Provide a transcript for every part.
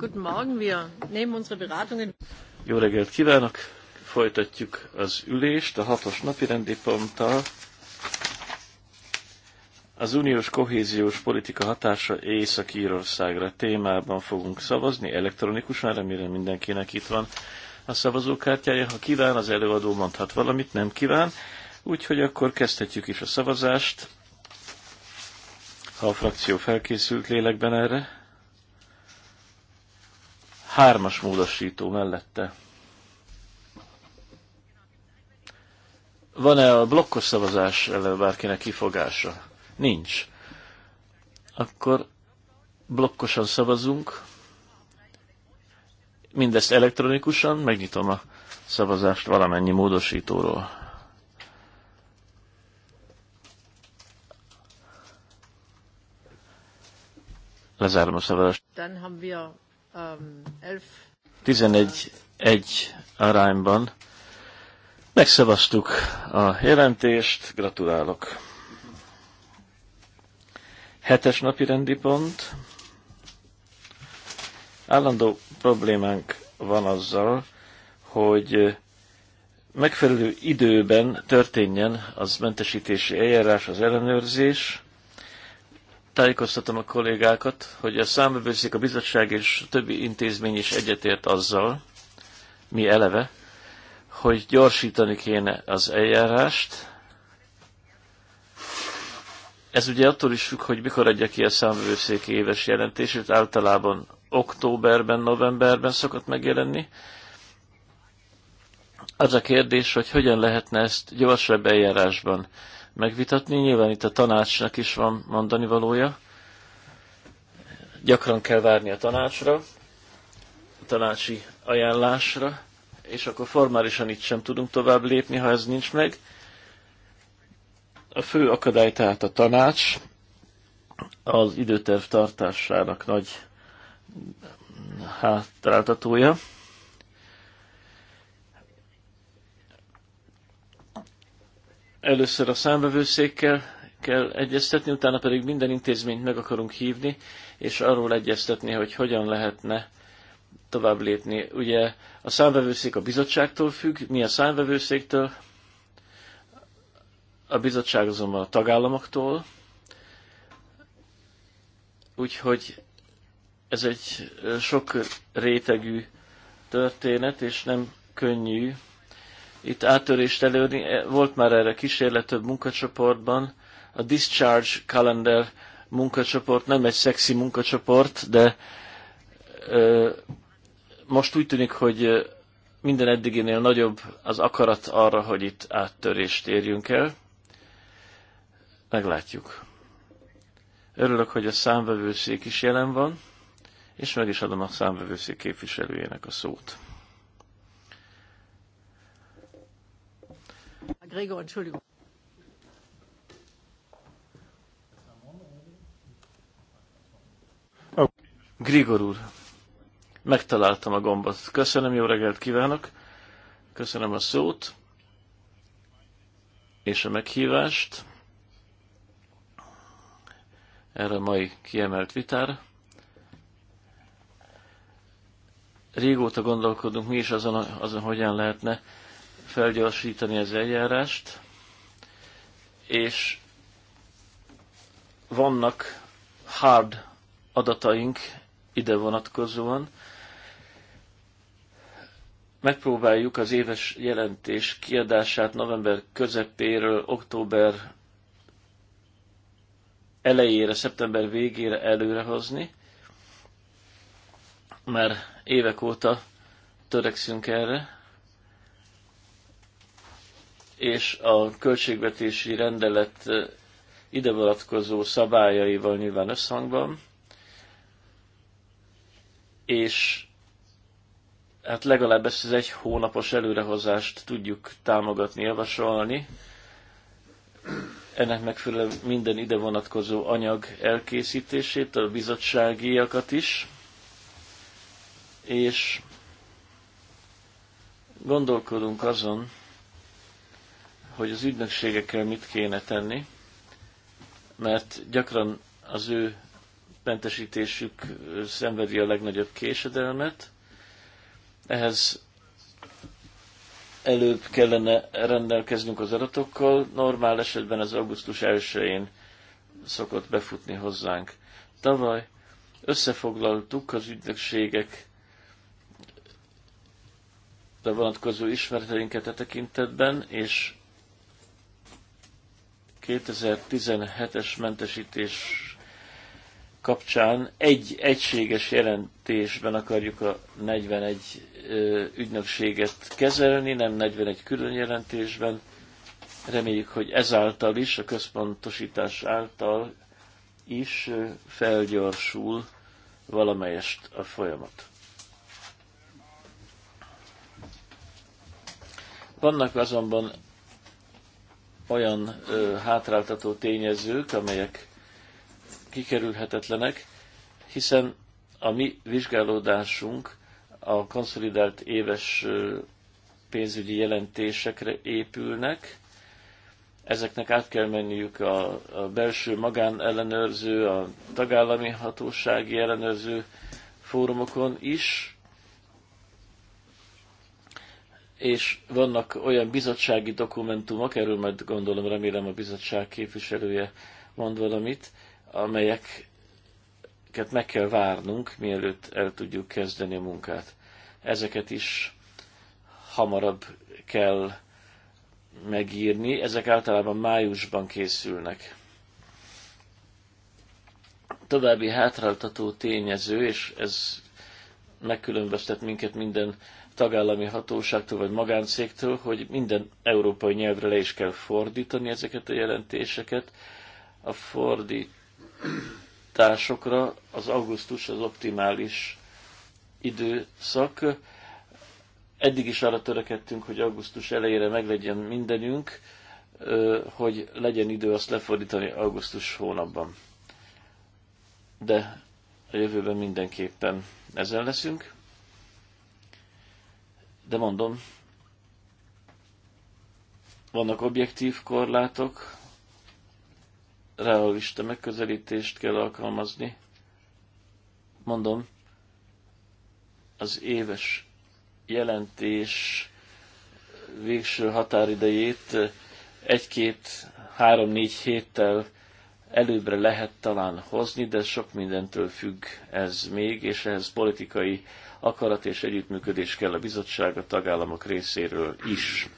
Guten Morgen, wir nehmen unsere Beratungen. Jó reggelt kívánok! Folytatjuk az ülést a hatos napi rendi ponttal. Az uniós kohéziós politika hatása Észak-Írországra témában fogunk szavazni elektronikusan, remélem mindenkinek itt van a szavazókártyája. Ha kíván, az előadó mondhat valamit, nem kíván. Úgyhogy akkor kezdhetjük is a szavazást, ha a frakció felkészült lélekben erre. Hármas módosító mellette. Van-e a blokkos szavazás ellen bárkinek kifogása? Nincs. Akkor blokkosan szavazunk. Mindezt elektronikusan, megnyitom a szavazást valamennyi módosítóról. Lezárom a szavazást. 11-1 um, arányban megszavaztuk a jelentést, gratulálok. Hetes napi rendi pont. Állandó problémánk van azzal, hogy megfelelő időben történjen az mentesítési eljárás, az ellenőrzés, Tájékoztatom a kollégákat, hogy a számbevőszék, a bizottság és a többi intézmény is egyetért azzal, mi eleve, hogy gyorsítani kéne az eljárást. Ez ugye attól is függ, hogy mikor adja ki a számbevőszék éves jelentését, általában októberben, novemberben szokott megjelenni. Az a kérdés, hogy hogyan lehetne ezt gyorsabb eljárásban megvitatni. Nyilván itt a tanácsnak is van mondani valója. Gyakran kell várni a tanácsra, a tanácsi ajánlásra, és akkor formálisan itt sem tudunk tovább lépni, ha ez nincs meg. A fő akadály tehát a tanács, az időterv tartásának nagy hátráltatója. Először a számvevőszékkel kell egyeztetni, utána pedig minden intézményt meg akarunk hívni, és arról egyeztetni, hogy hogyan lehetne tovább lépni. Ugye a számvevőszék a bizottságtól függ, mi a számvevőszéktől, a bizottság azonban a tagállamoktól, úgyhogy ez egy sok rétegű történet, és nem könnyű itt áttörést előni. E, volt már erre kísérlet több munkacsoportban. A Discharge Calendar munkacsoport nem egy szexi munkacsoport, de ö, most úgy tűnik, hogy minden eddiginél nagyobb az akarat arra, hogy itt áttörést érjünk el. Meglátjuk. Örülök, hogy a számvevőszék is jelen van, és meg is adom a számvevőszék képviselőjének a szót. Gregor, Entschuldigung. Grigor úr, megtaláltam a gombot. Köszönöm, jó reggelt kívánok. Köszönöm a szót és a meghívást erre a mai kiemelt vitára. Régóta gondolkodunk mi is azon, azon hogyan lehetne felgyorsítani az eljárást, és vannak hard adataink ide vonatkozóan. Megpróbáljuk az éves jelentés kiadását november közepéről október elejére, szeptember végére előrehozni, mert évek óta törekszünk erre és a költségvetési rendelet ide vonatkozó szabályaival nyilván összhangban, és hát legalább ezt az egy hónapos előrehozást tudjuk támogatni, javasolni. Ennek megfelelően minden ide vonatkozó anyag elkészítését, a bizottságiakat is, és gondolkodunk azon, hogy az ügynökségekkel mit kéne tenni, mert gyakran az ő mentesítésük szenvedi a legnagyobb késedelmet. Ehhez előbb kellene rendelkeznünk az adatokkal, normál esetben az augusztus 1-én szokott befutni hozzánk. Tavaly összefoglaltuk az ügynökségek vonatkozó ismereteinket a e tekintetben, és 2017-es mentesítés kapcsán egy egységes jelentésben akarjuk a 41 ügynökséget kezelni, nem 41 külön jelentésben. Reméljük, hogy ezáltal is, a központosítás által is felgyorsul valamelyest a folyamat. Vannak azonban olyan ö, hátráltató tényezők, amelyek kikerülhetetlenek, hiszen a mi vizsgálódásunk a konszolidált éves pénzügyi jelentésekre épülnek. Ezeknek át kell menniük a, a belső magánellenőrző, a tagállami hatósági ellenőrző fórumokon is, és vannak olyan bizottsági dokumentumok, erről majd gondolom, remélem a bizottság képviselője mond valamit, amelyeket meg kell várnunk, mielőtt el tudjuk kezdeni a munkát. Ezeket is hamarabb kell megírni, ezek általában májusban készülnek. További hátráltató tényező, és ez megkülönböztet minket minden tagállami hatóságtól vagy magáncégtől, hogy minden európai nyelvre le is kell fordítani ezeket a jelentéseket. A fordításokra az augusztus az optimális időszak. Eddig is arra törekedtünk, hogy augusztus elejére meglegyen mindenünk, hogy legyen idő azt lefordítani augusztus hónapban. De a jövőben mindenképpen ezen leszünk. De mondom, vannak objektív korlátok, realista megközelítést kell alkalmazni. Mondom, az éves jelentés végső határidejét egy-két, három-négy héttel előbbre lehet talán hozni, de sok mindentől függ ez még, és ehhez politikai akarat és együttműködés kell a bizottság a tagállamok részéről is.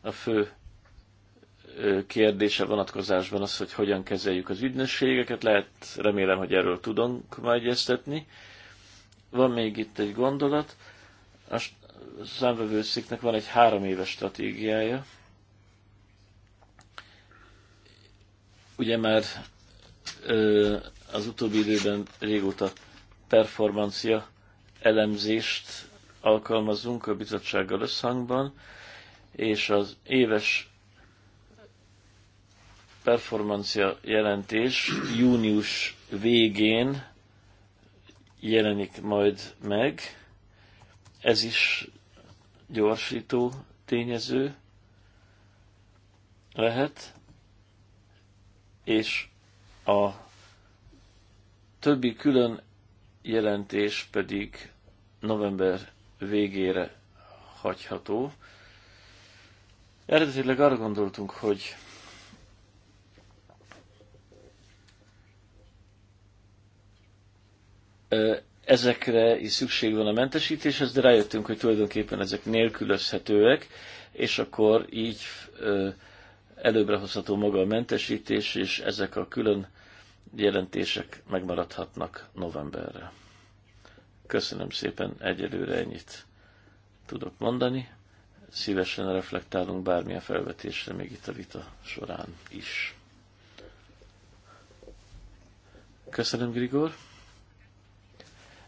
A fő kérdése vonatkozásban az, hogy hogyan kezeljük az ügynösségeket, lehet, remélem, hogy erről tudunk majd egyeztetni. Van még itt egy gondolat, a számvevőszéknek van egy három éves stratégiája. Ugye már az utóbbi időben régóta performancia elemzést alkalmazunk a bizottsággal összhangban, és az éves performancia jelentés június végén jelenik majd meg. Ez is gyorsító tényező lehet, és a többi külön jelentés pedig november végére hagyható. Eredetileg arra gondoltunk, hogy ezekre is szükség van a mentesítéshez, de rájöttünk, hogy tulajdonképpen ezek nélkülözhetőek, és akkor így előbbre hozható maga a mentesítés, és ezek a külön jelentések megmaradhatnak novemberre. Köszönöm szépen, egyelőre ennyit tudok mondani. Szívesen reflektálunk bármilyen felvetésre még itt a vita során is. Köszönöm, Grigor.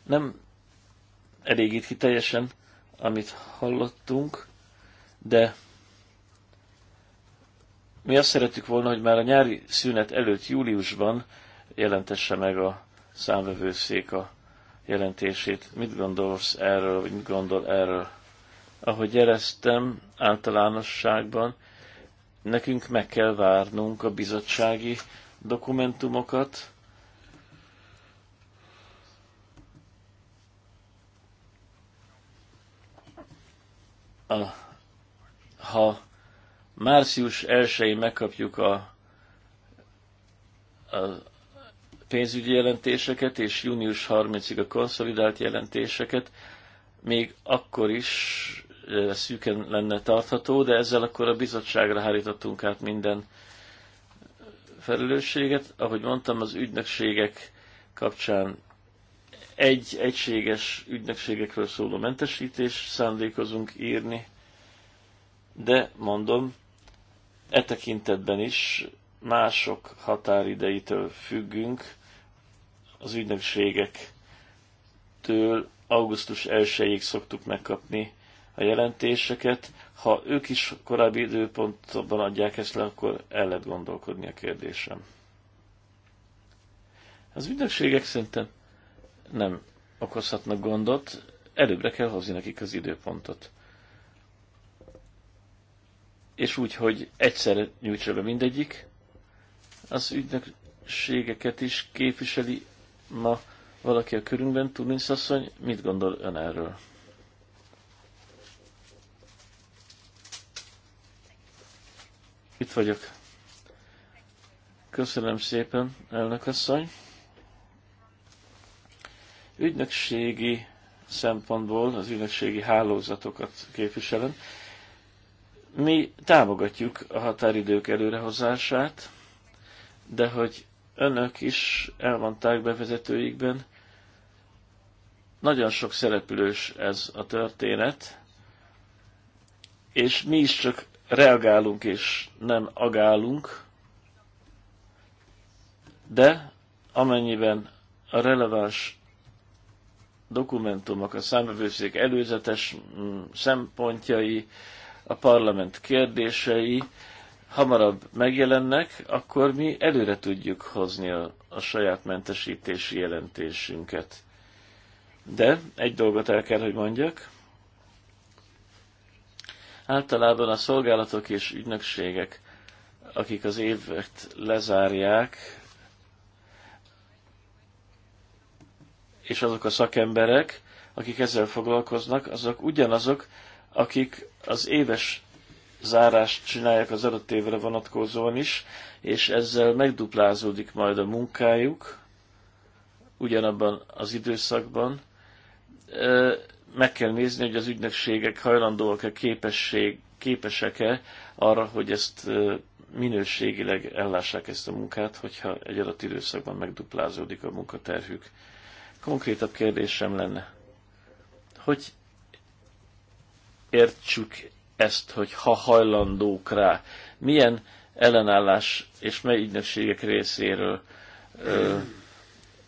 Nem elégít ki teljesen, amit hallottunk, de mi azt szerettük volna, hogy már a nyári szünet előtt júliusban jelentesse meg a számvevőszék a jelentését. Mit gondolsz erről, vagy mit gondol erről? Ahogy jeleztem általánosságban, nekünk meg kell várnunk a bizottsági dokumentumokat, a, ha március 1-én megkapjuk a, a pénzügyi jelentéseket és június 30-ig a konszolidált jelentéseket, még akkor is szűken lenne tartható, de ezzel akkor a bizottságra hárítottunk át minden felelősséget. Ahogy mondtam, az ügynökségek kapcsán egy egységes ügynökségekről szóló mentesítés szándékozunk írni, de mondom, e tekintetben is mások határideitől függünk, az ügynökségektől augusztus 1-ig szoktuk megkapni a jelentéseket. Ha ők is korábbi időpontban adják ezt le, akkor el lehet gondolkodni a kérdésem. Az ügynökségek szerintem nem okozhatnak gondot, előbbre kell hozni nekik az időpontot. És úgy, hogy egyszer nyújtsa be mindegyik, az ügynökségeket is képviseli ma valaki a körünkben, Turinsz asszony, mit gondol ön erről? Itt vagyok. Köszönöm szépen, elnök asszony. Ügynökségi szempontból az ügynökségi hálózatokat képviselem. Mi támogatjuk a határidők előrehozását, de hogy önök is elmondták bevezetőikben, nagyon sok szereplős ez a történet, és mi is csak reagálunk és nem agálunk, de amennyiben a releváns dokumentumok, a számbevőszék előzetes mm, szempontjai, a parlament kérdései, hamarabb megjelennek, akkor mi előre tudjuk hozni a, a saját mentesítési jelentésünket. De egy dolgot el kell, hogy mondjak. Általában a szolgálatok és ügynökségek, akik az évet lezárják, és azok a szakemberek, akik ezzel foglalkoznak, azok ugyanazok, akik az éves zárást csinálják az adott évre vonatkozóan is, és ezzel megduplázódik majd a munkájuk ugyanabban az időszakban. Meg kell nézni, hogy az ügynökségek hajlandóak-e, képesség, képesek-e arra, hogy ezt minőségileg ellássák ezt a munkát, hogyha egy adott időszakban megduplázódik a munkaterhük. Konkrétabb kérdésem lenne, hogy értsük ezt, hogy ha hajlandók rá, milyen ellenállás és mely ügynökségek részéről ö,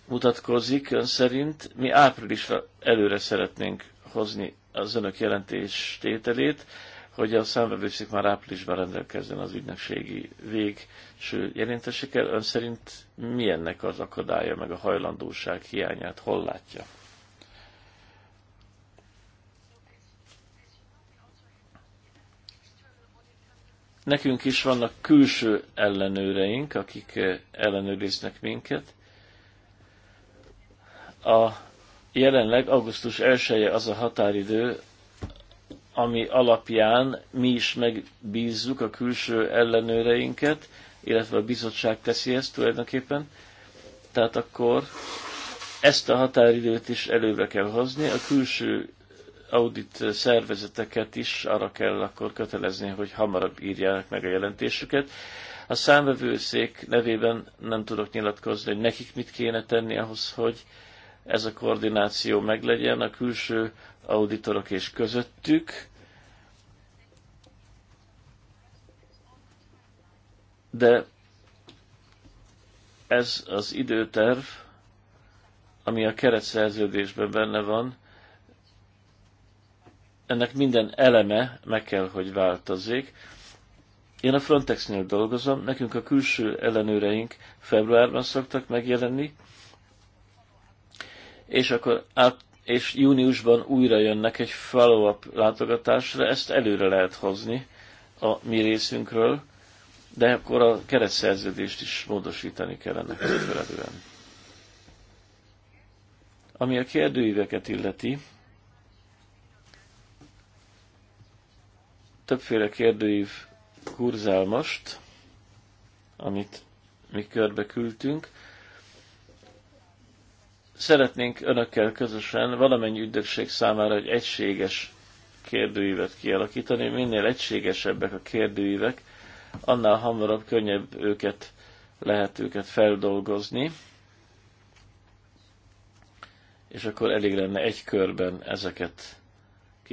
mutatkozik ön szerint. Mi áprilisra előre szeretnénk hozni az önök jelentés tételét, hogy a számvevőszék már áprilisban rendelkezzen az ügynökségi végső jelentésekkel. Ön szerint milyennek az akadálya, meg a hajlandóság hiányát hol látja? Nekünk is vannak külső ellenőreink, akik eh, ellenőriznek minket. A jelenleg augusztus 1 -e az a határidő, ami alapján mi is megbízzuk a külső ellenőreinket, illetve a bizottság teszi ezt tulajdonképpen. Tehát akkor ezt a határidőt is előre kell hozni, a külső audit szervezeteket is arra kell akkor kötelezni, hogy hamarabb írják meg a jelentésüket. A számvevőszék nevében nem tudok nyilatkozni, hogy nekik mit kéne tenni ahhoz, hogy ez a koordináció meglegyen a külső auditorok és közöttük. De ez az időterv, ami a keretszerződésben benne van, ennek minden eleme meg kell, hogy változzék. Én a Frontexnél dolgozom, nekünk a külső ellenőreink februárban szoktak megjelenni, és akkor át, és júniusban újra jönnek egy follow-up látogatásra, ezt előre lehet hozni a mi részünkről, de akkor a keretszerződést is módosítani kellene megfelelően. Ami a kérdőíveket illeti, többféle kérdőív kurzál most, amit mi körbe küldtünk. Szeretnénk önökkel közösen valamennyi ügynökség számára egy egységes kérdőívet kialakítani. Minél egységesebbek a kérdőívek, annál hamarabb könnyebb őket, lehet őket feldolgozni, és akkor elég lenne egy körben ezeket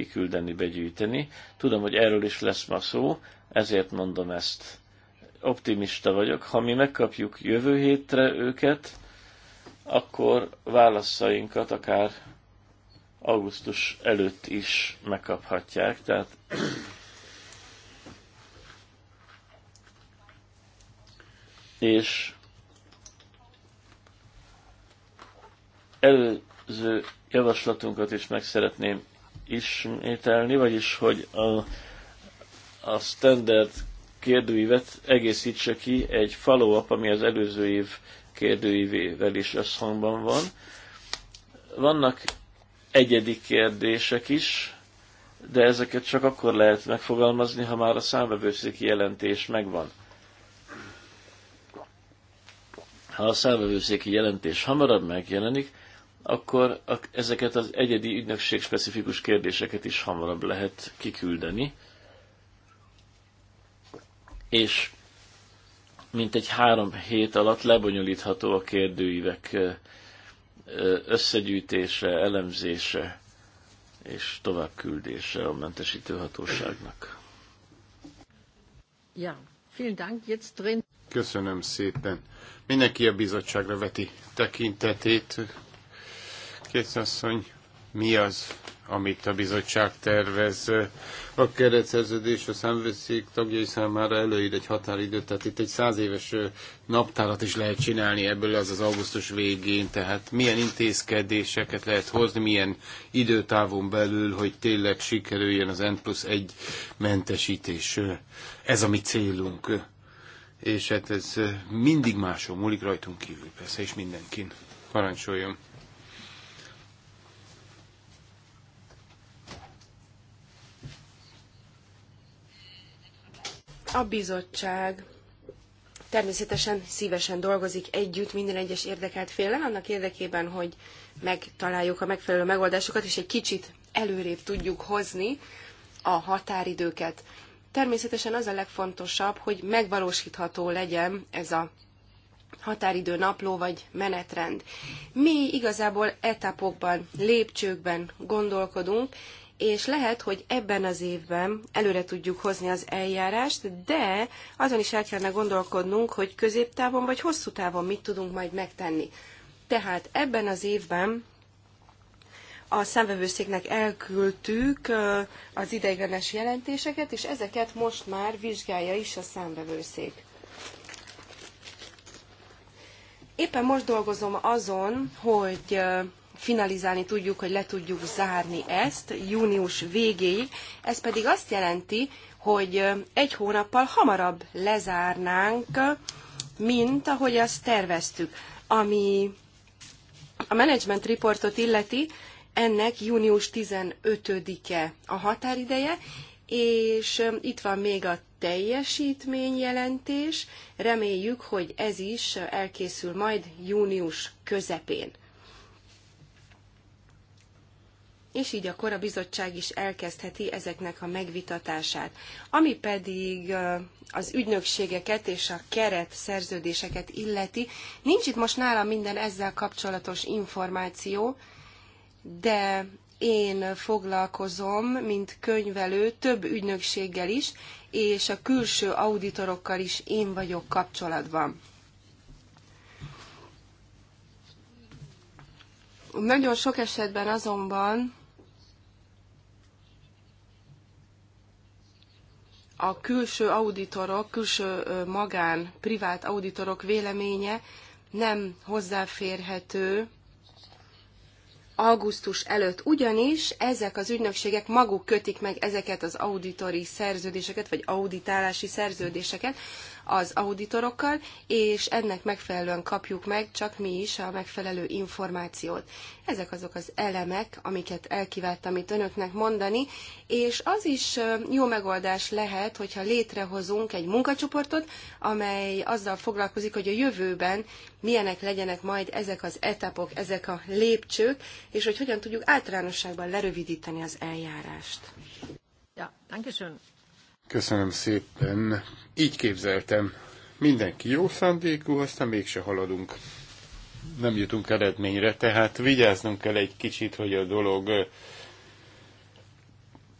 kiküldeni, begyűjteni. Tudom, hogy erről is lesz ma szó, ezért mondom ezt. Optimista vagyok. Ha mi megkapjuk jövő hétre őket, akkor válaszainkat akár augusztus előtt is megkaphatják. Tehát és előző javaslatunkat is meg szeretném ismételni, vagyis hogy a, a standard kérdőívet egészítse ki egy follow-up, ami az előző év kérdőívével is összhangban van. Vannak egyedi kérdések is, de ezeket csak akkor lehet megfogalmazni, ha már a számvevőszéki jelentés megvan. Ha a számvevőszéki jelentés hamarabb megjelenik, akkor a, ezeket az egyedi ügynökség specifikus kérdéseket is hamarabb lehet kiküldeni. És mint egy három hét alatt lebonyolítható a kérdőívek összegyűjtése, elemzése és továbbküldése a mentesítő hatóságnak. Ja, vielen Dank, jetzt drin. Köszönöm szépen. Mindenki a bizottságra veti tekintetét. Kész asszony, mi az, amit a bizottság tervez? A keretszerződés a számveszék tagjai számára előír egy határidőt, tehát itt egy száz éves naptárat is lehet csinálni ebből az az augusztus végén, tehát milyen intézkedéseket lehet hozni, milyen időtávon belül, hogy tényleg sikerüljön az N plusz egy mentesítés. Ez a mi célunk. És hát ez mindig máson múlik rajtunk kívül, persze, és mindenkin. Parancsoljon! A bizottság természetesen szívesen dolgozik együtt minden egyes érdekelt féllel, annak érdekében, hogy megtaláljuk a megfelelő megoldásokat, és egy kicsit előrébb tudjuk hozni a határidőket. Természetesen az a legfontosabb, hogy megvalósítható legyen ez a határidő napló vagy menetrend. Mi igazából etapokban, lépcsőkben gondolkodunk, és lehet, hogy ebben az évben előre tudjuk hozni az eljárást, de azon is el kellene gondolkodnunk, hogy középtávon vagy hosszú távon mit tudunk majd megtenni. Tehát ebben az évben a számvevőszéknek elküldtük az ideiglenes jelentéseket, és ezeket most már vizsgálja is a számvevőszék. Éppen most dolgozom azon, hogy finalizálni tudjuk, hogy le tudjuk zárni ezt június végéig. Ez pedig azt jelenti, hogy egy hónappal hamarabb lezárnánk, mint ahogy azt terveztük. Ami a management reportot illeti, ennek június 15-e a határideje, és itt van még a teljesítményjelentés. Reméljük, hogy ez is elkészül majd június közepén. és így akkor a bizottság is elkezdheti ezeknek a megvitatását. Ami pedig az ügynökségeket és a keret szerződéseket illeti, nincs itt most nálam minden ezzel kapcsolatos információ, de én foglalkozom, mint könyvelő több ügynökséggel is, és a külső auditorokkal is én vagyok kapcsolatban. Nagyon sok esetben azonban a külső auditorok, külső magán, privát auditorok véleménye nem hozzáférhető augusztus előtt, ugyanis ezek az ügynökségek maguk kötik meg ezeket az auditori szerződéseket, vagy auditálási szerződéseket, az auditorokkal, és ennek megfelelően kapjuk meg csak mi is a megfelelő információt. Ezek azok az elemek, amiket elkívántam itt önöknek mondani, és az is jó megoldás lehet, hogyha létrehozunk egy munkacsoportot, amely azzal foglalkozik, hogy a jövőben milyenek legyenek majd ezek az etapok, ezek a lépcsők, és hogy hogyan tudjuk általánosságban lerövidíteni az eljárást. Ja, danke schön. Köszönöm szépen. Így képzeltem. Mindenki jó szándékú, aztán mégse haladunk. Nem jutunk eredményre, tehát vigyáznunk kell egy kicsit, hogy a dolog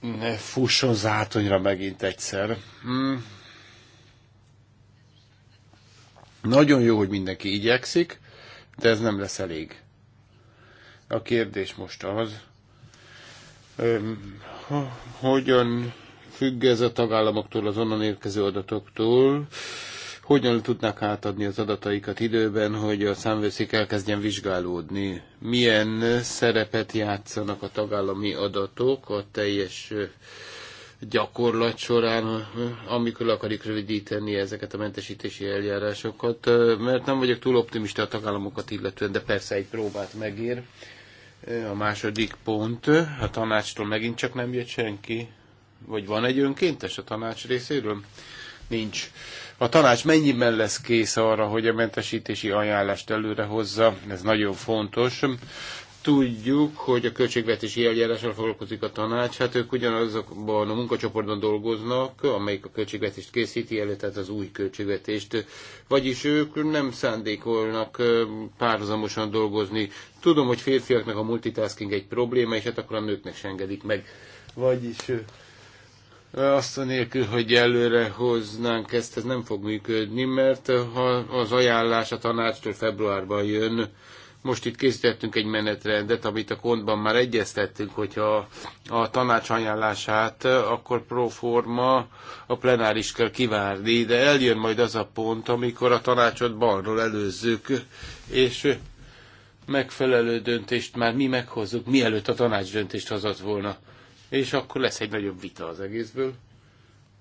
ne fusson zátonyra megint egyszer. Hmm. Nagyon jó, hogy mindenki igyekszik, de ez nem lesz elég. A kérdés most az, hogyan függ ez a tagállamoktól, az onnan érkező adatoktól. Hogyan tudnak átadni az adataikat időben, hogy a számvőszék elkezdjen vizsgálódni? Milyen szerepet játszanak a tagállami adatok a teljes gyakorlat során, amikor akarik rövidíteni ezeket a mentesítési eljárásokat, mert nem vagyok túl optimista a tagállamokat illetően, de persze egy próbát megér. A második pont, a tanácstól megint csak nem jött senki. Vagy van egy önkéntes a tanács részéről? Nincs. A tanács mennyiben lesz kész arra, hogy a mentesítési ajánlást előre hozza? Ez nagyon fontos. Tudjuk, hogy a költségvetési eljárással foglalkozik a tanács, hát ők ugyanazokban a munkacsoportban dolgoznak, amelyik a költségvetést készíti elő, tehát az új költségvetést. Vagyis ők nem szándékolnak párhuzamosan dolgozni. Tudom, hogy férfiaknak a multitasking egy probléma, és hát akkor a nőknek se engedik meg. Vagyis azt a nélkül, hogy előre hoznánk ezt, ez nem fog működni, mert ha az ajánlás a tanácstól februárban jön, most itt készítettünk egy menetrendet, amit a kontban már egyeztettünk, hogyha a tanács ajánlását, akkor proforma a plenáris kell kivárni, de eljön majd az a pont, amikor a tanácsot balról előzzük, és megfelelő döntést már mi meghozzuk, mielőtt a tanács döntést hozott volna és akkor lesz egy nagyobb vita az egészből.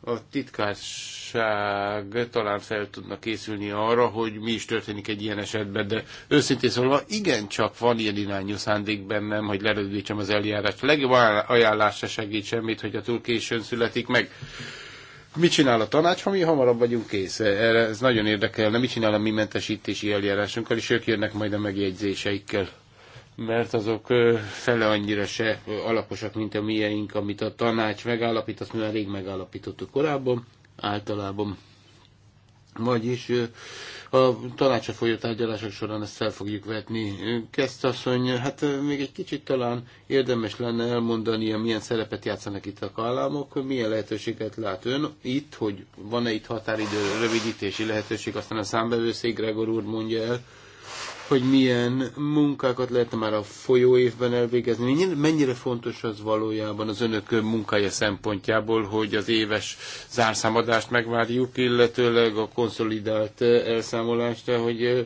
A titkárság talán fel tudna készülni arra, hogy mi is történik egy ilyen esetben, de őszintén szólva igencsak van ilyen irányú szándék bennem, hogy lerövidítsem az eljárást. A legjobb ajánlás se segít semmit, hogyha túl későn születik meg. Mit csinál a tanács, ha mi hamarabb vagyunk kész? Erre ez nagyon érdekelne. Mit csinál a mi mentesítési eljárásunkkal, és ők jönnek majd a megjegyzéseikkel mert azok fele annyira se alaposak, mint a mieink, amit a tanács megállapít, azt már rég megállapítottuk korábban, általában. Vagyis a tanácsa folyó tárgyalások során ezt fel fogjuk vetni. kezdte azt mondja, hát még egy kicsit talán érdemes lenne elmondani, milyen szerepet játszanak itt a kállámok, milyen lehetőséget lát ön itt, hogy van-e itt határidő rövidítési lehetőség, aztán a számbevőszék Gregor úr mondja el, hogy milyen munkákat lehetne már a folyó évben elvégezni. Mennyire fontos az valójában az önök munkája szempontjából, hogy az éves zárszámadást megvárjuk, illetőleg a konszolidált eh, elszámolást, eh, hogy eh,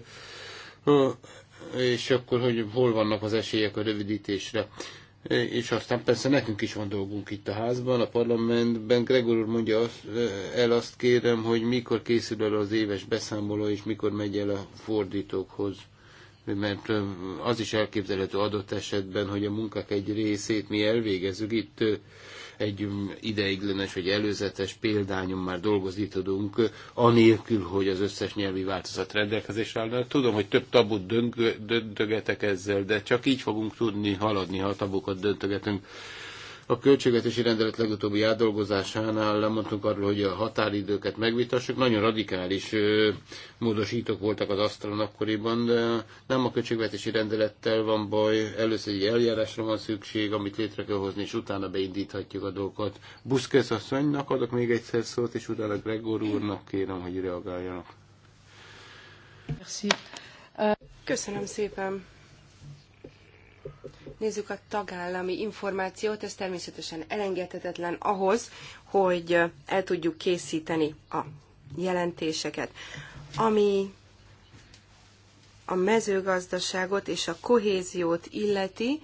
és akkor, hogy hol vannak az esélyek a rövidítésre. És aztán persze nekünk is van dolgunk itt a házban, a parlamentben. Gregor úr mondja azt, el azt kérem, hogy mikor készül el az éves beszámoló, és mikor megy el a fordítókhoz mert az is elképzelhető adott esetben, hogy a munkák egy részét mi elvégezzük. Itt egy ideiglenes vagy előzetes példányon már dolgozítodunk, anélkül, hogy az összes nyelvi változat rendelkezésre állna. Tudom, hogy több tabut döntögetek ezzel, de csak így fogunk tudni haladni, ha a tabukat döntögetünk. A költségvetési rendelet legutóbbi átdolgozásánál lemondtunk arról, hogy a határidőket megvitassuk. Nagyon radikális módosítók voltak az asztalon akkoriban, de nem a költségvetési rendelettel van baj. Először egy eljárásra van szükség, amit létre kell hozni, és utána beindíthatjuk a dolgokat. Buszkesz asszonynak adok még egyszer szót, és utána Gregor úrnak kérem, hogy reagáljanak. Köszönöm szépen. Nézzük a tagállami információt, ez természetesen elengedhetetlen ahhoz, hogy el tudjuk készíteni a jelentéseket. Ami a mezőgazdaságot és a kohéziót illeti,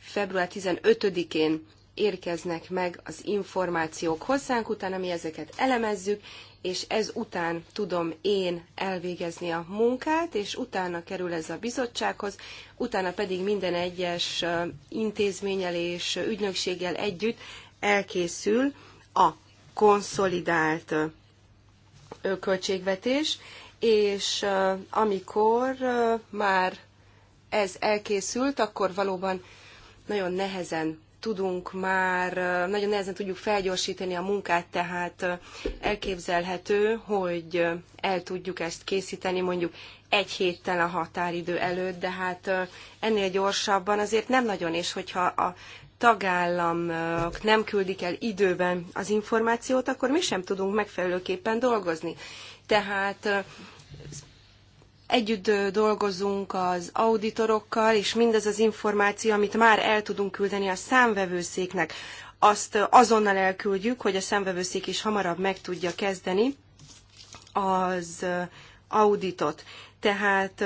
február 15-én érkeznek meg az információk hozzánk, utána mi ezeket elemezzük, és ez után tudom én elvégezni a munkát, és utána kerül ez a bizottsághoz, utána pedig minden egyes intézménnyel és ügynökséggel együtt elkészül a konszolidált költségvetés, és amikor már ez elkészült, akkor valóban nagyon nehezen tudunk már, nagyon nehezen tudjuk felgyorsítani a munkát, tehát elképzelhető, hogy el tudjuk ezt készíteni mondjuk egy héttel a határidő előtt, de hát ennél gyorsabban azért nem nagyon, és hogyha a tagállamok nem küldik el időben az információt, akkor mi sem tudunk megfelelőképpen dolgozni. Tehát Együtt dolgozunk az auditorokkal, és mindez az információ, amit már el tudunk küldeni a számvevőszéknek, azt azonnal elküldjük, hogy a számvevőszék is hamarabb meg tudja kezdeni az auditot. Tehát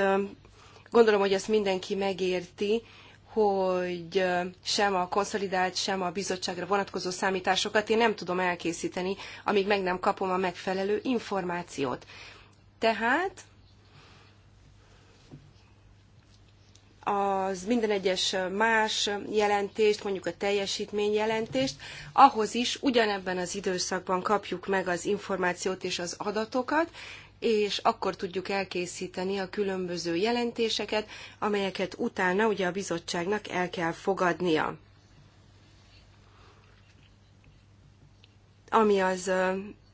gondolom, hogy ezt mindenki megérti, hogy sem a konszolidált, sem a bizottságra vonatkozó számításokat én nem tudom elkészíteni, amíg meg nem kapom a megfelelő információt. Tehát az minden egyes más jelentést, mondjuk a teljesítményjelentést, ahhoz is ugyanebben az időszakban kapjuk meg az információt és az adatokat, és akkor tudjuk elkészíteni a különböző jelentéseket, amelyeket utána ugye a bizottságnak el kell fogadnia. Ami az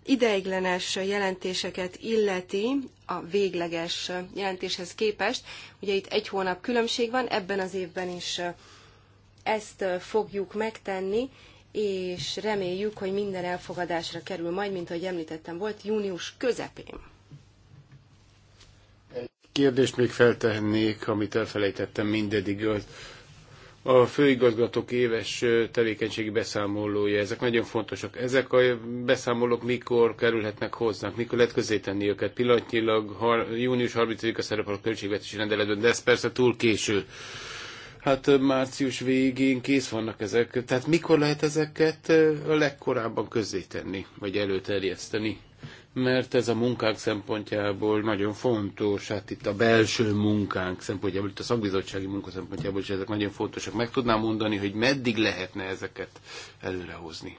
ideiglenes jelentéseket illeti a végleges jelentéshez képest, ugye itt egy hónap különbség van, ebben az évben is ezt fogjuk megtenni, és reméljük, hogy minden elfogadásra kerül majd, mint ahogy említettem, volt június közepén. kérdést még feltehennék, amit elfelejtettem mindedig, a főigazgatók éves tevékenységi beszámolója, ezek nagyon fontosak. Ezek a beszámolók mikor kerülhetnek hozzánk, mikor lehet közé tenni őket? Pillanatnyilag június 30-a szerepel a költségvetési rendeletben, de ez persze túl késő. Hát március végén kész vannak ezek. Tehát mikor lehet ezeket a legkorábban tenni, vagy előterjeszteni? mert ez a munkák szempontjából nagyon fontos, hát itt a belső munkánk szempontjából, itt a szakbizottsági munka szempontjából is ezek nagyon fontosak. Meg tudnám mondani, hogy meddig lehetne ezeket előrehozni?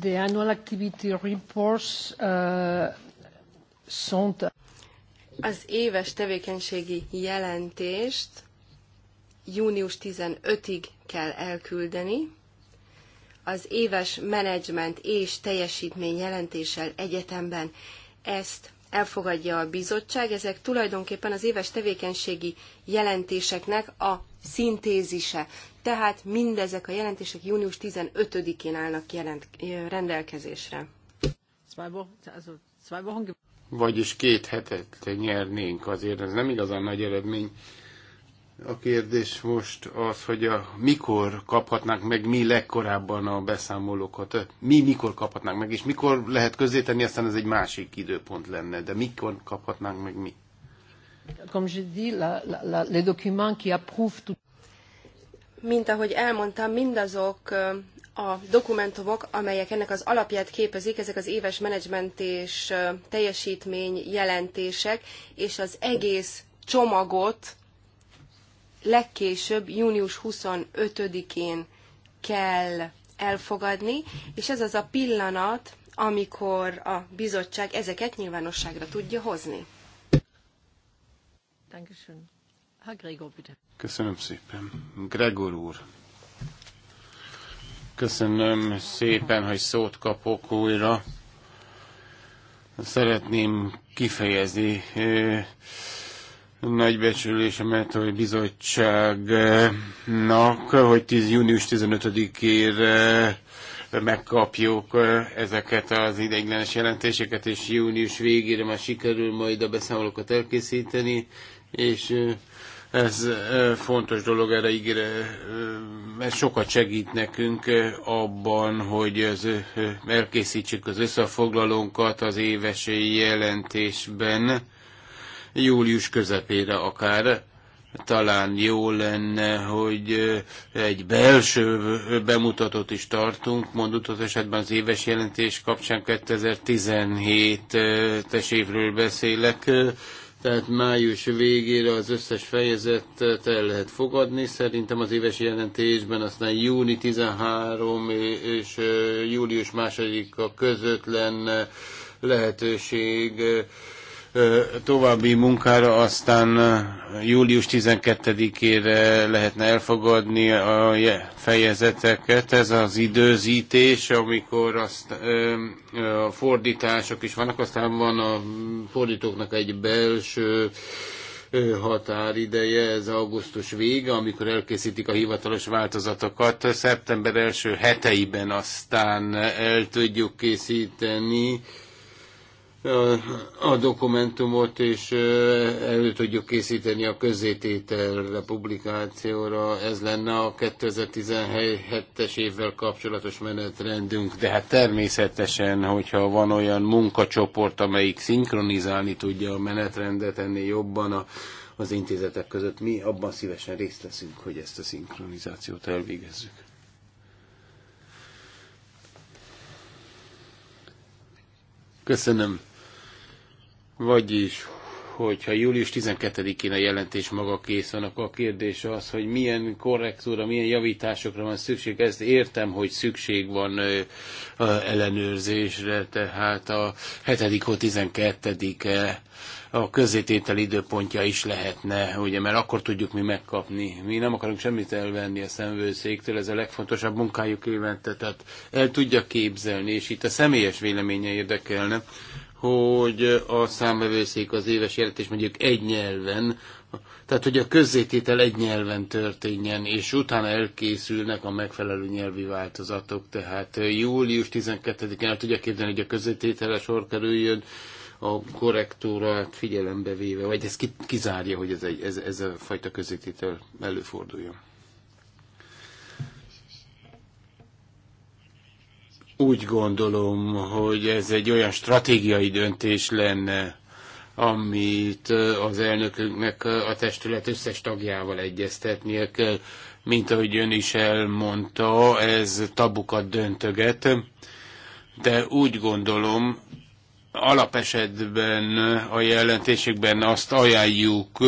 The annual activity reports uh, sont... Az éves tevékenységi jelentést június 15-ig kell elküldeni, az éves menedzsment és teljesítmény jelentéssel egyetemben. Ezt elfogadja a bizottság. Ezek tulajdonképpen az éves tevékenységi jelentéseknek a szintézise. Tehát mindezek a jelentések június 15-én állnak jelent, rendelkezésre. Vagyis két hetet nyernénk azért, ez nem igazán nagy eredmény, a kérdés most az, hogy a, mikor kaphatnánk meg mi legkorábban a beszámolókat, mi mikor kaphatnánk meg, és mikor lehet közzétenni, aztán ez egy másik időpont lenne, de mikor kaphatnánk meg mi? Comme je dis, la, la, la, les documents qui approuvent tout... Mint ahogy elmondtam, mindazok a dokumentumok, amelyek ennek az alapját képezik, ezek az éves menedzsment és teljesítmény jelentések, és az egész csomagot legkésőbb június 25-én kell elfogadni, és ez az a pillanat, amikor a bizottság ezeket nyilvánosságra tudja hozni. Köszönöm szépen. Gregor úr. Köszönöm szépen, hogy szót kapok újra. Szeretném kifejezni nagybecsülésemet, hogy bizottságnak, hogy 10. június 15-ére megkapjuk ezeket az ideiglenes jelentéseket, és június végére már sikerül majd a beszámolókat elkészíteni, és ez fontos dolog, erre ígére, ez sokat segít nekünk abban, hogy az, elkészítsük az összefoglalónkat az éves jelentésben, július közepére akár. Talán jó lenne, hogy egy belső bemutatót is tartunk, mondott az esetben az éves jelentés kapcsán 2017-es évről beszélek, tehát május végére az összes fejezetet el lehet fogadni, szerintem az éves jelentésben, aztán júni 13 és július 2-a között lenne lehetőség további munkára, aztán július 12-ére lehetne elfogadni a fejezeteket. Ez az időzítés, amikor azt, a fordítások is vannak, aztán van a fordítóknak egy belső határideje, ez augusztus vége, amikor elkészítik a hivatalos változatokat. Szeptember első heteiben aztán el tudjuk készíteni a dokumentumot, és elő tudjuk készíteni a közzétételre, publikációra. Ez lenne a 2017-es évvel kapcsolatos menetrendünk, de hát természetesen, hogyha van olyan munkacsoport, amelyik szinkronizálni tudja a menetrendet ennél jobban a, az intézetek között, mi abban szívesen részt veszünk, hogy ezt a szinkronizációt elvégezzük. Köszönöm. Vagyis, hogyha július 12-én a jelentés maga van, akkor a kérdés az, hogy milyen korrektúra, milyen javításokra van szükség. Ezt értem, hogy szükség van ö, ö, ellenőrzésre, tehát a 7 12-e a közététel időpontja is lehetne, ugye, mert akkor tudjuk mi megkapni. Mi nem akarunk semmit elvenni a szemvőszéktől, ez a legfontosabb munkájuk évente, tehát el tudja képzelni, és itt a személyes véleménye érdekelne, hogy a számbevőszék az éves jelentés mondjuk egy nyelven, tehát hogy a közzététel egy nyelven történjen, és utána elkészülnek a megfelelő nyelvi változatok, tehát eh, július 12-én el tudja képzelni, hogy a a sor kerüljön, a korrektúrát figyelembe véve, vagy ez kizárja, hogy ez, egy, ez, ez a fajta közzététel előforduljon. Úgy gondolom, hogy ez egy olyan stratégiai döntés lenne, amit az elnökünknek a testület összes tagjával egyeztetnie kell. Mint ahogy ön is elmondta, ez tabukat döntöget, de úgy gondolom, alapesetben a jelentésükben azt ajánljuk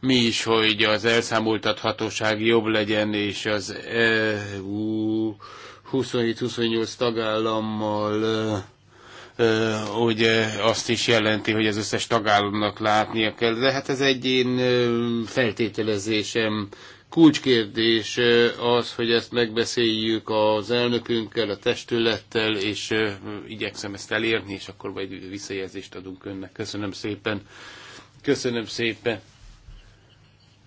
mi is, hogy az elszámoltathatóság jobb legyen, és az EU 27-28 tagállammal ugye azt is jelenti, hogy az összes tagállamnak látnia kell, de hát ez egy én feltételezésem. Kulcskérdés az, hogy ezt megbeszéljük az elnökünkkel, a testülettel, és igyekszem ezt elérni, és akkor majd visszajelzést adunk önnek. Köszönöm szépen. Köszönöm szépen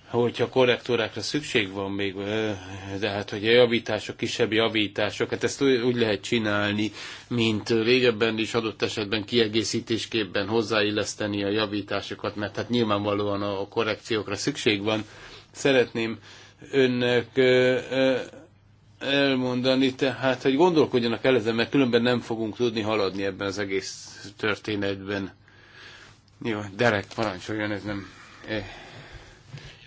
hogyha korrektúrákra szükség van még, de hát hogy a javítások, kisebb javítások, hát ezt úgy lehet csinálni, mint régebben is adott esetben kiegészítésképpen hozzáilleszteni a javításokat, mert hát nyilvánvalóan a korrekciókra szükség van. Szeretném önnek elmondani, tehát, hogy gondolkodjanak el ezen, mert különben nem fogunk tudni haladni ebben az egész történetben. Jó, Derek, parancsoljon, ez nem... Eh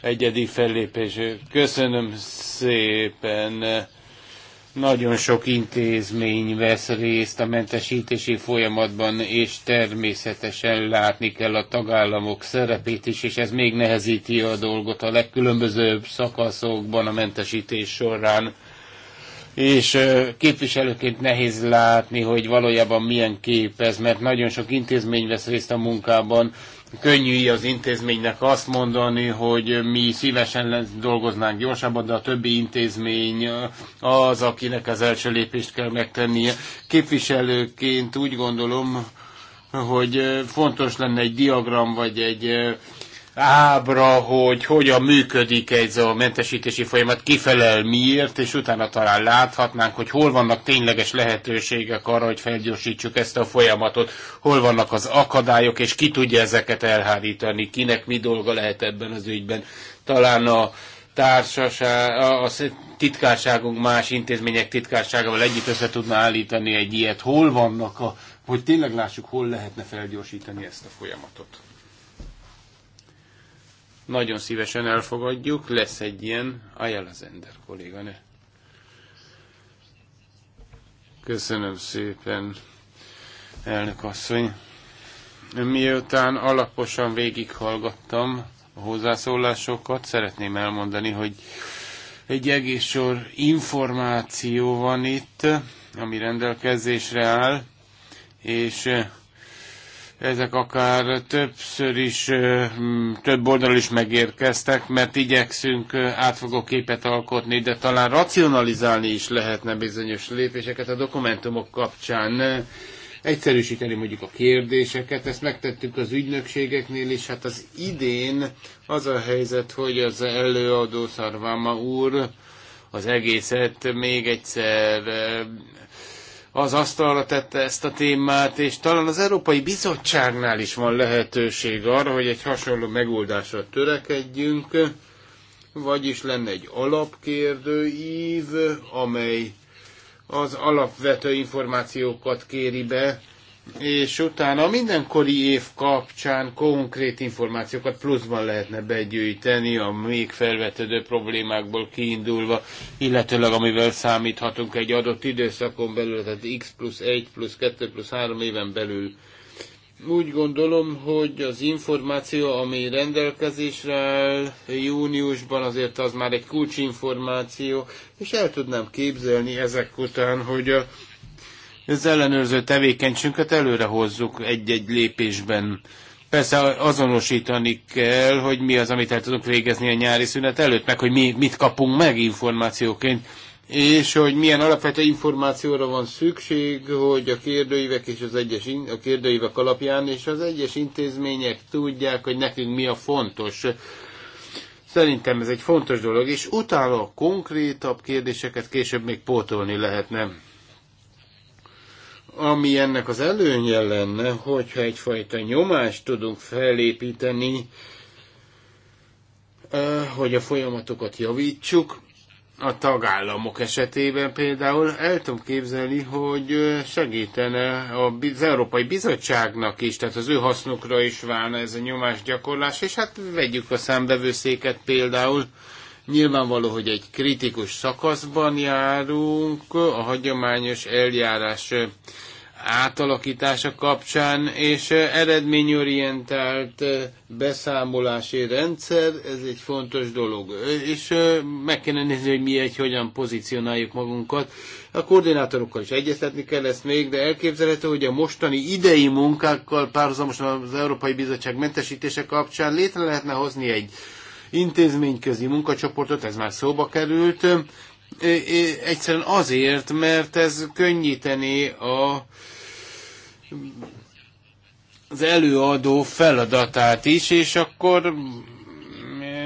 egyedi fellépés. Köszönöm szépen. Nagyon sok intézmény vesz részt a mentesítési folyamatban, és természetesen látni kell a tagállamok szerepét is, és ez még nehezíti a dolgot a legkülönbözőbb szakaszokban a mentesítés során és képviselőként nehéz látni, hogy valójában milyen kép ez, mert nagyon sok intézmény vesz részt a munkában, könnyű az intézménynek azt mondani, hogy mi szívesen dolgoznánk gyorsabban, de a többi intézmény az, akinek az első lépést kell megtennie. Képviselőként úgy gondolom, hogy fontos lenne egy diagram vagy egy ábra, hogy hogyan működik ez a mentesítési folyamat, kifelel miért, és utána talán láthatnánk, hogy hol vannak tényleges lehetőségek arra, hogy felgyorsítsuk ezt a folyamatot, hol vannak az akadályok, és ki tudja ezeket elhárítani, kinek mi dolga lehet ebben az ügyben. Talán a társaság, a, a titkárságunk más intézmények titkárságával együtt össze tudna állítani egy ilyet. Hol vannak a, hogy tényleg lássuk, hol lehetne felgyorsítani ezt a folyamatot. Nagyon szívesen elfogadjuk, lesz egy ilyen Ayala Zender kolléganő. Köszönöm szépen, elnök asszony. Miután alaposan végighallgattam a hozzászólásokat, szeretném elmondani, hogy egy egész sor információ van itt, ami rendelkezésre áll, és ezek akár többször is, több oldalon is megérkeztek, mert igyekszünk átfogó képet alkotni, de talán racionalizálni is lehetne bizonyos lépéseket a dokumentumok kapcsán. Egyszerűsíteni mondjuk a kérdéseket, ezt megtettük az ügynökségeknél is. Hát az idén az a helyzet, hogy az előadó Szarváma úr az egészet még egyszer az asztalra tette ezt a témát, és talán az Európai Bizottságnál is van lehetőség arra, hogy egy hasonló megoldásra törekedjünk, vagyis lenne egy alapkérdőív, amely az alapvető információkat kéri be, és utána a mindenkori év kapcsán konkrét információkat pluszban lehetne begyűjteni a még felvetődő problémákból kiindulva, illetőleg amivel számíthatunk egy adott időszakon belül, tehát x plusz 1 plusz 2 plusz 3 éven belül. Úgy gondolom, hogy az információ, ami rendelkezésre áll júniusban, azért az már egy kulcsinformáció, és el tudnám képzelni ezek után, hogy a az ellenőrző tevékenységünket előre hozzuk egy-egy lépésben. Persze azonosítani kell, hogy mi az, amit el tudunk végezni a nyári szünet előtt, meg hogy mi mit kapunk meg információként, és hogy milyen alapvető információra van szükség, hogy a kérdőívek és az egyes a kérdőívek alapján és az egyes intézmények tudják, hogy nekünk mi a fontos. Szerintem ez egy fontos dolog, és utána a konkrétabb kérdéseket később még pótolni lehetne. Ami ennek az előnye lenne, hogyha egyfajta nyomást tudunk felépíteni, hogy a folyamatokat javítsuk, a tagállamok esetében például el tudom képzelni, hogy segítene az Európai Bizottságnak is, tehát az ő hasznukra is válna ez a gyakorlás, és hát vegyük a számbevőszéket például. Nyilvánvaló, hogy egy kritikus szakaszban járunk, a hagyományos eljárás átalakítása kapcsán, és eredményorientált beszámolási rendszer, ez egy fontos dolog. És meg kéne nézni, hogy mi egy, hogyan pozícionáljuk magunkat. A koordinátorokkal is egyeztetni kell ezt még, de elképzelhető, hogy a mostani idei munkákkal párhuzamosan az Európai Bizottság mentesítése kapcsán létre lehetne hozni egy intézményközi munkacsoportot, ez már szóba került, Egyszerűen azért, mert ez könnyíteni a az előadó feladatát is, és akkor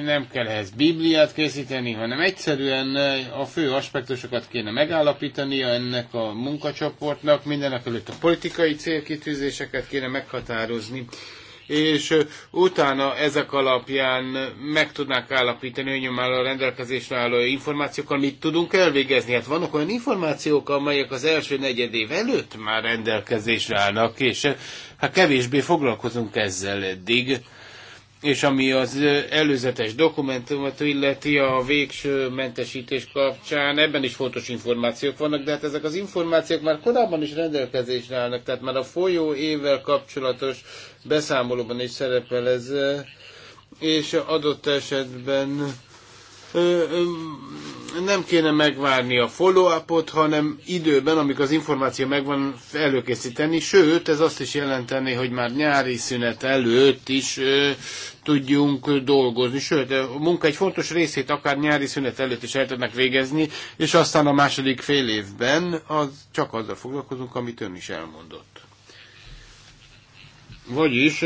nem kell ehhez bibliát készíteni, hanem egyszerűen a fő aspektusokat kéne megállapítania ennek a munkacsoportnak, mindenek előtt a politikai célkitűzéseket kéne meghatározni, és utána ezek alapján meg tudnák állapítani a rendelkezésre álló információkkal, mit tudunk elvégezni. Hát vannak olyan információk, amelyek az első negyed év előtt már rendelkezésre állnak, és hát kevésbé foglalkozunk ezzel eddig és ami az előzetes dokumentumot illeti a végső mentesítés kapcsán, ebben is fontos információk vannak, de hát ezek az információk már korábban is rendelkezésre állnak, tehát már a folyó évvel kapcsolatos beszámolóban is szerepel ez, és adott esetben nem kéne megvárni a follow-upot, hanem időben, amikor az információ megvan, előkészíteni. Sőt, ez azt is jelenteni, hogy már nyári szünet előtt is tudjunk dolgozni, sőt, a munka egy fontos részét akár nyári szünet előtt is el tudnak végezni, és aztán a második fél évben az, csak azzal foglalkozunk, amit ön is elmondott. Vagyis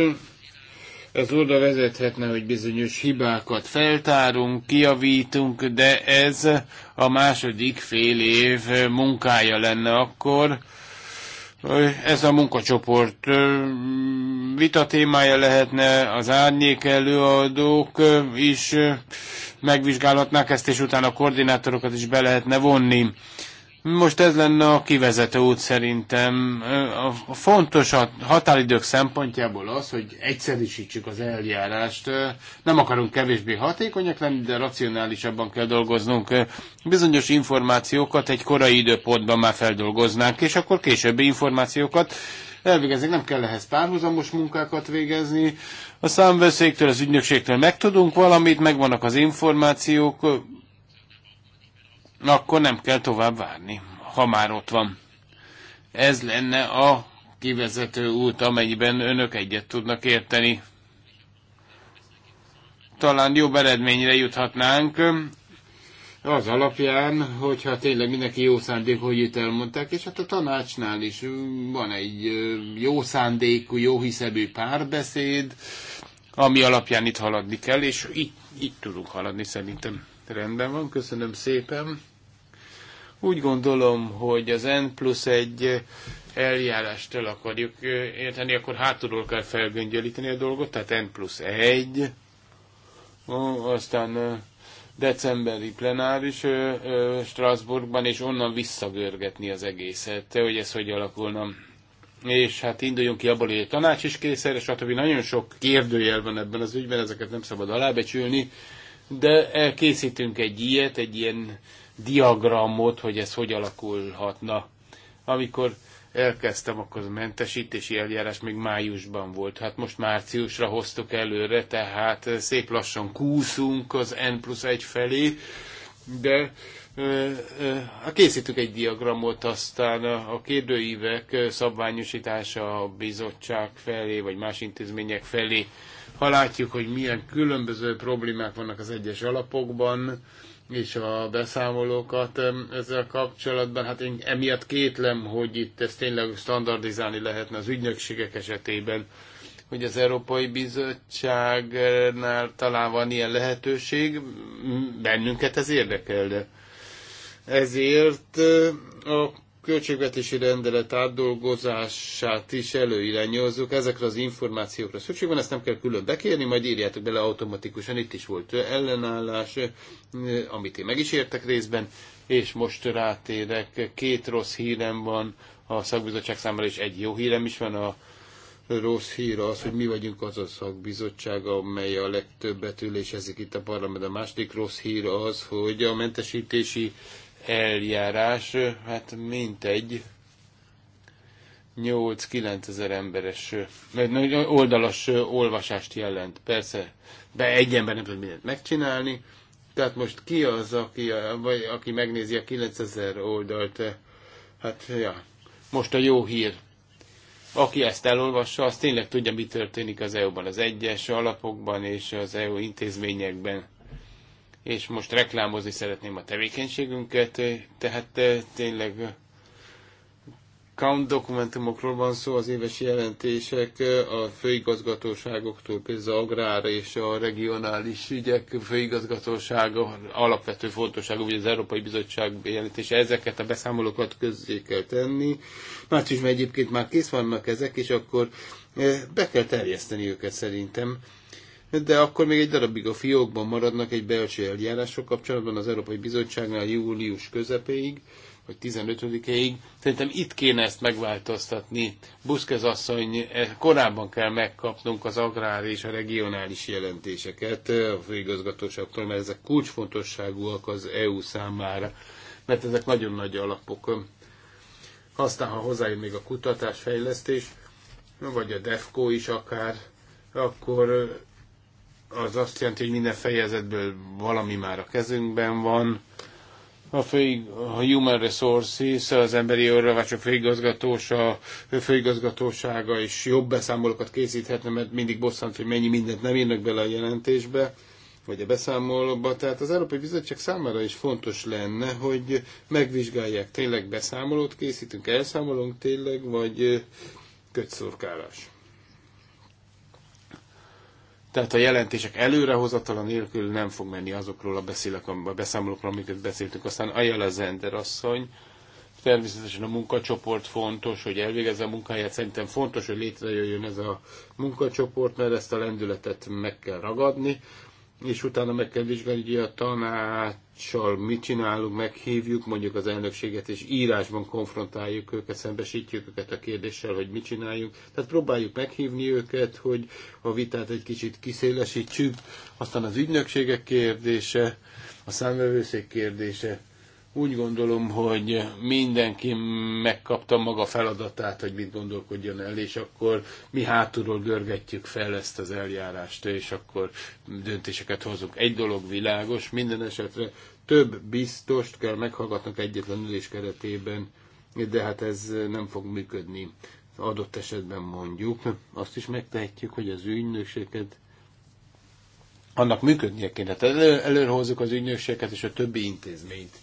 ez oda vezethetne, hogy bizonyos hibákat feltárunk, kiavítunk, de ez a második fél év munkája lenne akkor, ez a munkacsoport vita témája lehetne, az árnyék előadók is megvizsgálhatnák ezt, és utána a koordinátorokat is be lehetne vonni most ez lenne a kivezető út szerintem. A fontos a határidők szempontjából az, hogy egyszerűsítsük az eljárást. Nem akarunk kevésbé hatékonyak lenni, de racionálisabban kell dolgoznunk. Bizonyos információkat egy korai időpontban már feldolgoznánk, és akkor későbbi információkat elvégezik, Nem kell ehhez párhuzamos munkákat végezni. A számveszéktől, az ügynökségtől megtudunk valamit, megvannak az információk, akkor nem kell tovább várni, ha már ott van. Ez lenne a kivezető út, amelyben önök egyet tudnak érteni. Talán jobb eredményre juthatnánk, az alapján, hogyha tényleg mindenki jó szándék, hogy itt elmondták, és hát a tanácsnál is van egy jó szándékú, jó hiszebű párbeszéd, ami alapján itt haladni kell, és itt, itt tudunk haladni szerintem. Rendben van, köszönöm szépen. Úgy gondolom, hogy az N plusz egy eljárást el akarjuk érteni, akkor hátulról kell felgöngyölíteni a dolgot, tehát N plusz egy. aztán decemberi plenáris Strasbourgban, és onnan visszagörgetni az egészet, hogy ez hogy alakulna. És hát induljunk ki abból, hogy a tanács is készer, és stb. Nagyon sok kérdőjel van ebben az ügyben, ezeket nem szabad alábecsülni, de elkészítünk egy ilyet, egy ilyen diagramot, hogy ez hogy alakulhatna. Amikor elkezdtem, akkor a mentesítési eljárás még májusban volt. Hát most márciusra hoztuk előre, tehát szép lassan kúszunk az N plusz 1 felé, de hát készítünk egy diagramot, aztán a kérdőívek szabványosítása a bizottság felé, vagy más intézmények felé ha látjuk, hogy milyen különböző problémák vannak az egyes alapokban, és a beszámolókat ezzel kapcsolatban, hát én emiatt kétlem, hogy itt ezt tényleg standardizálni lehetne az ügynökségek esetében, hogy az Európai Bizottságnál talán van ilyen lehetőség, bennünket ez érdekel, de ezért a költségvetési rendelet átdolgozását is előirányozzuk. Ezekre az információkra szükség van, ezt nem kell külön bekérni, majd írjátok bele automatikusan. Itt is volt ellenállás, amit én meg is értek részben, és most rátérek. Két rossz hírem van a szakbizottság számára, és egy jó hírem is van a rossz hír az, hogy mi vagyunk az a szakbizottság, amely a legtöbbet ülésezik itt a parlament. A második rossz hír az, hogy a mentesítési eljárás, hát mintegy 8-9 ezer emberes oldalas olvasást jelent. Persze, be egy ember nem tud mindent megcsinálni, tehát most ki az, aki, vagy aki megnézi a 9000 oldalt? Hát, ja. Most a jó hír. Aki ezt elolvassa, az tényleg tudja, mi történik az EU-ban, az egyes alapokban és az EU intézményekben és most reklámozni szeretném a tevékenységünket, tehát eh, tényleg eh, count dokumentumokról van szó, az éves jelentések eh, a főigazgatóságoktól, például az agrár és a regionális ügyek főigazgatósága alapvető fontosságú, hogy az Európai Bizottság jelentése ezeket a beszámolókat közzé kell tenni. Márciusban egyébként már kész vannak ezek, és akkor be kell terjeszteni őket szerintem de akkor még egy darabig a fiókban maradnak egy belső eljárások kapcsolatban az Európai Bizottságnál július közepéig, vagy 15 éig Szerintem itt kéne ezt megváltoztatni. Buszkez asszony, e, korábban kell megkapnunk az agrár és a regionális jelentéseket e, a főigazgatóságtól, mert ezek kulcsfontosságúak az EU számára, mert ezek nagyon nagy alapok. Aztán, ha hozzájön még a kutatás, fejlesztés, vagy a DEFCO is akár, akkor az azt jelenti, hogy minden fejezetből valami már a kezünkben van. A, fő, a Human Resources, az emberi örövácsok főigazgatósa, főigazgatósága is jobb beszámolókat készíthetne, mert mindig bosszant, hogy mennyi mindent nem írnak bele a jelentésbe, vagy a beszámolóba. Tehát az Európai Bizottság számára is fontos lenne, hogy megvizsgálják, tényleg beszámolót készítünk, elszámolunk tényleg, vagy kötszorkálás. Tehát a jelentések előrehozatala nélkül nem fog menni azokról a, beszélek, a beszámolókról, amiket beszéltünk. Aztán Ajala Zender asszony, természetesen a munkacsoport fontos, hogy elvégezze a munkáját. Szerintem fontos, hogy létrejöjjön ez a munkacsoport, mert ezt a lendületet meg kell ragadni és utána meg kell vizsgálni, hogy a tanácssal mit csinálunk, meghívjuk mondjuk az elnökséget, és írásban konfrontáljuk őket, szembesítjük őket a kérdéssel, hogy mit csináljunk. Tehát próbáljuk meghívni őket, hogy a vitát egy kicsit kiszélesítsük. Aztán az ügynökségek kérdése, a számvevőszék kérdése, úgy gondolom, hogy mindenki megkapta maga feladatát, hogy mit gondolkodjon el, és akkor mi hátulról görgetjük fel ezt az eljárást, és akkor döntéseket hozunk. Egy dolog világos, minden esetre több biztost kell meghallgatnunk egyetlen ülés keretében, de hát ez nem fog működni. Adott esetben mondjuk, azt is megtehetjük, hogy az ügynökséget annak működnie kéne. Tehát elő, előre hozzuk az ügynökséget és a többi intézményt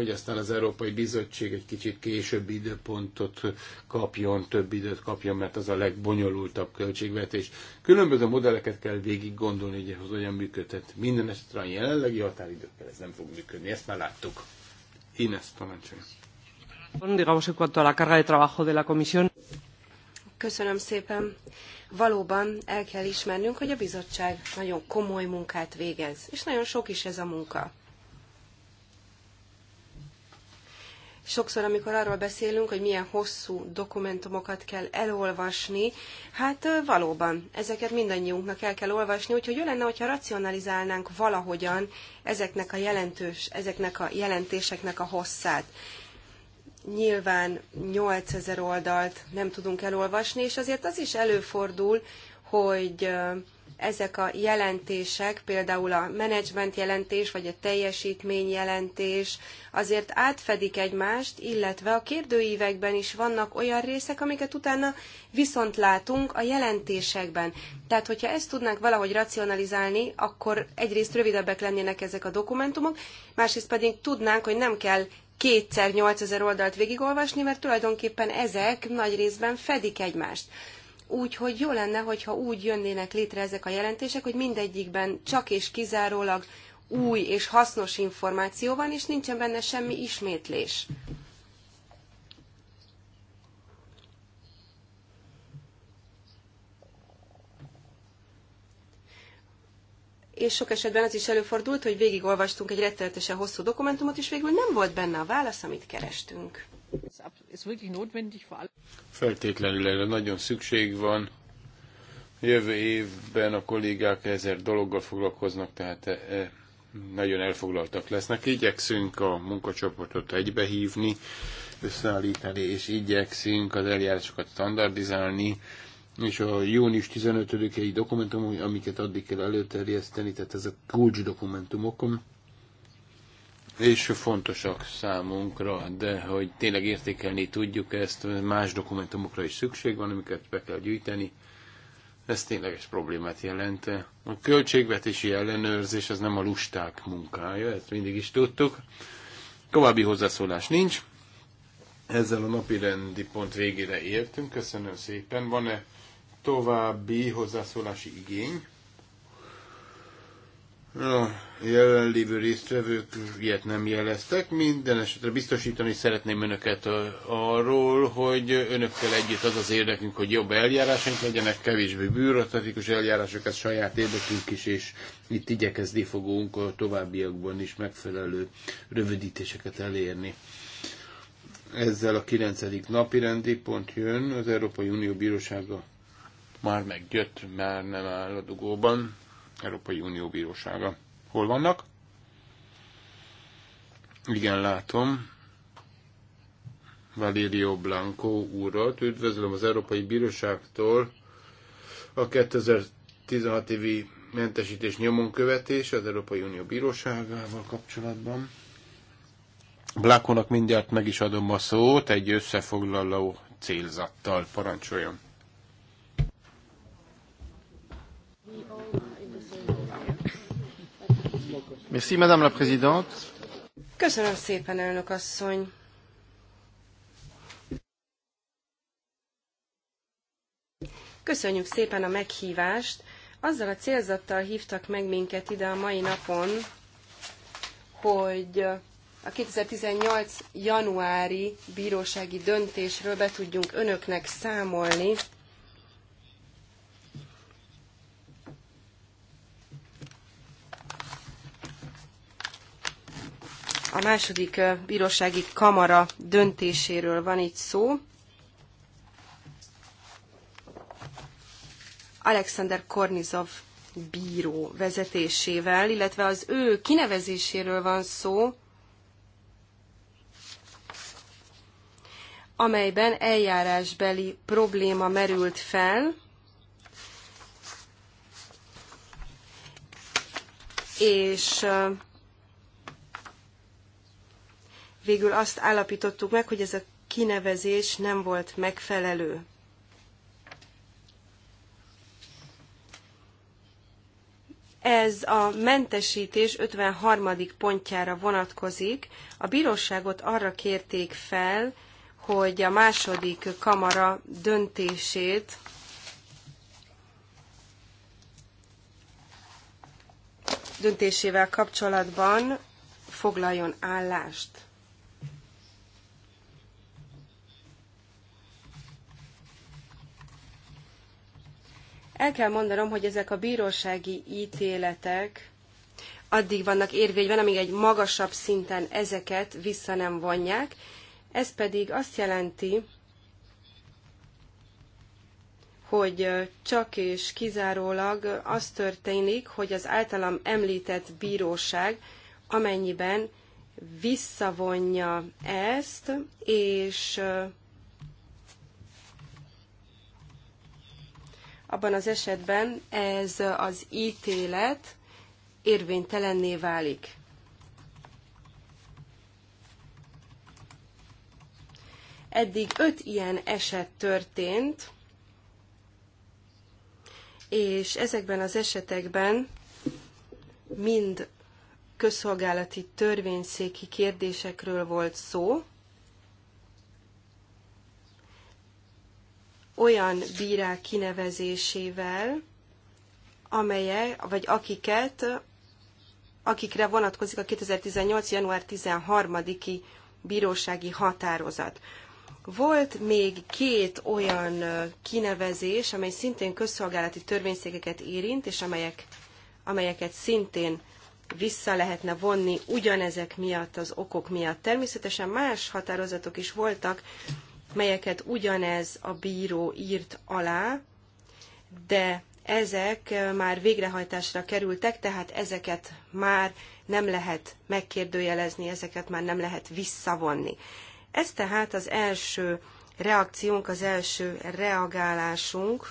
hogy aztán az Európai Bizottság egy kicsit később időpontot kapjon, több időt kapjon, mert az a legbonyolultabb költségvetés. Különböző modelleket kell végig gondolni, hogy ez olyan működhet. Minden esetre a jelenlegi határidőkkel ez nem fog működni, ezt már láttuk. Ines, parancsolj. Digamos, en cuanto a la carga de trabajo de la comisión. Köszönöm szépen. Valóban el kell ismernünk, hogy a bizottság nagyon komoly munkát végez, és nagyon sok is ez a munka. sokszor, amikor arról beszélünk, hogy milyen hosszú dokumentumokat kell elolvasni, hát valóban ezeket mindannyiunknak el kell olvasni, úgyhogy jó lenne, hogyha racionalizálnánk valahogyan ezeknek a, jelentős, ezeknek a jelentéseknek a hosszát. Nyilván 8000 oldalt nem tudunk elolvasni, és azért az is előfordul, hogy ezek a jelentések, például a menedzsment jelentés, vagy a jelentés, azért átfedik egymást, illetve a kérdőívekben is vannak olyan részek, amiket utána viszont látunk a jelentésekben. Tehát, hogyha ezt tudnánk valahogy racionalizálni, akkor egyrészt rövidebbek lennének ezek a dokumentumok, másrészt pedig tudnánk, hogy nem kell kétszer 8000 oldalt végigolvasni, mert tulajdonképpen ezek nagy részben fedik egymást. Úgyhogy jó lenne, hogyha úgy jönnének létre ezek a jelentések, hogy mindegyikben csak és kizárólag új és hasznos információ van, és nincsen benne semmi ismétlés. és sok esetben az is előfordult, hogy végigolvastunk egy rettenetesen hosszú dokumentumot, és végül nem volt benne a válasz, amit kerestünk. Feltétlenül erre nagyon szükség van. Jövő évben a kollégák ezer dologgal foglalkoznak, tehát e, e, nagyon elfoglaltak lesznek. Igyekszünk a munkacsoportot egybehívni, összeállítani, és igyekszünk az eljárásokat standardizálni, és a június 15-i dokumentum, amiket addig kell előterjeszteni, tehát ez a kulcs dokumentumokon, és fontosak számunkra, de hogy tényleg értékelni tudjuk ezt, más dokumentumokra is szükség van, amiket be kell gyűjteni. Ez tényleges problémát jelent. A költségvetési ellenőrzés az nem a lusták munkája, ezt mindig is tudtuk. További hozzászólás nincs. Ezzel a napi rendi pont végére értünk. Köszönöm szépen. Van-e további hozzászólási igény? A jelenlévő résztvevők ilyet nem jeleztek. Minden esetre biztosítani szeretném önöket arról, hogy önökkel együtt az az érdekünk, hogy jobb eljárásunk legyenek, kevésbé bűrotatikus eljárások, ez saját érdekünk is, és itt igyekezni fogunk a továbbiakban is megfelelő rövidítéseket elérni. Ezzel a kilencedik napi rendi pont jön, az Európai Unió Bírósága már megjött, már nem áll a dugóban. Európai Unió Bírósága. Hol vannak? Igen, látom. Valerio Blanco úrat. Üdvözlöm az Európai Bíróságtól a 2016 évi mentesítés nyomon követés az Európai Unió Bíróságával kapcsolatban. Blanconak mindjárt meg is adom a szót egy összefoglaló célzattal. Parancsoljon! Merci, Madame la Présidente. Köszönöm szépen, elnök asszony. Köszönjük szépen a meghívást. Azzal a célzattal hívtak meg minket ide a mai napon, hogy a 2018. januári bírósági döntésről be tudjunk önöknek számolni, A második bírósági kamara döntéséről van itt szó. Alexander Kornizov bíró vezetésével, illetve az ő kinevezéséről van szó, amelyben eljárásbeli probléma merült fel, és végül azt állapítottuk meg, hogy ez a kinevezés nem volt megfelelő. Ez a mentesítés 53. pontjára vonatkozik. A bíróságot arra kérték fel, hogy a második kamara döntését döntésével kapcsolatban foglaljon állást. El kell mondanom, hogy ezek a bírósági ítéletek addig vannak érvényben, amíg egy magasabb szinten ezeket vissza nem vonják. Ez pedig azt jelenti, hogy csak és kizárólag az történik, hogy az általam említett bíróság, amennyiben visszavonja ezt, és abban az esetben ez az ítélet érvénytelenné válik. Eddig öt ilyen eset történt, és ezekben az esetekben mind közszolgálati törvényszéki kérdésekről volt szó, olyan bírák kinevezésével, amelye, vagy akiket, akikre vonatkozik a 2018. január 13-i bírósági határozat. Volt még két olyan kinevezés, amely szintén közszolgálati törvényszégeket érint, és amelyek, amelyeket szintén vissza lehetne vonni ugyanezek miatt, az okok miatt. Természetesen más határozatok is voltak, melyeket ugyanez a bíró írt alá, de ezek már végrehajtásra kerültek, tehát ezeket már nem lehet megkérdőjelezni, ezeket már nem lehet visszavonni. Ez tehát az első reakciónk, az első reagálásunk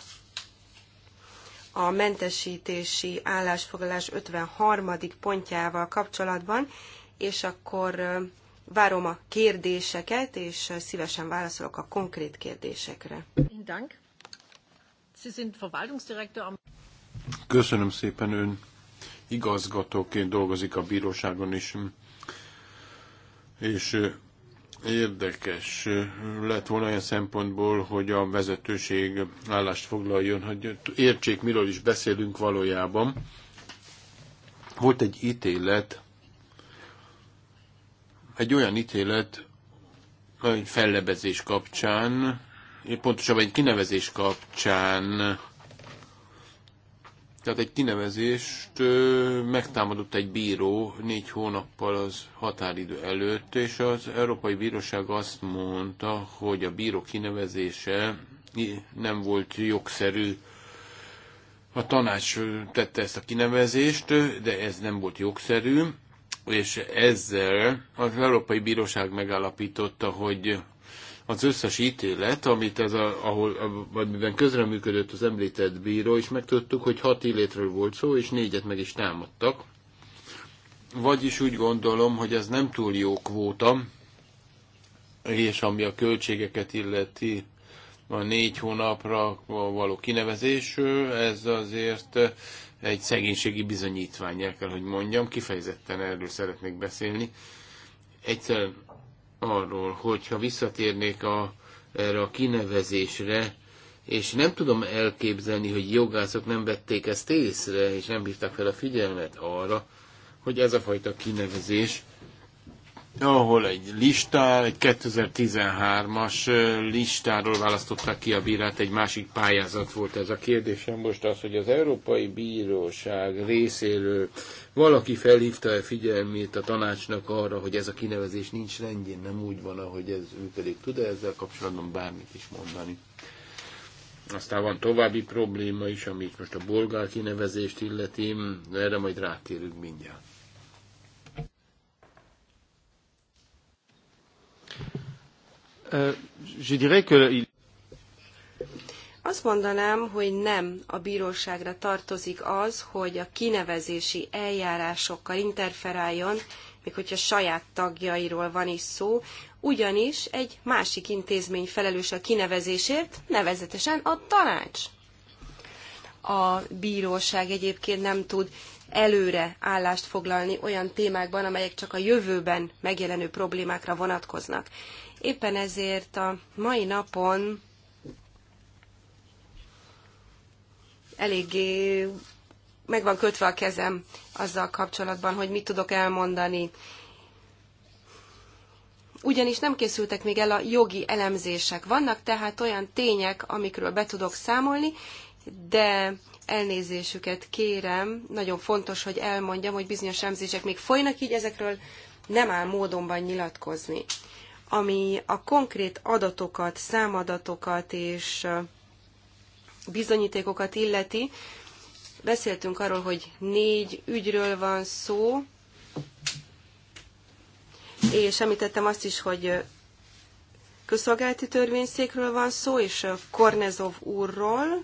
a mentesítési állásfoglalás 53. pontjával kapcsolatban, és akkor várom a kérdéseket, és szívesen válaszolok a konkrét kérdésekre. Köszönöm szépen, ön igazgatóként dolgozik a bíróságon is, és érdekes lett volna olyan szempontból, hogy a vezetőség állást foglaljon, hogy értsék, miről is beszélünk valójában. Volt egy ítélet, egy olyan ítélet, egy fellebezés kapcsán, pontosabban egy kinevezés kapcsán, tehát egy kinevezést megtámadott egy bíró négy hónappal az határidő előtt, és az Európai Bíróság azt mondta, hogy a bíró kinevezése nem volt jogszerű. A tanács tette ezt a kinevezést, de ez nem volt jogszerű, és ezzel az Európai Bíróság megállapította, hogy az összes ítélet, amit ez a, ahol, amiben közreműködött az említett bíró, és megtudtuk, hogy hat életről volt szó, és négyet meg is támadtak. Vagyis úgy gondolom, hogy ez nem túl jó kvóta, és ami a költségeket illeti, a négy hónapra való kinevezés, ez azért egy szegénységi bizonyítvány, el kell, hogy mondjam, kifejezetten erről szeretnék beszélni. Egyszer arról, hogyha visszatérnék a, erre a kinevezésre, és nem tudom elképzelni, hogy jogászok nem vették ezt észre, és nem hívták fel a figyelmet arra, hogy ez a fajta kinevezés ahol egy lista, egy 2013-as listáról választották ki a bírát, egy másik pályázat volt ez a kérdésem most az, hogy az Európai Bíróság részéről valaki felhívta a figyelmét a tanácsnak arra, hogy ez a kinevezés nincs rendjén, nem úgy van, ahogy ez működik. Tud-e ezzel kapcsolatban bármit is mondani? Aztán van további probléma is, amit most a bolgár kinevezést illeti, erre majd rátérünk mindjárt. Euh, je dirais que... Azt mondanám, hogy nem a bíróságra tartozik az, hogy a kinevezési eljárásokkal interferáljon, még hogyha saját tagjairól van is szó, ugyanis egy másik intézmény felelős a kinevezésért, nevezetesen a tanács. A bíróság egyébként nem tud előre állást foglalni olyan témákban, amelyek csak a jövőben megjelenő problémákra vonatkoznak. Éppen ezért a mai napon eléggé meg van kötve a kezem azzal kapcsolatban, hogy mit tudok elmondani. Ugyanis nem készültek még el a jogi elemzések. Vannak tehát olyan tények, amikről be tudok számolni, de elnézésüket kérem, nagyon fontos, hogy elmondjam, hogy bizonyos elemzések még folynak, így ezekről nem áll módonban nyilatkozni ami a konkrét adatokat, számadatokat és bizonyítékokat illeti. Beszéltünk arról, hogy négy ügyről van szó, és említettem azt is, hogy közszolgálati törvényszékről van szó, és Kornezov úrról.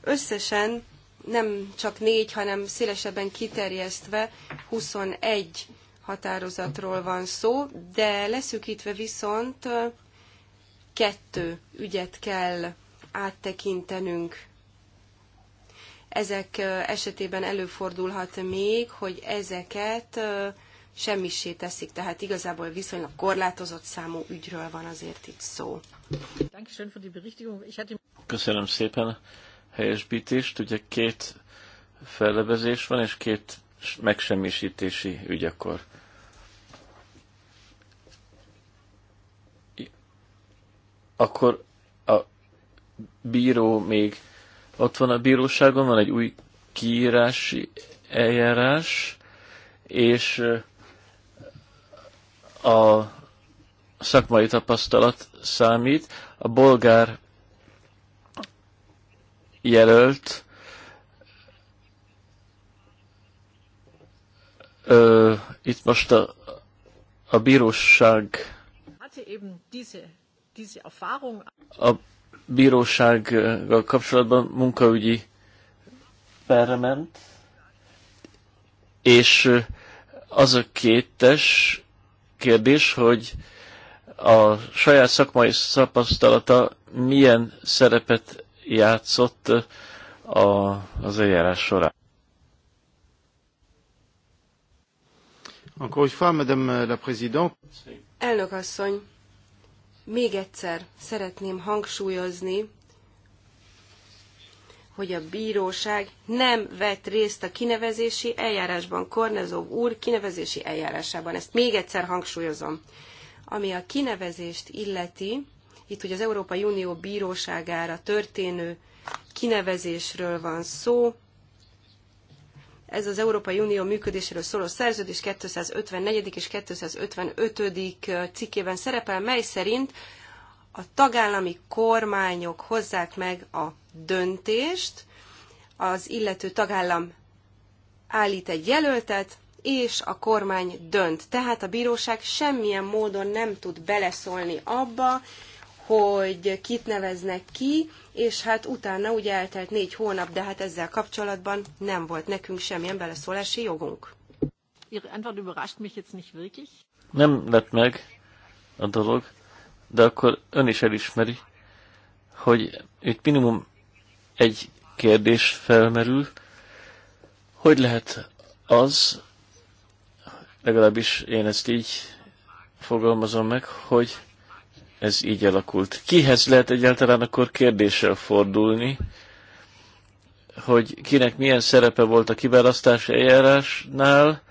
Összesen nem csak négy, hanem szélesebben kiterjesztve 21 határozatról van szó, de leszűkítve viszont kettő ügyet kell áttekintenünk. Ezek esetében előfordulhat még, hogy ezeket semmisé teszik, tehát igazából viszonylag korlátozott számú ügyről van azért itt szó. Köszönöm szépen a helyesbítést. Ugye két fellebezés van, és két megsemmisítési ügy akkor. akkor a bíró még ott van a bíróságon, van egy új kiírási eljárás, és a szakmai tapasztalat számít. A bolgár jelölt ö, itt most a, a bíróság a bírósággal kapcsolatban munkaügyi perre ment, és az a kétes kérdés, hogy a saját szakmai tapasztalata milyen szerepet játszott a, az eljárás során. Encore une fois, Madame la Présidente. Elnök asszony, még egyszer szeretném hangsúlyozni, hogy a bíróság nem vett részt a kinevezési eljárásban, Kornezov úr kinevezési eljárásában. Ezt még egyszer hangsúlyozom. Ami a kinevezést illeti, itt ugye az Európai Unió bíróságára történő kinevezésről van szó, ez az Európai Unió működéséről szóló szerződés 254. és 255. cikkében szerepel, mely szerint a tagállami kormányok hozzák meg a döntést, az illető tagállam állít egy jelöltet, és a kormány dönt. Tehát a bíróság semmilyen módon nem tud beleszólni abba, hogy kit neveznek ki, és hát utána ugye eltelt négy hónap, de hát ezzel kapcsolatban nem volt nekünk semmilyen beleszólási jogunk. Nem lett meg a dolog, de akkor ön is elismeri, hogy itt minimum egy kérdés felmerül, hogy lehet az, legalábbis én ezt így fogalmazom meg, hogy ez így alakult. Kihez lehet egyáltalán akkor kérdéssel fordulni, hogy kinek milyen szerepe volt a kiválasztási eljárásnál,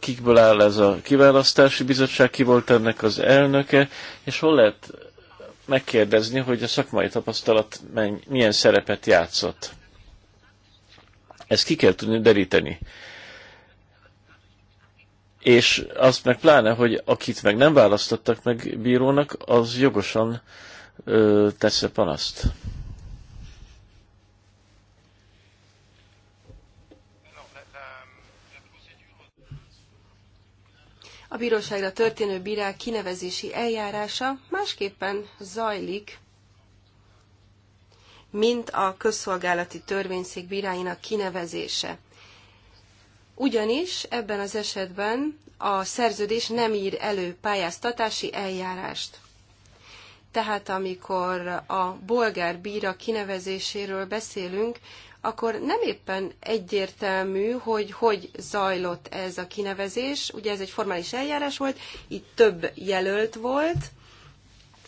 kikből áll ez a kiválasztási bizottság, ki volt ennek az elnöke, és hol lehet megkérdezni, hogy a szakmai tapasztalat milyen szerepet játszott. Ezt ki kell tudni deríteni és azt meg pláne, hogy akit meg nem választottak meg bírónak, az jogosan ö, tesz panaszt. A bíróságra történő bírák kinevezési eljárása másképpen zajlik, mint a közszolgálati törvényszék bíráinak kinevezése ugyanis ebben az esetben a szerződés nem ír elő pályáztatási eljárást. Tehát amikor a bolgár bíra kinevezéséről beszélünk, akkor nem éppen egyértelmű, hogy hogy zajlott ez a kinevezés. Ugye ez egy formális eljárás volt, itt több jelölt volt,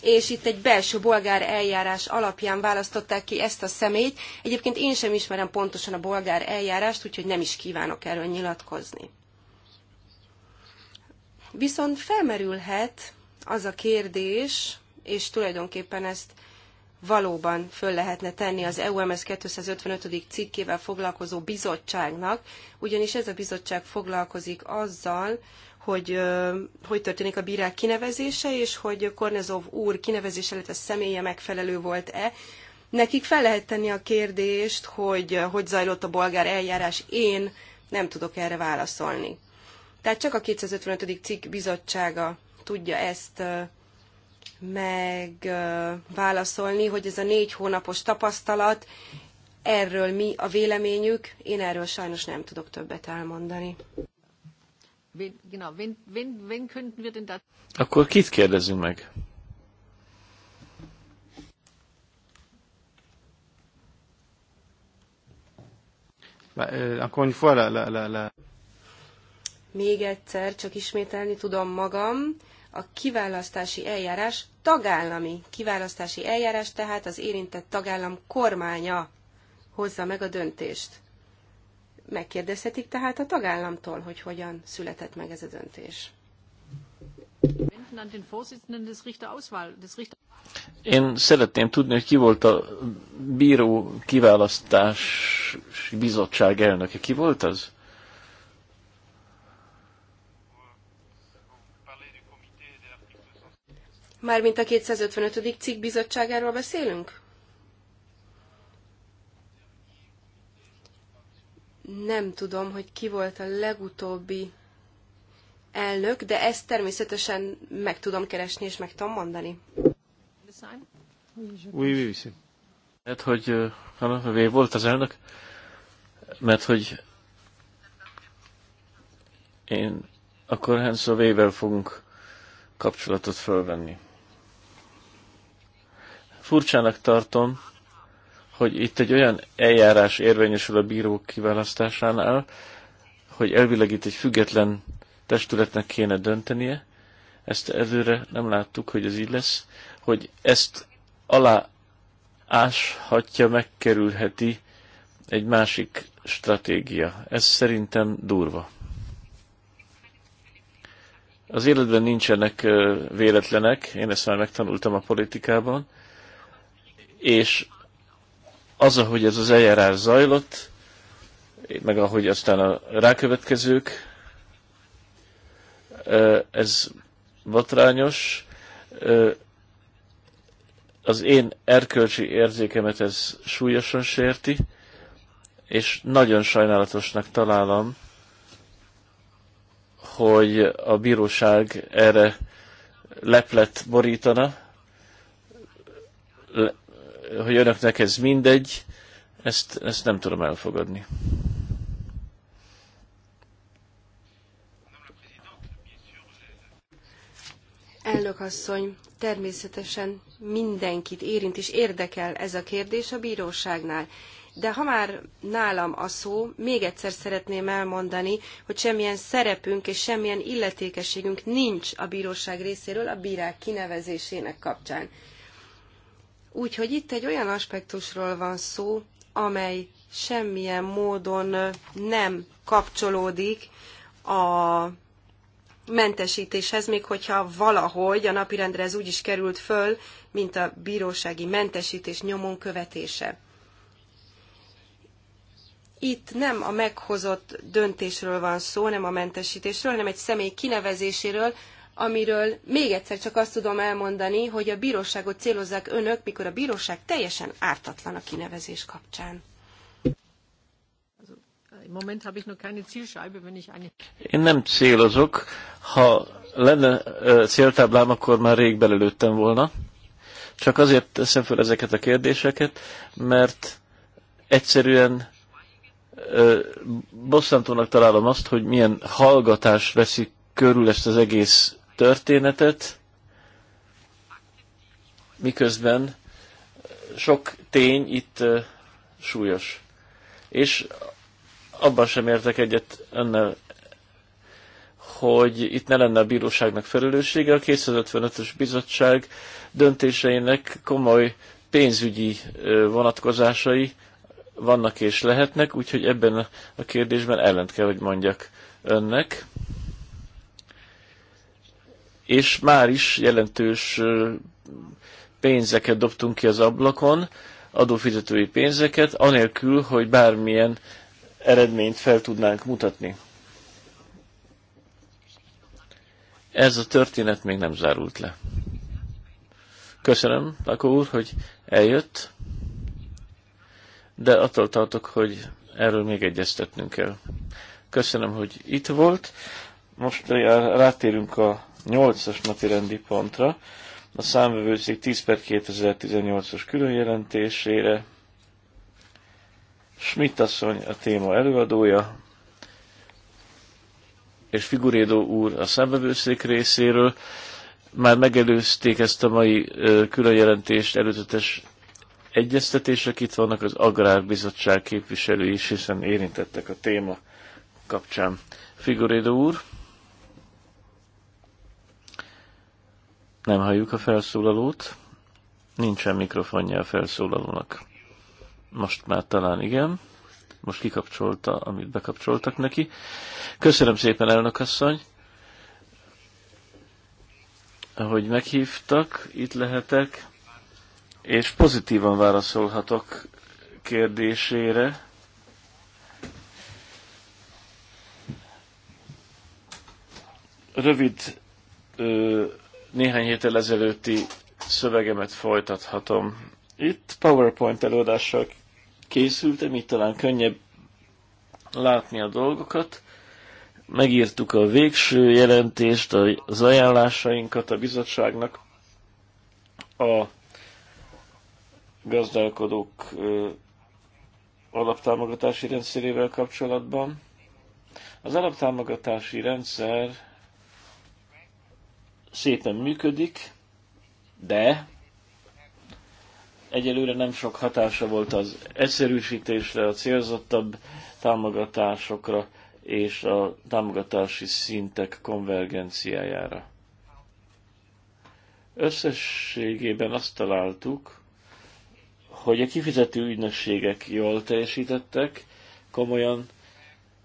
és itt egy belső bolgár eljárás alapján választották ki ezt a személyt. Egyébként én sem ismerem pontosan a bolgár eljárást, úgyhogy nem is kívánok erről nyilatkozni. Viszont felmerülhet az a kérdés, és tulajdonképpen ezt valóban föl lehetne tenni az EUMS 255. cikkével foglalkozó bizottságnak, ugyanis ez a bizottság foglalkozik azzal, hogy hogy történik a bírák kinevezése, és hogy Kornezov úr kinevezése, illetve személye megfelelő volt-e. Nekik fel lehet tenni a kérdést, hogy hogy zajlott a bolgár eljárás, én nem tudok erre válaszolni. Tehát csak a 255. cikk bizottsága tudja ezt megválaszolni, hogy ez a négy hónapos tapasztalat, erről mi a véleményük, én erről sajnos nem tudok többet elmondani. Wen, genau, wen, wen, wen könnten wir denn da... Akkor kit kérdezünk meg? Még egyszer, csak ismételni tudom magam, a kiválasztási eljárás tagállami kiválasztási eljárás, tehát az érintett tagállam kormánya hozza meg a döntést. Megkérdezhetik tehát a tagállamtól, hogy hogyan született meg ez a döntés. Én szeretném tudni, hogy ki volt a bíró kiválasztás bizottság elnöke. Ki volt az? Mármint a 255. cikk bizottságáról beszélünk? nem tudom, hogy ki volt a legutóbbi elnök, de ezt természetesen meg tudom keresni és meg tudom mondani. Oui, oui, oui. Mert hogy Hanafevé volt az elnök, mert hogy én akkor Hans Vével fogunk kapcsolatot fölvenni. Furcsának tartom, hogy itt egy olyan eljárás érvényesül a bírók kiválasztásánál, hogy elvileg itt egy független testületnek kéne döntenie, ezt előre nem láttuk, hogy ez így lesz, hogy ezt alá áshatja, megkerülheti egy másik stratégia. Ez szerintem durva. Az életben nincsenek véletlenek, én ezt már megtanultam a politikában, és az, ahogy ez az eljárás zajlott, meg ahogy aztán a rákövetkezők, ez batrányos. Az én erkölcsi érzékemet ez súlyosan sérti, és nagyon sajnálatosnak találom, hogy a bíróság erre leplet borítana, hogy önöknek ez mindegy, ezt, ezt nem tudom elfogadni. Elnök asszony, természetesen mindenkit érint és érdekel ez a kérdés a bíróságnál. De ha már nálam a szó, még egyszer szeretném elmondani, hogy semmilyen szerepünk és semmilyen illetékességünk nincs a bíróság részéről a bírák kinevezésének kapcsán. Úgyhogy itt egy olyan aspektusról van szó, amely semmilyen módon nem kapcsolódik a mentesítéshez, még hogyha valahogy a napirendre ez úgy is került föl, mint a bírósági mentesítés nyomon követése. Itt nem a meghozott döntésről van szó, nem a mentesítésről, hanem egy személy kinevezéséről, amiről még egyszer csak azt tudom elmondani, hogy a bíróságot célozzák önök, mikor a bíróság teljesen ártatlan a kinevezés kapcsán. Én nem célozok. Ha lenne céltáblám, akkor már rég belelőttem volna. Csak azért teszem fel ezeket a kérdéseket, mert egyszerűen bosszantónak találom azt, hogy milyen hallgatás veszi körül ezt az egész történetet, miközben sok tény itt súlyos. És abban sem értek egyet önnel, hogy itt ne lenne a bíróságnak felelőssége. A 255-ös bizottság döntéseinek komoly pénzügyi vonatkozásai vannak és lehetnek, úgyhogy ebben a kérdésben ellent kell, hogy mondjak önnek és már is jelentős pénzeket dobtunk ki az ablakon, adófizetői pénzeket, anélkül, hogy bármilyen eredményt fel tudnánk mutatni. Ez a történet még nem zárult le. Köszönöm, Lakó úr, hogy eljött, de attól tartok, hogy erről még egyeztetnünk kell. Köszönöm, hogy itt volt. Most rátérünk a 8-as rendi pontra, a számvevőszék 10 per 2018-os különjelentésére. Schmidt asszony a téma előadója, és Figurédó úr a számvevőszék részéről. Már megelőzték ezt a mai különjelentést előzetes egyeztetések. Itt vannak az Agrárbizottság képviselői is, hiszen érintettek a téma kapcsán. Figurédó úr. Nem halljuk a felszólalót. Nincsen mikrofonja a felszólalónak. Most már talán igen. Most kikapcsolta, amit bekapcsoltak neki. Köszönöm szépen, elnök asszony, hogy meghívtak, itt lehetek, és pozitívan válaszolhatok kérdésére. Rövid ö, néhány héttel ezelőtti szövegemet folytathatom. Itt PowerPoint előadással készültem, így talán könnyebb látni a dolgokat. Megírtuk a végső jelentést, az ajánlásainkat a bizottságnak, a gazdálkodók alaptámogatási rendszerével kapcsolatban. Az alaptámogatási rendszer szépen működik, de egyelőre nem sok hatása volt az egyszerűsítésre, a célzottabb támogatásokra és a támogatási szintek konvergenciájára. Összességében azt találtuk, hogy a kifizető ügynökségek jól teljesítettek, komolyan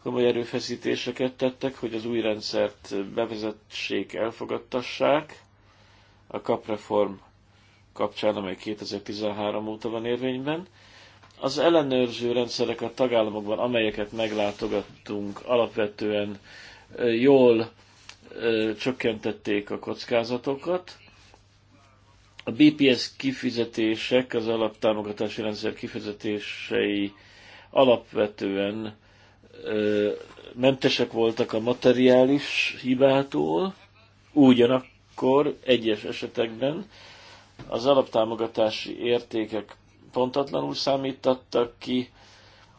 komoly erőfeszítéseket tettek, hogy az új rendszert bevezetsék, elfogadtassák. A kapreform kapcsán, amely 2013 óta van érvényben. Az ellenőrző rendszerek a tagállamokban, amelyeket meglátogattunk, alapvetően jól csökkentették a kockázatokat. A BPS kifizetések, az alaptámogatási rendszer kifizetései alapvetően mentesek voltak a materiális hibától, ugyanakkor egyes esetekben az alaptámogatási értékek pontatlanul számítattak ki,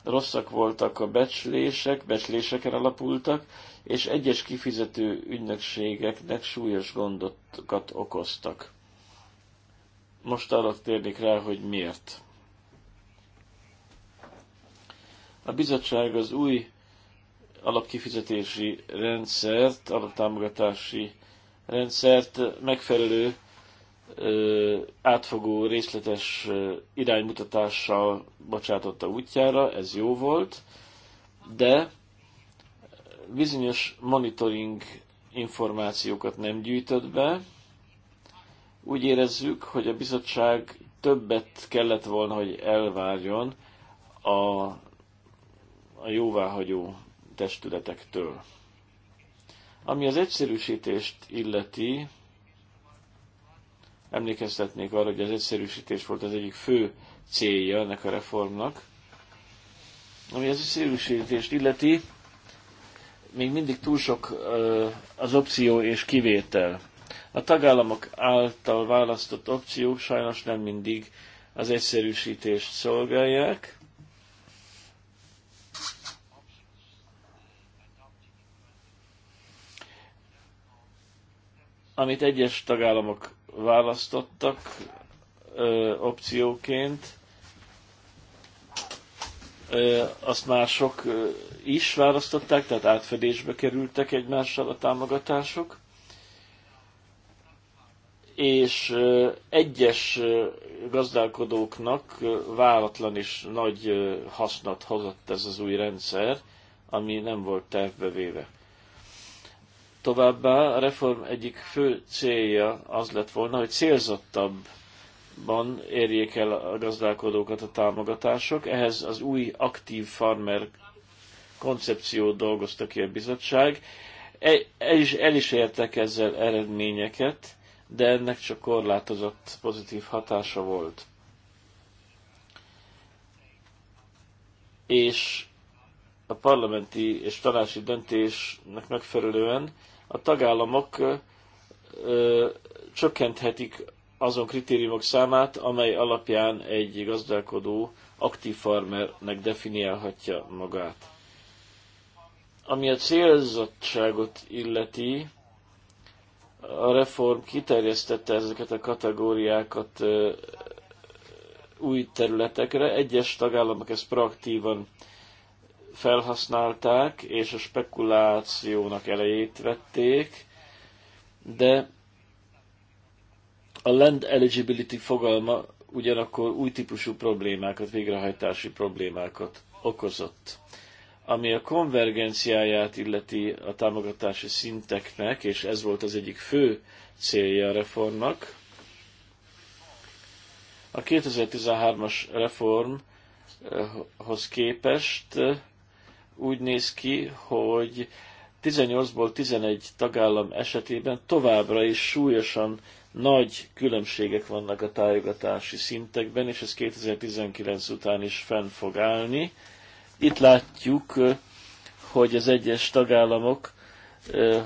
rosszak voltak a becslések, becsléseken alapultak, és egyes kifizető ügynökségeknek súlyos gondokat okoztak. Most arra térnék rá, hogy miért. A bizottság az új alapkifizetési rendszert, alaptámogatási rendszert megfelelő átfogó, részletes iránymutatással bocsátotta útjára, ez jó volt, de bizonyos monitoring információkat nem gyűjtött be. Úgy érezzük, hogy a bizottság többet kellett volna, hogy elvárjon a a jóváhagyó testületektől. Ami az egyszerűsítést illeti, emlékeztetnék arra, hogy az egyszerűsítés volt az egyik fő célja ennek a reformnak. Ami az egyszerűsítést illeti, még mindig túl sok az opció és kivétel. A tagállamok által választott opciók sajnos nem mindig az egyszerűsítést szolgálják, amit egyes tagállamok választottak ö, opcióként, ö, azt mások ö, is választották, tehát átfedésbe kerültek egymással a támogatások, és ö, egyes ö, gazdálkodóknak ö, váratlan és nagy ö, hasznot hozott ez az új rendszer, ami nem volt tervbe véve. Továbbá a reform egyik fő célja az lett volna, hogy célzottabban érjék el a gazdálkodókat a támogatások. Ehhez az új aktív farmer koncepciót dolgozta ki a bizottság. E, el is, el is értek ezzel eredményeket, de ennek csak korlátozott pozitív hatása volt. És a parlamenti és tanácsi döntésnek megfelelően a tagállamok ö, csökkenthetik azon kritériumok számát, amely alapján egy gazdálkodó aktív farmernek definiálhatja magát. Ami a célzottságot illeti, a reform kiterjesztette ezeket a kategóriákat ö, új területekre. Egyes tagállamok ezt proaktívan felhasználták, és a spekulációnak elejét vették, de a land eligibility fogalma ugyanakkor új típusú problémákat, végrehajtási problémákat okozott. Ami a konvergenciáját illeti a támogatási szinteknek, és ez volt az egyik fő célja a reformnak, a 2013-as reformhoz képest úgy néz ki, hogy 18-ból 11 tagállam esetében továbbra is súlyosan nagy különbségek vannak a tájogatási szintekben, és ez 2019 után is fenn fog állni. Itt látjuk, hogy az egyes tagállamok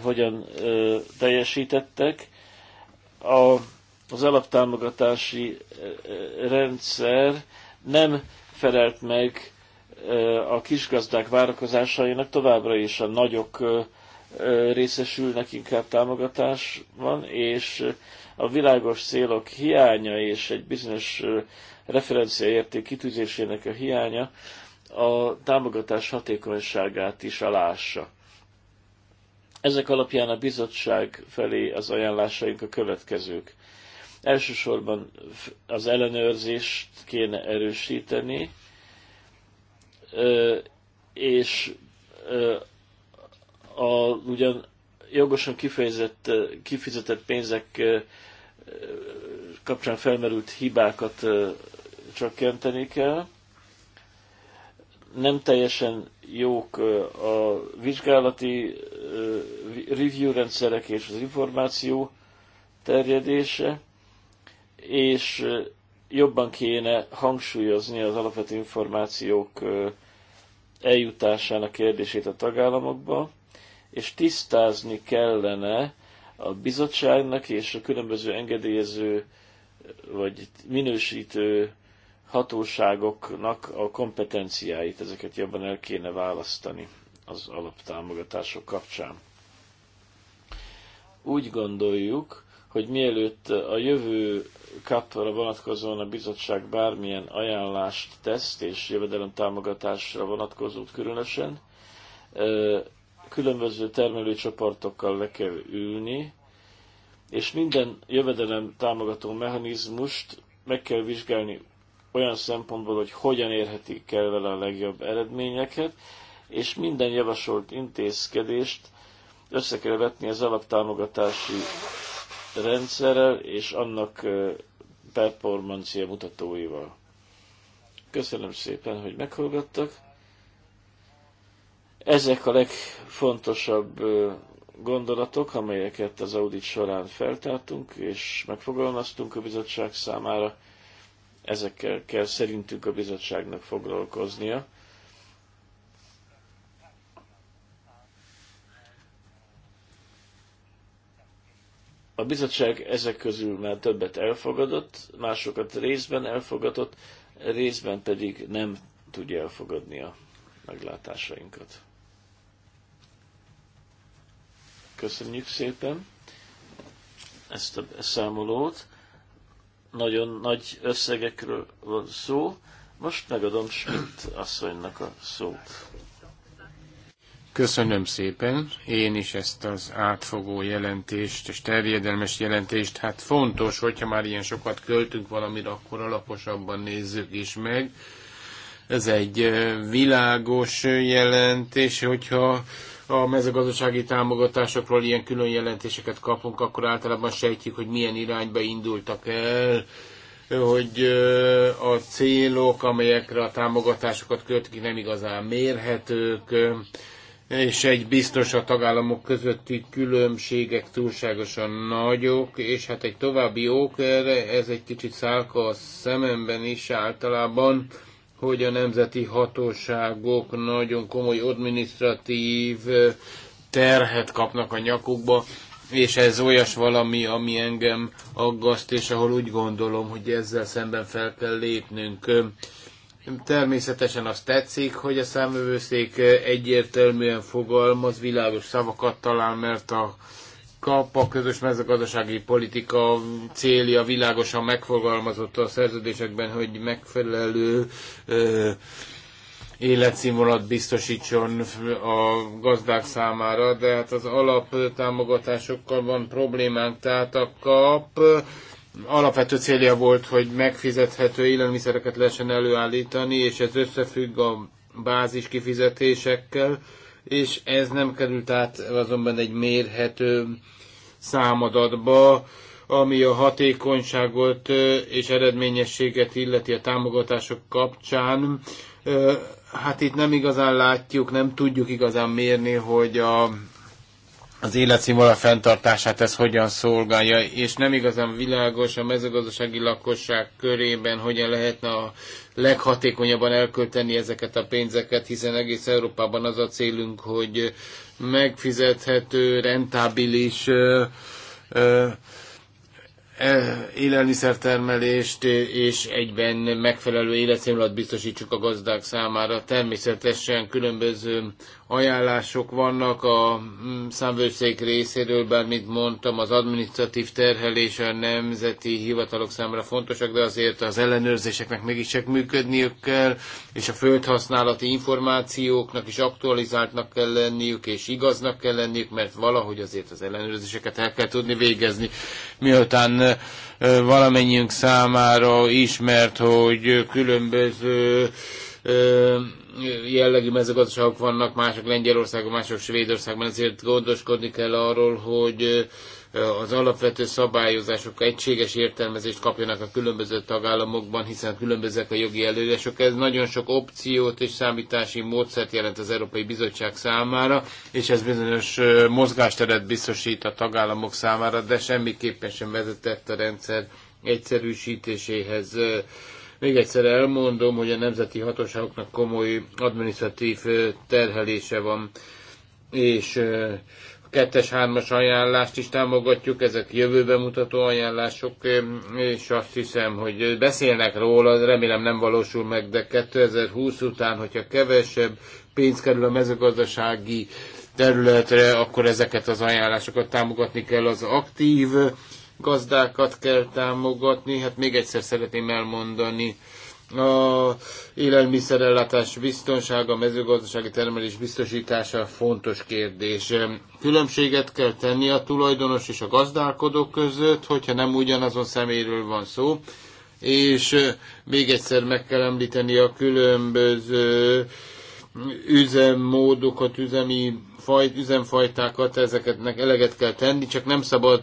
hogyan teljesítettek. A, az alaptámogatási rendszer nem felelt meg a kisgazdák várakozásainak továbbra is a nagyok részesülnek inkább támogatásban, és a világos célok hiánya és egy bizonyos referenciaérték kitűzésének a hiánya a támogatás hatékonyságát is alássa. Ezek alapján a bizottság felé az ajánlásaink a következők. Elsősorban az ellenőrzést kéne erősíteni, és a ugyan jogosan kifejezett, kifizetett pénzek kapcsán felmerült hibákat csökkenteni kell. Nem teljesen jók a vizsgálati review rendszerek és az információ terjedése, és jobban kéne hangsúlyozni az alapvető információk eljutásának kérdését a tagállamokba, és tisztázni kellene a bizottságnak és a különböző engedélyező vagy minősítő hatóságoknak a kompetenciáit, ezeket jobban el kéne választani az alaptámogatások kapcsán. Úgy gondoljuk, hogy mielőtt a jövő kapra vonatkozóan a bizottság bármilyen ajánlást tesz, és jövedelemtámogatásra vonatkozót különösen, különböző termelőcsoportokkal le kell ülni, és minden jövedelem támogató mechanizmust meg kell vizsgálni olyan szempontból, hogy hogyan érhetik el vele a legjobb eredményeket, és minden javasolt intézkedést össze kell vetni az alaptámogatási rendszerrel és annak performancia mutatóival. Köszönöm szépen, hogy meghallgattak. Ezek a legfontosabb gondolatok, amelyeket az audit során feltártunk és megfogalmaztunk a bizottság számára, ezekkel kell szerintünk a bizottságnak foglalkoznia A bizottság ezek közül már többet elfogadott, másokat részben elfogadott, részben pedig nem tudja elfogadni a meglátásainkat. Köszönjük szépen ezt a számolót, Nagyon nagy összegekről van szó. Most megadom Schmidt asszonynak a szót. Köszönöm szépen. Én is ezt az átfogó jelentést és terjedelmes jelentést, hát fontos, hogyha már ilyen sokat költünk valamire, akkor alaposabban nézzük is meg. Ez egy világos jelentés, hogyha a mezőgazdasági támogatásokról ilyen külön jelentéseket kapunk, akkor általában sejtjük, hogy milyen irányba indultak el, hogy a célok, amelyekre a támogatásokat költik, nem igazán mérhetők, és egy biztos a tagállamok közötti különbségek túlságosan nagyok, és hát egy további ok erre, ez egy kicsit szálka a szememben is általában, hogy a nemzeti hatóságok nagyon komoly adminisztratív terhet kapnak a nyakukba, és ez olyas valami, ami engem aggaszt, és ahol úgy gondolom, hogy ezzel szemben fel kell lépnünk Természetesen azt tetszik, hogy a számövőszék egyértelműen fogalmaz, világos szavakat talál, mert a kap a közös mezőgazdasági politika célja világosan megfogalmazott a szerződésekben, hogy megfelelő ö, életszínvonalat biztosítson a gazdák számára, de hát az alaptámogatásokkal van problémánk, tehát a kap alapvető célja volt, hogy megfizethető élelmiszereket lehessen előállítani, és ez összefügg a bázis kifizetésekkel, és ez nem került át azonban egy mérhető számadatba, ami a hatékonyságot és eredményességet illeti a támogatások kapcsán. Hát itt nem igazán látjuk, nem tudjuk igazán mérni, hogy a az életszínvonal fenntartását ez hogyan szolgálja, és nem igazán világos a mezőgazdasági lakosság körében, hogyan lehetne a leghatékonyabban elkölteni ezeket a pénzeket, hiszen egész Európában az a célunk, hogy megfizethető, rentábilis ö, ö, e, élelmiszertermelést és egyben megfelelő életszínvonalat biztosítsuk a gazdák számára. Természetesen különböző ajánlások vannak a mm, számvőszék részéről, bár mint mondtam, az administratív terhelés a nemzeti hivatalok számára fontosak, de azért az ellenőrzéseknek mégiscsak működniük kell, és a földhasználati információknak is aktualizáltnak kell lenniük, és igaznak kell lenniük, mert valahogy azért az ellenőrzéseket el kell tudni végezni, miután valamennyiünk számára ismert, hogy különböző jellegű mezőgazdaságok vannak, mások Lengyelországban, mások Svédországban, ezért gondoskodni kell arról, hogy az alapvető szabályozások egységes értelmezést kapjanak a különböző tagállamokban, hiszen különbözőek a jogi előírások. Ez nagyon sok opciót és számítási módszert jelent az Európai Bizottság számára, és ez bizonyos mozgásteret biztosít a tagállamok számára, de semmiképpen sem vezetett a rendszer egyszerűsítéséhez még egyszer elmondom, hogy a nemzeti hatóságoknak komoly administratív terhelése van, és a kettes, hármas ajánlást is támogatjuk, ezek jövőbe mutató ajánlások, és azt hiszem, hogy beszélnek róla, remélem nem valósul meg, de 2020 után, hogyha kevesebb pénz kerül a mezőgazdasági területre, akkor ezeket az ajánlásokat támogatni kell. Az aktív gazdákat kell támogatni. Hát még egyszer szeretném elmondani, a élelmiszerellátás biztonsága, a mezőgazdasági termelés biztosítása fontos kérdés. Különbséget kell tenni a tulajdonos és a gazdálkodó között, hogyha nem ugyanazon személyről van szó, és eh, még egyszer meg kell említeni a különböző üzemmódokat, üzemi fajt, üzemfajtákat, ezeketnek eleget kell tenni, csak nem szabad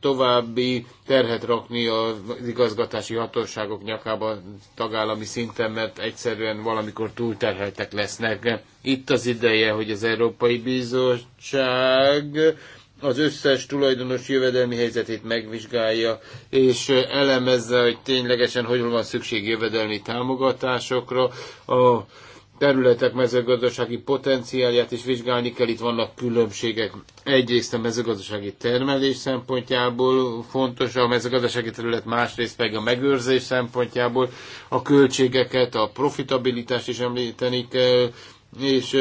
további terhet rakni az igazgatási hatóságok nyakába tagállami szinten, mert egyszerűen valamikor túlterheltek lesznek. Itt az ideje, hogy az Európai Bizottság az összes tulajdonos jövedelmi helyzetét megvizsgálja, és elemezze, hogy ténylegesen hogy van szükség jövedelmi támogatásokra. A területek mezőgazdasági potenciálját is vizsgálni kell, itt vannak különbségek. Egyrészt a mezőgazdasági termelés szempontjából fontos, a mezőgazdasági terület másrészt pedig a megőrzés szempontjából, a költségeket, a profitabilitást is említeni kell, és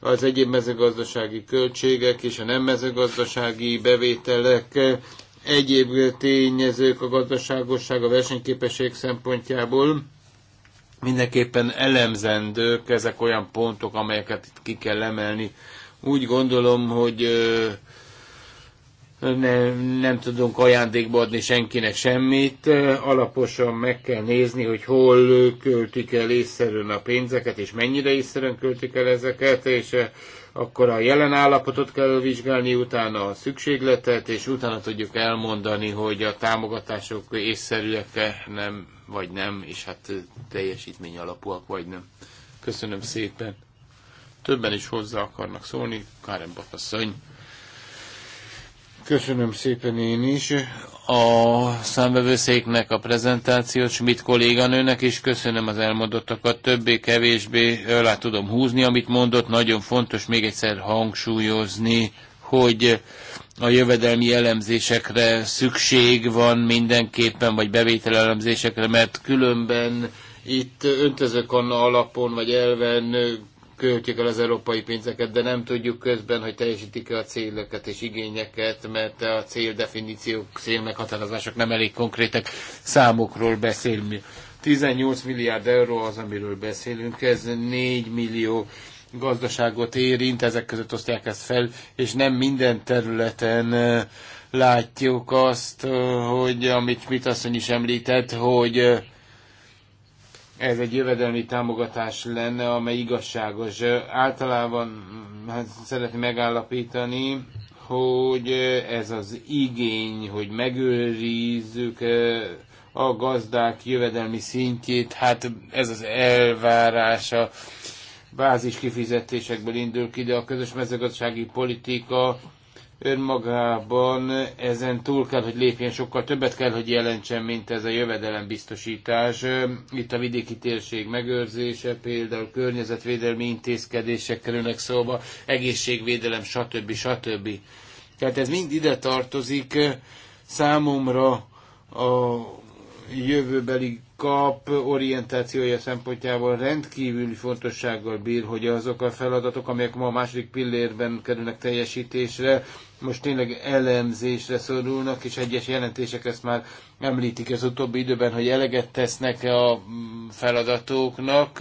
az egyéb mezőgazdasági költségek és a nem mezőgazdasági bevételek, egyéb tényezők a gazdaságosság, a versenyképesség szempontjából mindenképpen elemzendők, ezek olyan pontok, amelyeket itt ki kell emelni. Úgy gondolom, hogy nem, nem tudunk ajándékba adni senkinek semmit. Alaposan meg kell nézni, hogy hol költik el észszerűen a pénzeket, és mennyire észszerűen költik el ezeket, és akkor a jelen állapotot kell vizsgálni, utána a szükségletet, és utána tudjuk elmondani, hogy a támogatások észszerűek-e nem, vagy nem, és hát teljesítmény alapúak, vagy nem. Köszönöm szépen. Többen is hozzá akarnak szólni. Kárem Batasszony. Köszönöm szépen én is a számvevőszéknek a prezentációt, Schmidt kolléganőnek is köszönöm az elmondottakat, többé-kevésbé alá tudom húzni, amit mondott, nagyon fontos még egyszer hangsúlyozni, hogy a jövedelmi elemzésekre szükség van mindenképpen, vagy bevételelemzésekre, mert különben itt öntözőkanna alapon, vagy elven költjük el az európai pénzeket, de nem tudjuk közben, hogy teljesítik-e a célokat és igényeket, mert a céldefiníciók, célmeghatározások nem elég konkrétek számokról beszélünk. 18 milliárd euró az, amiről beszélünk, ez 4 millió gazdaságot érint, ezek között osztják ezt fel, és nem minden területen látjuk azt, hogy amit mit asszony is említett, hogy ez egy jövedelmi támogatás lenne, amely igazságos. Általában hát szeretném megállapítani, hogy ez az igény, hogy megőrizzük eh, a gazdák jövedelmi szintjét, hát ez az elvárás a bázis kifizetésekből indul ki, de a közös mezőgazdasági politika önmagában ezen túl kell, hogy lépjen, sokkal többet kell, hogy jelentsen, mint ez a jövedelembiztosítás. Itt a vidéki térség megőrzése, például környezetvédelmi intézkedések kerülnek szóba, egészségvédelem, stb. stb. Tehát ez mind ide tartozik számomra a jövőbeli kap orientációja szempontjából rendkívüli fontossággal bír, hogy azok a feladatok, amelyek ma a második pillérben kerülnek teljesítésre, most tényleg elemzésre szorulnak, és egyes jelentések ezt már említik az utóbbi időben, hogy eleget tesznek a mm, feladatoknak,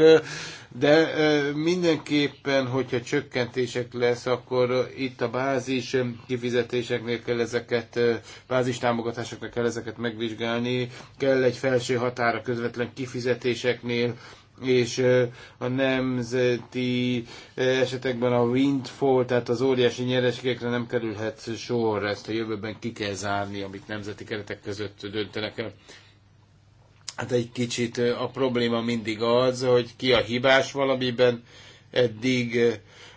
de mindenképpen, hogyha csökkentések lesz, akkor itt a bázis kifizetéseknél kell ezeket, bázis támogatásoknak kell ezeket megvizsgálni, kell egy felső határa közvetlen kifizetéseknél, és a nemzeti esetekben a windfall, tehát az óriási nyereségekre nem kerülhet sor, ezt a jövőben ki kell zárni, amit nemzeti keretek között döntenek el. Hát egy kicsit a probléma mindig az, hogy ki a hibás valamiben. Eddig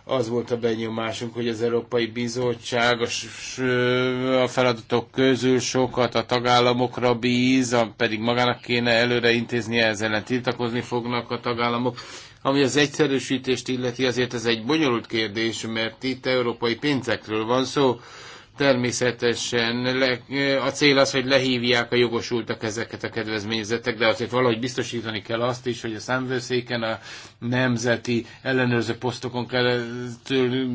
az volt a benyomásunk, hogy az Európai Bizottság a feladatok közül sokat a tagállamokra bíz, pedig magának kéne előre intéznie, ezzel ellen tiltakozni fognak a tagállamok. Ami az egyszerűsítést illeti, azért ez egy bonyolult kérdés, mert itt európai pénzekről van szó, Természetesen le, a cél az, hogy lehívják a jogosultak ezeket a kedvezményezetek, de azért valahogy biztosítani kell azt is, hogy a számvőszéken, a nemzeti ellenőrző posztokon keresztül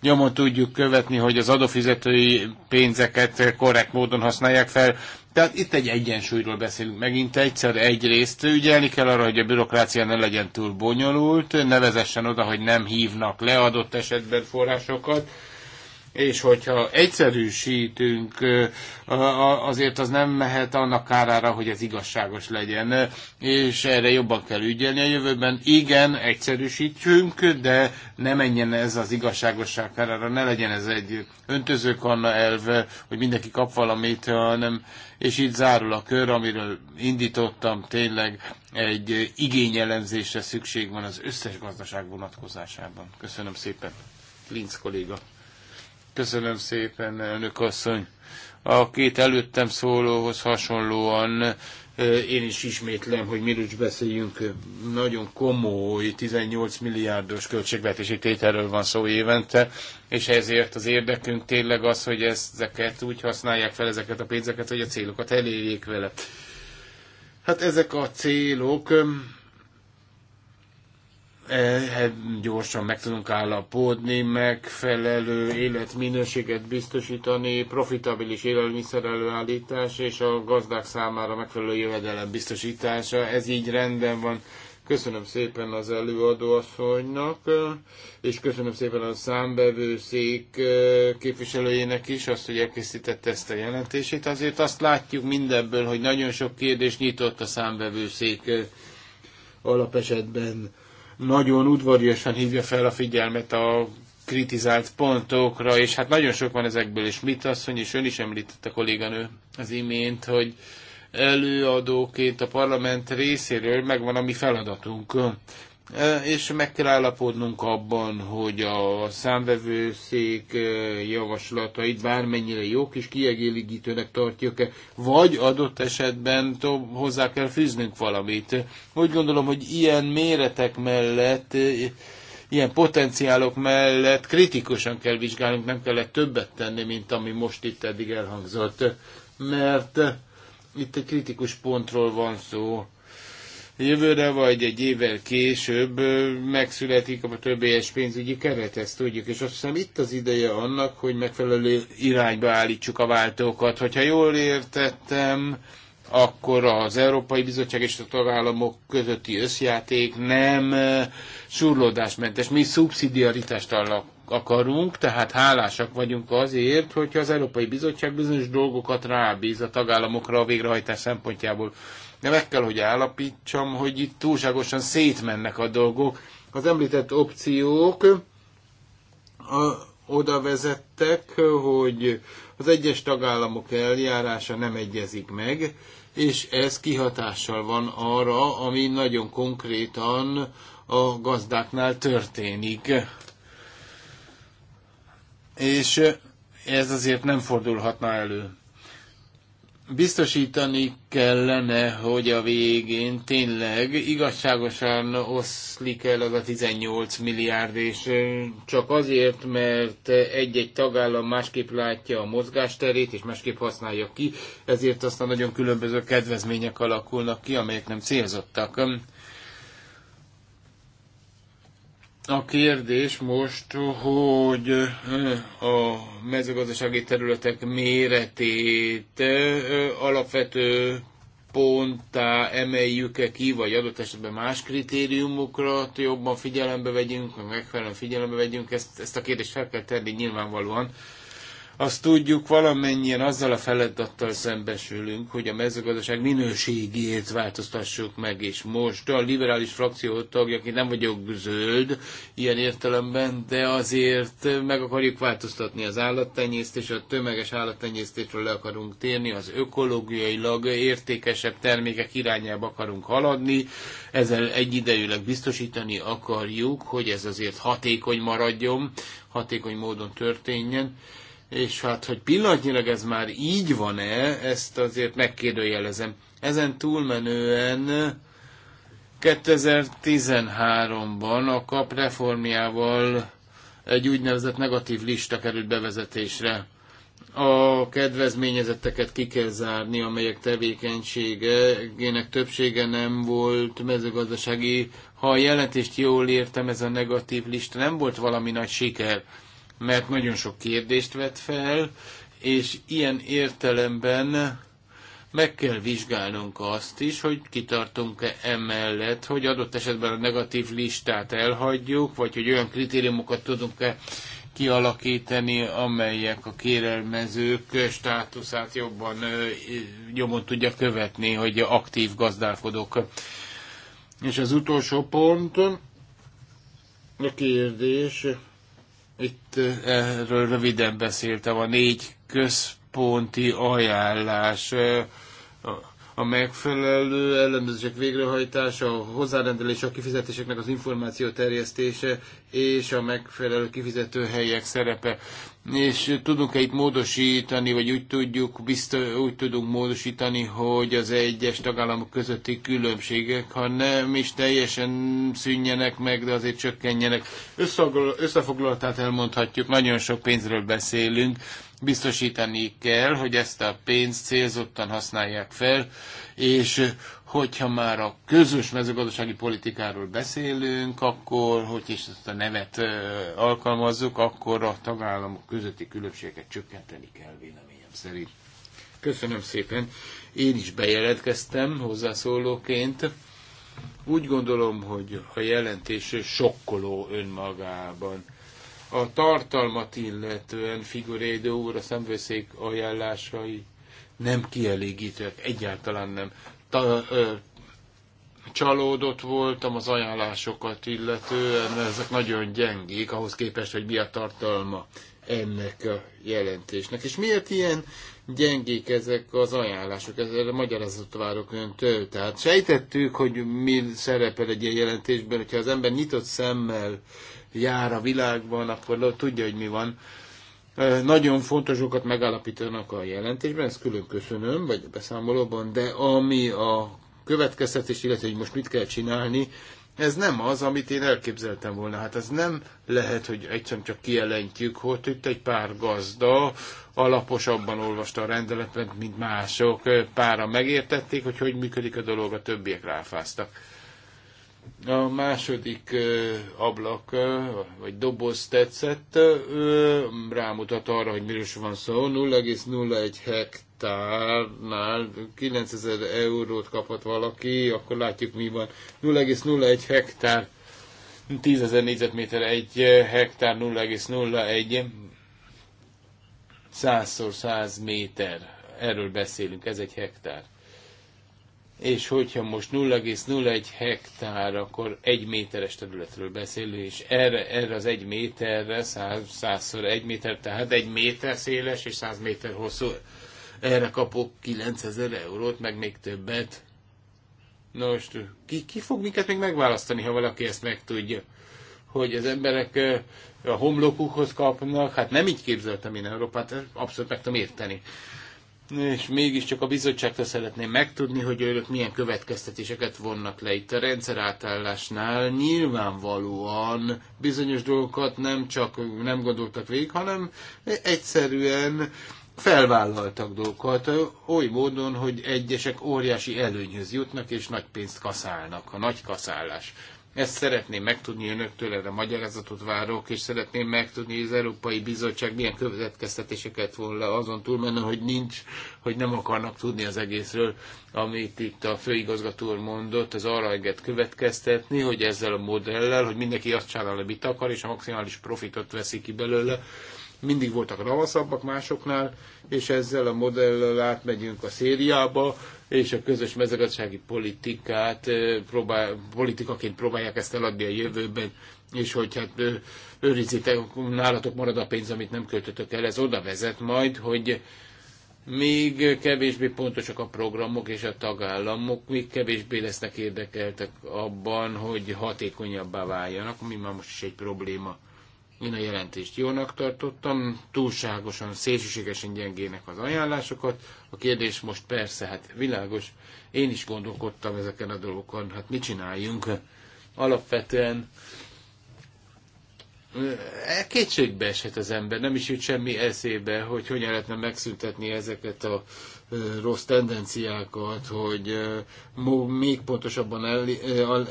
nyomon tudjuk követni, hogy az adófizetői pénzeket korrekt módon használják fel. Tehát itt egy egyensúlyról beszélünk megint egyszer. Egyrészt ügyelni kell arra, hogy a bürokrácia ne legyen túl bonyolult, nevezessen oda, hogy nem hívnak leadott esetben forrásokat, és hogyha egyszerűsítünk, azért az nem mehet annak kárára, hogy ez igazságos legyen, és erre jobban kell ügyelni a jövőben. Igen, egyszerűsítjünk, de ne menjen ez az igazságosság kárára, ne legyen ez egy öntözőkanna elv, hogy mindenki kap valamit, hanem, és itt zárul a kör, amiről indítottam, tényleg egy igényelemzésre szükség van az összes gazdaság vonatkozásában. Köszönöm szépen, Linz kolléga. Köszönöm szépen, elnök asszony. A két előttem szólóhoz hasonlóan én is ismétlem, hogy miről is beszéljünk. Nagyon komoly, 18 milliárdos költségvetési tételről van szó évente, és ezért az érdekünk tényleg az, hogy ezeket úgy használják fel, ezeket a pénzeket, hogy a célokat elérjék vele. Hát ezek a célok gyorsan meg tudunk állapodni, megfelelő életminőséget biztosítani, profitabilis élelmiszer előállítás és a gazdák számára megfelelő jövedelem biztosítása. Ez így rendben van. Köszönöm szépen az előadóasszonynak, és köszönöm szépen a számbevőszék eh, képviselőjének is azt, hogy elkészítette ezt a jelentését. Azért azt látjuk mindebből, hogy nagyon sok kérdés nyitott a számbevőszék eh, alapesetben nagyon udvariasan hívja fel a figyelmet a kritizált pontokra, és hát nagyon sok van ezekből, és mit asszony, és ön is említette kolléganő az imént, hogy előadóként a parlament részéről megvan a mi feladatunk. E, és meg kell állapodnunk abban, hogy a számvevőszék e, javaslatait bármennyire jók és kiegélégítőnek tartjuk-e, vagy adott esetben hozzá kell fűznünk valamit. Úgy gondolom, hogy ilyen méretek mellett, e, ilyen potenciálok mellett kritikusan kell vizsgálnunk, nem kellett többet tenni, mint ami most itt eddig elhangzott, mert itt egy kritikus pontról van szó jövőre, vagy egy évvel később megszületik a többélyes pénzügyi keret, ezt tudjuk, és azt hiszem itt az ideje annak, hogy megfelelő irányba állítsuk a váltókat. Hogyha jól értettem, akkor az Európai Bizottság és a tagállamok közötti összjáték nem surlódásmentes. Mi szubszidiaritást alak akarunk, tehát hálásak vagyunk azért, hogyha az Európai Bizottság bizonyos dolgokat rábíz a tagállamokra a végrehajtás szempontjából de meg kell, hogy állapítsam, hogy itt túlságosan szétmennek a dolgok. Az említett opciók a, oda vezettek, hogy az egyes tagállamok eljárása nem egyezik meg, és ez kihatással van arra, ami nagyon konkrétan a gazdáknál történik. És ez azért nem fordulhatna elő biztosítani kellene, hogy a végén tényleg igazságosan oszlik el az a 18 milliárd, és csak azért, mert egy-egy tagállam másképp látja a mozgásterét, és másképp használja ki, ezért aztán nagyon különböző kedvezmények alakulnak ki, amelyek nem célzottak. A kérdés most, hogy a mezőgazdasági területek méretét alapvető ponttá emeljük-e ki, vagy adott esetben más kritériumokra jobban figyelembe vegyünk, vagy megfelelően figyelembe vegyünk, ezt, ezt a kérdést fel kell tenni nyilvánvalóan, azt tudjuk, valamennyien azzal a feladattal szembesülünk, hogy a mezőgazdaság minőségét változtassuk meg, és most a liberális frakció aki nem vagyok zöld ilyen értelemben, de azért meg akarjuk változtatni az állattenyésztést, a tömeges állattenyésztésről le akarunk térni, az ökológiailag értékesebb termékek irányába akarunk haladni, ezzel egyidejűleg biztosítani akarjuk, hogy ez azért hatékony maradjon, hatékony módon történjen és hát, hogy pillanatnyilag ez már így van-e, ezt azért megkérdőjelezem. Ezen túlmenően 2013-ban a KAP reformjával egy úgynevezett negatív lista került bevezetésre. A kedvezményezetteket ki kell zárni, amelyek tevékenységének többsége nem volt mezőgazdasági. Ha a jelentést jól értem, ez a negatív lista nem volt valami nagy siker mert nagyon sok kérdést vet fel, és ilyen értelemben meg kell vizsgálnunk azt is, hogy kitartunk-e emellett, hogy adott esetben a negatív listát elhagyjuk, vagy hogy olyan kritériumokat tudunk-e kialakítani, amelyek a kérelmezők státuszát jobban nyomon tudja követni, hogy aktív gazdálkodók. És az utolsó pont, a kérdés, Eh, erről röviden beszéltem, a négy központi ajánlás, eh, a megfelelő ellenőrzések végrehajtása, a hozzárendelés a kifizetéseknek az információ terjesztése és a megfelelő kifizető helyek szerepe és tudunk-e itt módosítani, vagy úgy tudjuk, biztos, úgy tudunk módosítani, hogy az egyes tagállamok közötti különbségek, ha nem is teljesen szűnjenek meg, de azért csökkenjenek. Összefoglalatát elmondhatjuk, nagyon sok pénzről beszélünk, biztosítani kell, hogy ezt a pénzt célzottan használják fel, és hogyha már a közös mezőgazdasági politikáról beszélünk, akkor, hogy is ezt a nevet alkalmazzuk, akkor a tagállamok közötti különbségeket csökkenteni kell véleményem szerint. Köszönöm szépen. Én is bejelentkeztem hozzászólóként. Úgy gondolom, hogy a jelentés sokkoló önmagában. A tartalmat illetően Figurédő úr a szemvőszék ajánlásai nem kielégítőek, egyáltalán nem ta, ö, csalódott voltam az ajánlásokat illetően, mert ezek nagyon gyengék ahhoz képest, hogy mi a tartalma ennek a jelentésnek. És miért ilyen gyengék ezek az ajánlások? Ezzel magyarázatot várok öntől. Tehát sejtettük, hogy mi szerepel egy ilyen jelentésben, hogyha az ember nyitott szemmel jár a világban, akkor tudja, hogy mi van. Nagyon fontosokat megállapítanak a jelentésben, ezt külön köszönöm, vagy a beszámolóban, de ami a következtetés, illetve hogy most mit kell csinálni, ez nem az, amit én elképzeltem volna. Hát ez nem lehet, hogy egyszerűen csak kijelentjük, hogy itt egy pár gazda alaposabban olvasta a rendeletet, mint mások. Pára megértették, hogy hogy működik a dolog, a többiek ráfáztak a második ablak, vagy doboz tetszett, rámutat arra, hogy miről is van szó. 0,01 hektárnál 9000 eurót kaphat valaki, akkor látjuk mi van. 0,01 hektár, 10.000 négyzetméter egy hektár, 0,01 százszor 100 méter. Erről beszélünk, ez egy hektár és hogyha most 0,01 hektár, akkor egy méteres területről beszélünk, és erre, erre az egy méterre, száz, százszor egy méter, tehát egy méter széles és száz méter hosszú, erre kapok 9000 eurót, meg még többet. Na most, ki, ki fog minket még megválasztani, ha valaki ezt megtudja? Hogy az emberek a homlokukhoz kapnak, hát nem így képzeltem én Európát, abszolút meg tudom érteni és mégiscsak a bizottságtól szeretném megtudni, hogy önök milyen következtetéseket vonnak le itt a rendszerátállásnál. Nyilvánvalóan bizonyos dolgokat nem csak nem gondoltak végig, hanem egyszerűen felvállaltak dolgokat oly módon, hogy egyesek óriási előnyhöz jutnak, és nagy pénzt kaszálnak, a nagy kaszálás ezt szeretném megtudni önöktől, erre magyarázatot várok, és szeretném megtudni, hogy az Európai Bizottság milyen következtetéseket von le azon túlmenő, hogy nincs, hogy nem akarnak tudni az egészről, amit itt a főigazgató úr mondott, az arra enged következtetni, hogy ezzel a modellel, hogy mindenki azt csinál, amit akar, és a maximális profitot veszi ki belőle, mindig voltak ravaszabbak másoknál, és ezzel a modellel átmegyünk a szériába, és a közös mezőgazdasági politikát próbál, politikaként próbálják ezt eladni a jövőben, és hogy hát őrizzétek, nálatok marad a pénz, amit nem költötök el, ez oda vezet majd, hogy még kevésbé pontosak a programok és a tagállamok, még kevésbé lesznek érdekeltek abban, hogy hatékonyabbá váljanak, ami már most is egy probléma. Én a jelentést jónak tartottam, túlságosan, szélsőségesen gyengének az ajánlásokat. A kérdés most persze, hát világos, én is gondolkodtam ezeken a dolgokon, hát mit csináljunk? Alapvetően kétségbe esett az ember, nem is jut semmi eszébe, hogy hogyan lehetne megszüntetni ezeket a rossz tendenciákat, hogy még pontosabban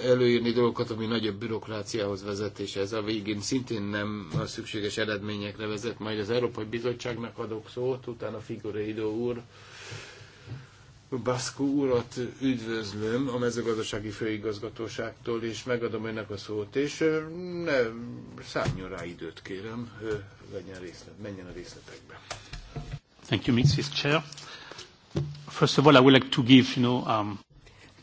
előírni dolgokat, ami nagyobb bürokráciához vezet, és ez a végén szintén nem a szükséges eredményekre vezet. Majd az Európai Bizottságnak adok szót, utána Figueiredo úr, Baszkó urat üdvözlöm a mezőgazdasági főigazgatóságtól, és megadom önnek a szót, és ne szálljon rá időt, kérem, legyen részlet, menjen a részletekbe. Thank you, Mrs. Chair. First of all, I would like to give, you know, um...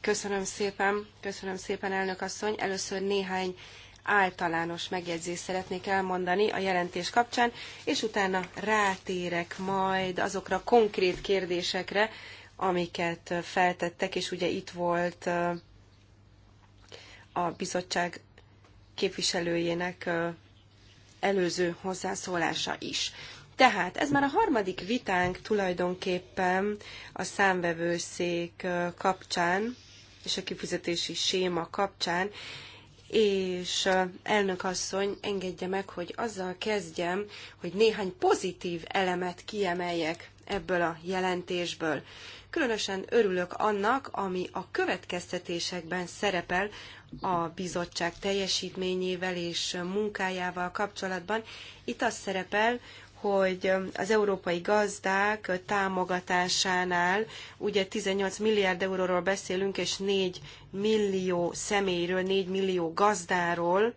Köszönöm szépen, köszönöm szépen, elnök asszony. Először néhány általános megjegyzést szeretnék elmondani a jelentés kapcsán, és utána rátérek majd azokra a konkrét kérdésekre, amiket feltettek, és ugye itt volt uh, a bizottság képviselőjének uh, előző hozzászólása is. Tehát ez már a harmadik vitánk tulajdonképpen a számvevőszék kapcsán, és a kifizetési séma kapcsán, és elnök asszony, engedje meg, hogy azzal kezdjem, hogy néhány pozitív elemet kiemeljek ebből a jelentésből. Különösen örülök annak, ami a következtetésekben szerepel a bizottság teljesítményével és munkájával kapcsolatban. Itt az szerepel, hogy az európai gazdák támogatásánál ugye 18 milliárd euróról beszélünk, és 4 millió személyről, 4 millió gazdáról,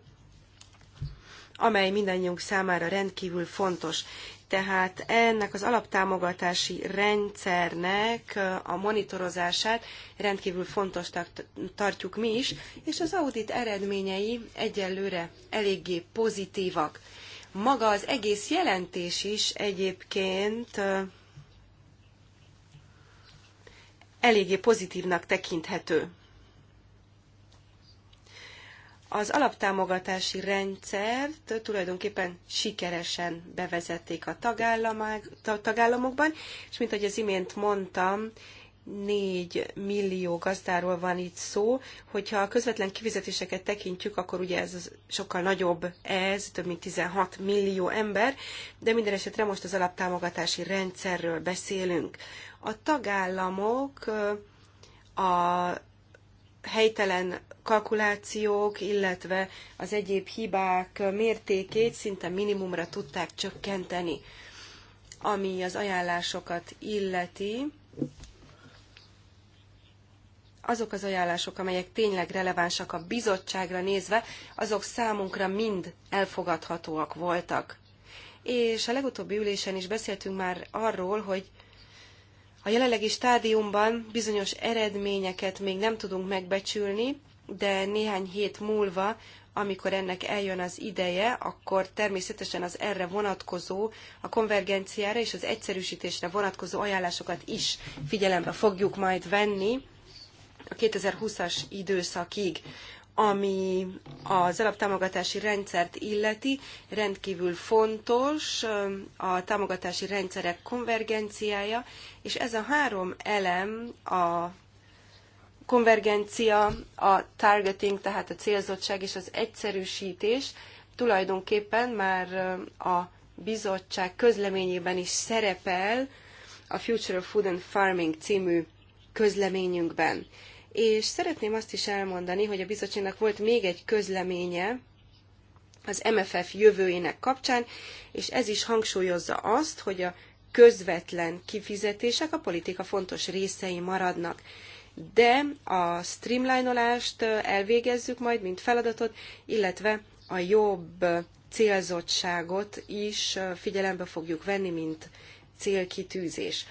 amely mindannyiunk számára rendkívül fontos. Tehát ennek az alaptámogatási rendszernek a monitorozását rendkívül fontosnak tartjuk mi is, és az audit eredményei egyelőre eléggé pozitívak. Maga az egész jelentés is egyébként eléggé pozitívnak tekinthető. Az alaptámogatási rendszert tulajdonképpen sikeresen bevezették a tagállamokban, és mint ahogy az imént mondtam, 4 millió gazdáról van itt szó. Hogyha a közvetlen kifizetéseket tekintjük, akkor ugye ez sokkal nagyobb ez, több mint 16 millió ember, de minden esetre most az alaptámogatási rendszerről beszélünk. A tagállamok a helytelen kalkulációk, illetve az egyéb hibák mértékét szinte minimumra tudták csökkenteni. Ami az ajánlásokat illeti, azok az ajánlások, amelyek tényleg relevánsak a bizottságra nézve, azok számunkra mind elfogadhatóak voltak. És a legutóbbi ülésen is beszéltünk már arról, hogy a jelenlegi stádiumban bizonyos eredményeket még nem tudunk megbecsülni, de néhány hét múlva, amikor ennek eljön az ideje, akkor természetesen az erre vonatkozó, a konvergenciára és az egyszerűsítésre vonatkozó ajánlásokat is figyelembe fogjuk majd venni a 2020-as időszakig ami az alaptámogatási rendszert illeti, rendkívül fontos a támogatási rendszerek konvergenciája, és ez a három elem a konvergencia, a targeting, tehát a célzottság és az egyszerűsítés tulajdonképpen már a bizottság közleményében is szerepel a Future of Food and Farming című közleményünkben. És szeretném azt is elmondani, hogy a bizottságnak volt még egy közleménye az MFF jövőjének kapcsán, és ez is hangsúlyozza azt, hogy a közvetlen kifizetések a politika fontos részei maradnak. De a streamlinolást elvégezzük majd, mint feladatot, illetve a jobb célzottságot is figyelembe fogjuk venni, mint célkitűzés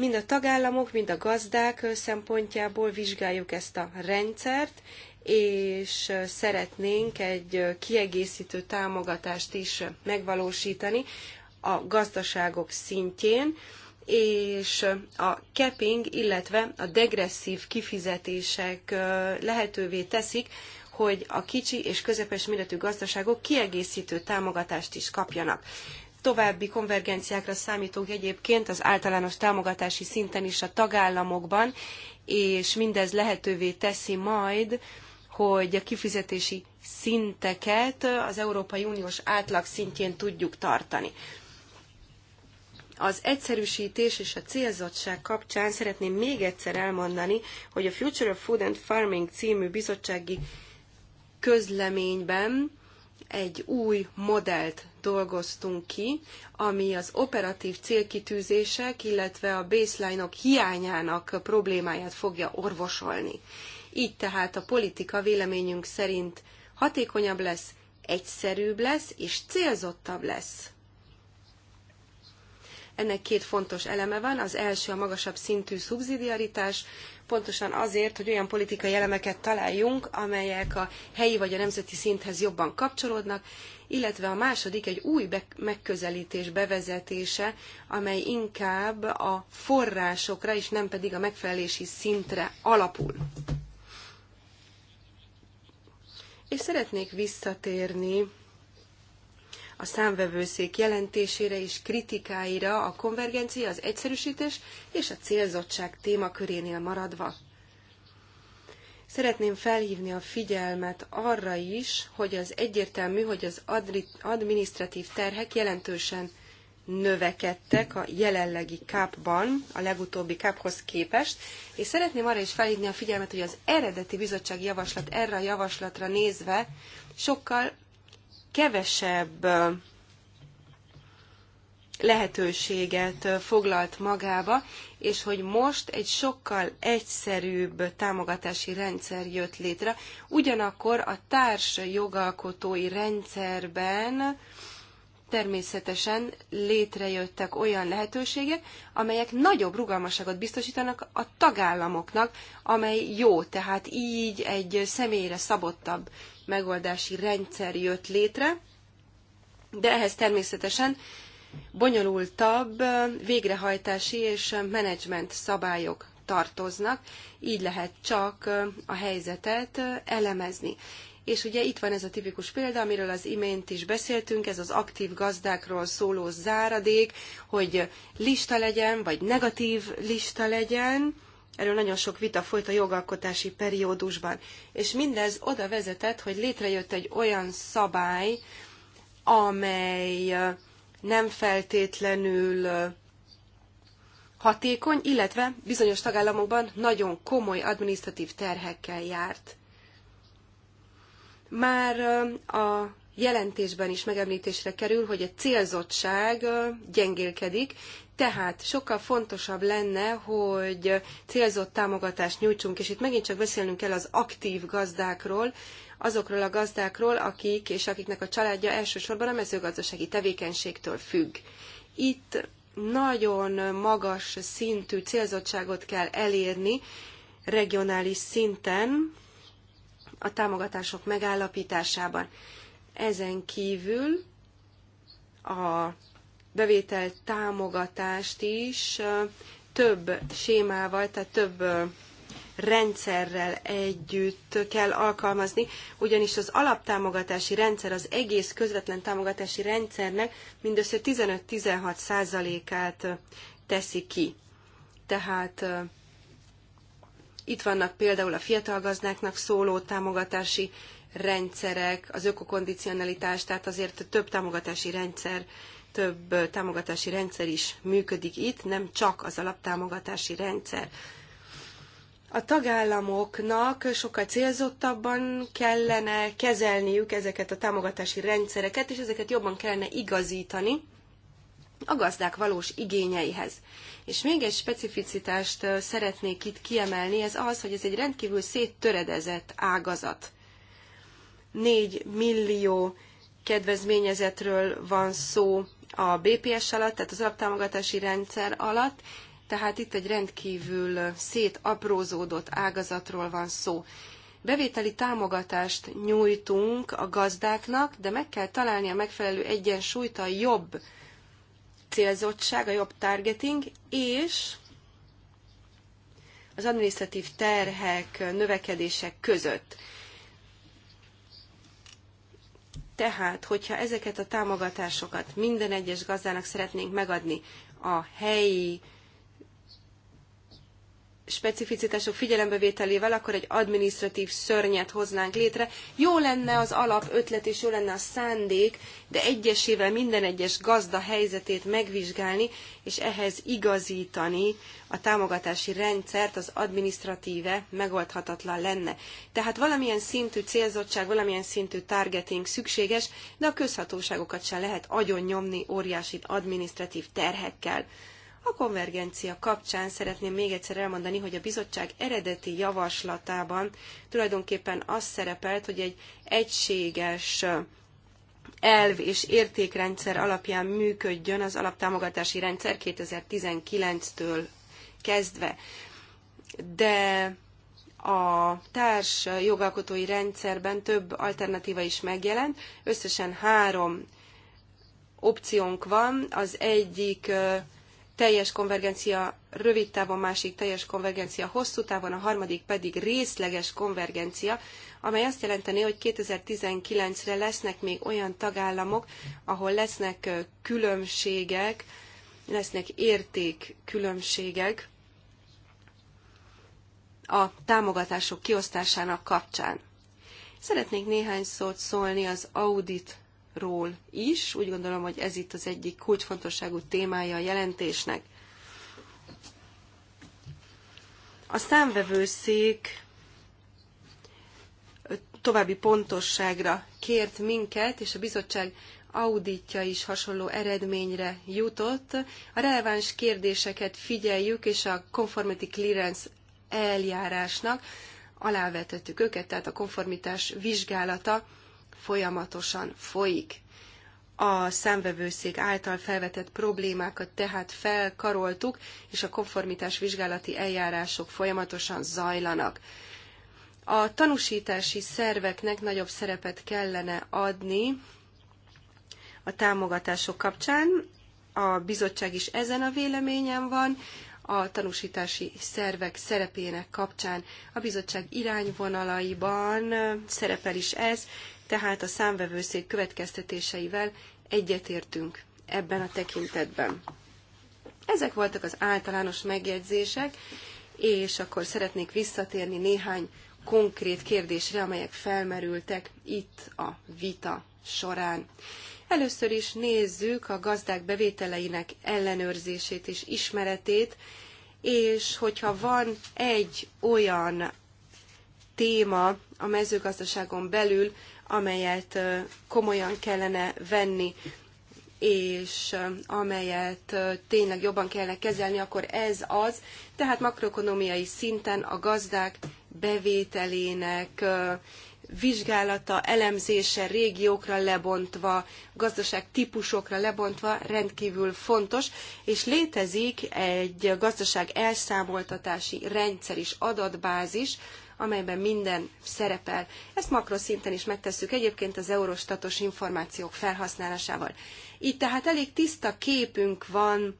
mind a tagállamok, mind a gazdák szempontjából vizsgáljuk ezt a rendszert, és szeretnénk egy kiegészítő támogatást is megvalósítani a gazdaságok szintjén, és a capping, illetve a degresszív kifizetések lehetővé teszik, hogy a kicsi és közepes méretű gazdaságok kiegészítő támogatást is kapjanak további konvergenciákra számítunk egyébként az általános támogatási szinten is a tagállamokban, és mindez lehetővé teszi majd, hogy a kifizetési szinteket az Európai Uniós átlag szintjén tudjuk tartani. Az egyszerűsítés és a célzottság kapcsán szeretném még egyszer elmondani, hogy a Future of Food and Farming című bizottsági közleményben egy új modellt dolgoztunk ki, ami az operatív célkitűzések, illetve a baseline-ok -ok hiányának problémáját fogja orvosolni. Így tehát a politika véleményünk szerint hatékonyabb lesz, egyszerűbb lesz és célzottabb lesz. Ennek két fontos eleme van. Az első a magasabb szintű szubszidiaritás, pontosan azért, hogy olyan politikai elemeket találjunk, amelyek a helyi vagy a nemzeti szinthez jobban kapcsolódnak, illetve a második egy új megközelítés bevezetése, amely inkább a forrásokra és nem pedig a megfelelési szintre alapul. És szeretnék visszatérni a számvevőszék jelentésére és kritikáira a konvergencia, az egyszerűsítés és a célzottság témakörénél maradva. Szeretném felhívni a figyelmet arra is, hogy az egyértelmű, hogy az administratív terhek jelentősen növekedtek a jelenlegi kápban, a legutóbbi káphoz képest, és szeretném arra is felhívni a figyelmet, hogy az eredeti bizottsági javaslat erre a javaslatra nézve sokkal kevesebb lehetőséget foglalt magába, és hogy most egy sokkal egyszerűbb támogatási rendszer jött létre. Ugyanakkor a társ jogalkotói rendszerben természetesen létrejöttek olyan lehetőségek, amelyek nagyobb rugalmasságot biztosítanak a tagállamoknak, amely jó, tehát így egy személyre szabottabb megoldási rendszer jött létre, de ehhez természetesen bonyolultabb végrehajtási és menedzsment szabályok tartoznak, így lehet csak a helyzetet elemezni. És ugye itt van ez a tipikus példa, amiről az imént is beszéltünk, ez az aktív gazdákról szóló záradék, hogy lista legyen, vagy negatív lista legyen, Erről nagyon sok vita folyt a jogalkotási periódusban. És mindez oda vezetett, hogy létrejött egy olyan szabály, amely nem feltétlenül hatékony, illetve bizonyos tagállamokban nagyon komoly adminisztratív terhekkel járt. Már a jelentésben is megemlítésre kerül, hogy a célzottság gyengélkedik, tehát sokkal fontosabb lenne, hogy célzott támogatást nyújtsunk, és itt megint csak beszélnünk kell az aktív gazdákról, azokról a gazdákról, akik és akiknek a családja elsősorban a mezőgazdasági tevékenységtől függ. Itt nagyon magas szintű célzottságot kell elérni regionális szinten a támogatások megállapításában. Ezen kívül a bevétel támogatást is több sémával, tehát több rendszerrel együtt kell alkalmazni, ugyanis az alaptámogatási rendszer az egész közvetlen támogatási rendszernek mindössze 15-16 százalékát teszi ki. Tehát itt vannak például a fiatal gazdáknak szóló támogatási rendszerek, az ökokondicionalitás, tehát azért több támogatási rendszer több támogatási rendszer is működik itt, nem csak az alaptámogatási rendszer. A tagállamoknak sokkal célzottabban kellene kezelniük ezeket a támogatási rendszereket, és ezeket jobban kellene igazítani a gazdák valós igényeihez. És még egy specificitást szeretnék itt kiemelni, ez az, hogy ez egy rendkívül széttöredezett ágazat. 4 millió kedvezményezetről van szó a BPS alatt, tehát az alaptámogatási rendszer alatt, tehát itt egy rendkívül szétaprózódott ágazatról van szó. Bevételi támogatást nyújtunk a gazdáknak, de meg kell találni a megfelelő egyensúlyt a jobb célzottság, a jobb targeting, és az administratív terhek növekedések között. Tehát, hogyha ezeket a támogatásokat minden egyes gazdának szeretnénk megadni a helyi specificitások figyelembevételével, akkor egy administratív szörnyet hoznánk létre. Jó lenne az alap ötlet, és jó lenne a szándék, de egyesével minden egyes gazda helyzetét megvizsgálni, és ehhez igazítani a támogatási rendszert, az administratíve megoldhatatlan lenne. Tehát valamilyen szintű célzottság, valamilyen szintű targeting szükséges, de a közhatóságokat sem lehet agyon nyomni óriási administratív terhekkel. A konvergencia kapcsán szeretném még egyszer elmondani, hogy a bizottság eredeti javaslatában tulajdonképpen az szerepelt, hogy egy egységes elv és értékrendszer alapján működjön az alaptámogatási rendszer 2019-től kezdve. De a társ jogalkotói rendszerben több alternatíva is megjelent, összesen három opciónk van. Az egyik teljes konvergencia rövid távon, másik teljes konvergencia hosszú távon, a harmadik pedig részleges konvergencia, amely azt jelenteni, hogy 2019-re lesznek még olyan tagállamok, ahol lesznek különbségek, lesznek értékkülönbségek a támogatások kiosztásának kapcsán. Szeretnék néhány szót szólni az audit ról is. Úgy gondolom, hogy ez itt az egyik kulcsfontosságú témája a jelentésnek. A számvevőszék további pontosságra kért minket, és a bizottság auditja is hasonló eredményre jutott. A releváns kérdéseket figyeljük, és a conformity clearance eljárásnak alávetettük őket, tehát a konformitás vizsgálata folyamatosan folyik. A számvevőszék által felvetett problémákat tehát felkaroltuk, és a konformitás vizsgálati eljárások folyamatosan zajlanak. A tanúsítási szerveknek nagyobb szerepet kellene adni a támogatások kapcsán. A bizottság is ezen a véleményen van a tanúsítási szervek szerepének kapcsán. A bizottság irányvonalaiban szerepel is ez, tehát a számvevőszék következtetéseivel egyetértünk ebben a tekintetben. Ezek voltak az általános megjegyzések, és akkor szeretnék visszatérni néhány konkrét kérdésre, amelyek felmerültek itt a vita során. Először is nézzük a gazdák bevételeinek ellenőrzését és ismeretét, és hogyha van egy olyan téma a mezőgazdaságon belül, amelyet komolyan kellene venni, és amelyet tényleg jobban kellene kezelni, akkor ez az. Tehát makroekonomiai szinten a gazdák bevételének vizsgálata, elemzése régiókra lebontva, gazdaság típusokra lebontva rendkívül fontos, és létezik egy gazdaság elszámoltatási rendszer is, adatbázis, amelyben minden szerepel. Ezt makroszinten is megtesszük egyébként az eurostatos információk felhasználásával. Így tehát elég tiszta képünk van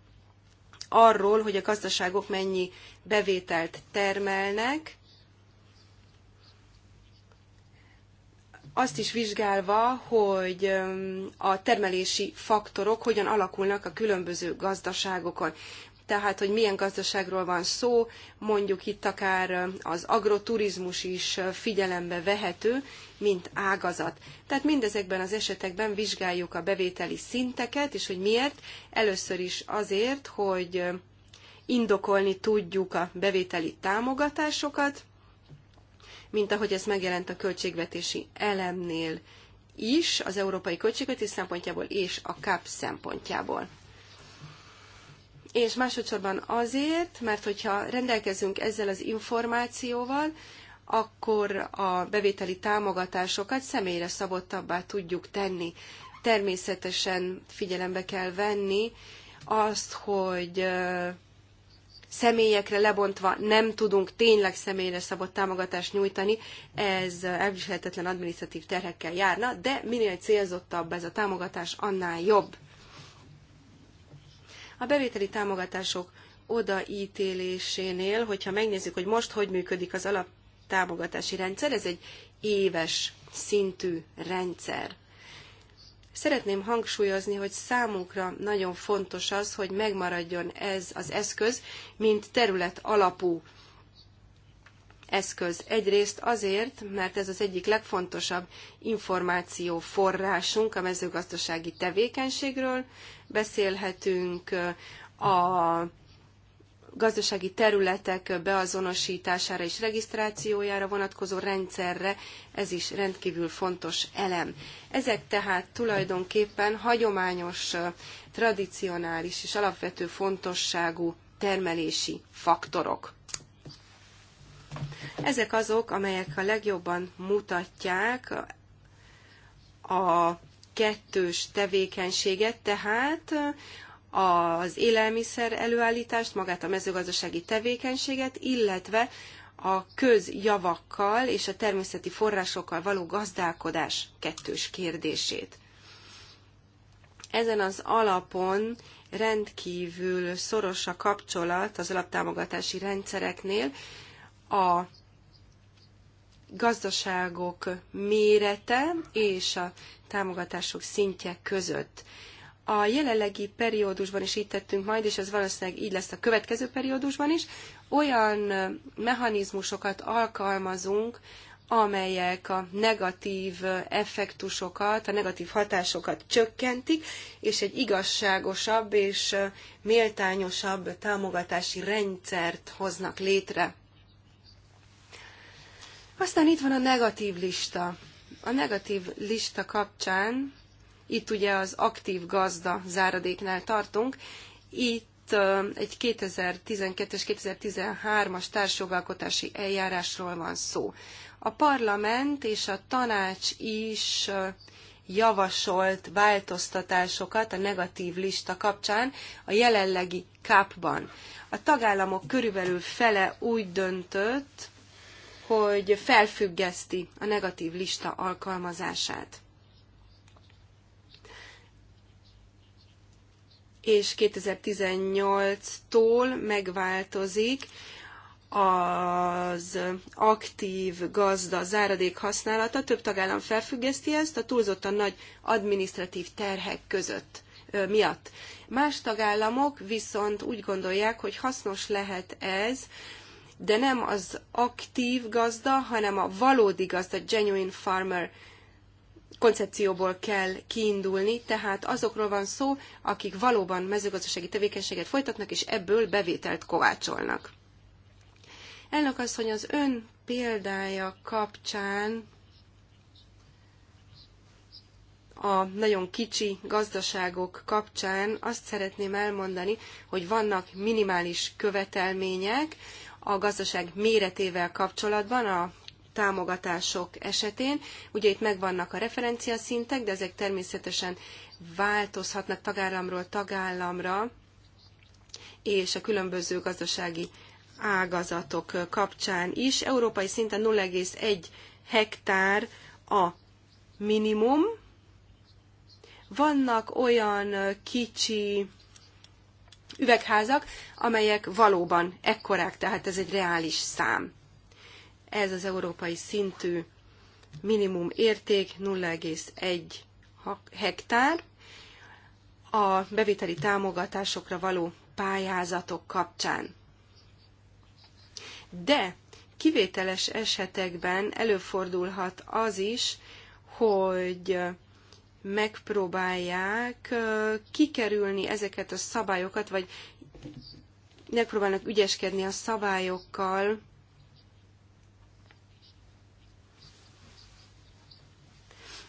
arról, hogy a gazdaságok mennyi bevételt termelnek, azt is vizsgálva, hogy a termelési faktorok hogyan alakulnak a különböző gazdaságokon tehát hogy milyen gazdaságról van szó, mondjuk itt akár az agroturizmus is figyelembe vehető, mint ágazat. Tehát mindezekben az esetekben vizsgáljuk a bevételi szinteket, és hogy miért. Először is azért, hogy indokolni tudjuk a bevételi támogatásokat, mint ahogy ez megjelent a költségvetési elemnél is, az európai költségvetés szempontjából és a CAP szempontjából és másodszorban azért, mert hogyha rendelkezünk ezzel az információval, akkor a bevételi támogatásokat személyre szabottabbá tudjuk tenni. Természetesen figyelembe kell venni azt, hogy személyekre lebontva nem tudunk tényleg személyre szabott támogatást nyújtani, ez elviselhetetlen adminisztratív terhekkel járna, de minél célzottabb ez a támogatás, annál jobb. A bevételi támogatások odaítélésénél, hogyha megnézzük, hogy most hogy működik az alaptámogatási rendszer, ez egy éves szintű rendszer. Szeretném hangsúlyozni, hogy számunkra nagyon fontos az, hogy megmaradjon ez az eszköz, mint terület alapú eszköz. Egyrészt azért, mert ez az egyik legfontosabb információ forrásunk a mezőgazdasági tevékenységről. Beszélhetünk a gazdasági területek beazonosítására és regisztrációjára vonatkozó rendszerre, ez is rendkívül fontos elem. Ezek tehát tulajdonképpen hagyományos, tradicionális és alapvető fontosságú termelési faktorok. Ezek azok, amelyek a legjobban mutatják a kettős tevékenységet, tehát az élelmiszer előállítást, magát a mezőgazdasági tevékenységet, illetve a közjavakkal és a természeti forrásokkal való gazdálkodás kettős kérdését. Ezen az alapon rendkívül szoros a kapcsolat az alaptámogatási rendszereknél, a gazdaságok mérete és a támogatások szintje között. A jelenlegi periódusban is így tettünk majd, és ez valószínűleg így lesz a következő periódusban is, olyan mechanizmusokat alkalmazunk, amelyek a negatív effektusokat, a negatív hatásokat csökkentik, és egy igazságosabb és méltányosabb támogatási rendszert hoznak létre. Aztán itt van a negatív lista. A negatív lista kapcsán, itt ugye az aktív gazda záradéknál tartunk, itt egy 2012-es, 2013-as társjogalkotási eljárásról van szó. A parlament és a tanács is javasolt változtatásokat a negatív lista kapcsán a jelenlegi kápban. A tagállamok körülbelül fele úgy döntött, hogy felfüggeszti a negatív lista alkalmazását. És 2018-tól megváltozik az aktív gazda záradék használata. Több tagállam felfüggeszti ezt a túlzottan nagy administratív terhek között miatt. Más tagállamok viszont úgy gondolják, hogy hasznos lehet ez de nem az aktív gazda, hanem a valódi gazda, genuine farmer koncepcióból kell kiindulni, tehát azokról van szó, akik valóban mezőgazdasági tevékenységet folytatnak, és ebből bevételt kovácsolnak. Elnök hogy az ön példája kapcsán a nagyon kicsi gazdaságok kapcsán azt szeretném elmondani, hogy vannak minimális követelmények, a gazdaság méretével kapcsolatban a támogatások esetén. Ugye itt megvannak a referenciaszintek, de ezek természetesen változhatnak tagállamról tagállamra, és a különböző gazdasági ágazatok kapcsán is. Európai szinten 0,1 hektár a minimum. Vannak olyan kicsi üvegházak, amelyek valóban ekkorák, tehát ez egy reális szám. Ez az európai szintű minimum érték 0,1 hektár. A beviteli támogatásokra való pályázatok kapcsán. De kivételes esetekben előfordulhat az is, hogy megpróbálják kikerülni ezeket a szabályokat, vagy megpróbálnak ügyeskedni a szabályokkal,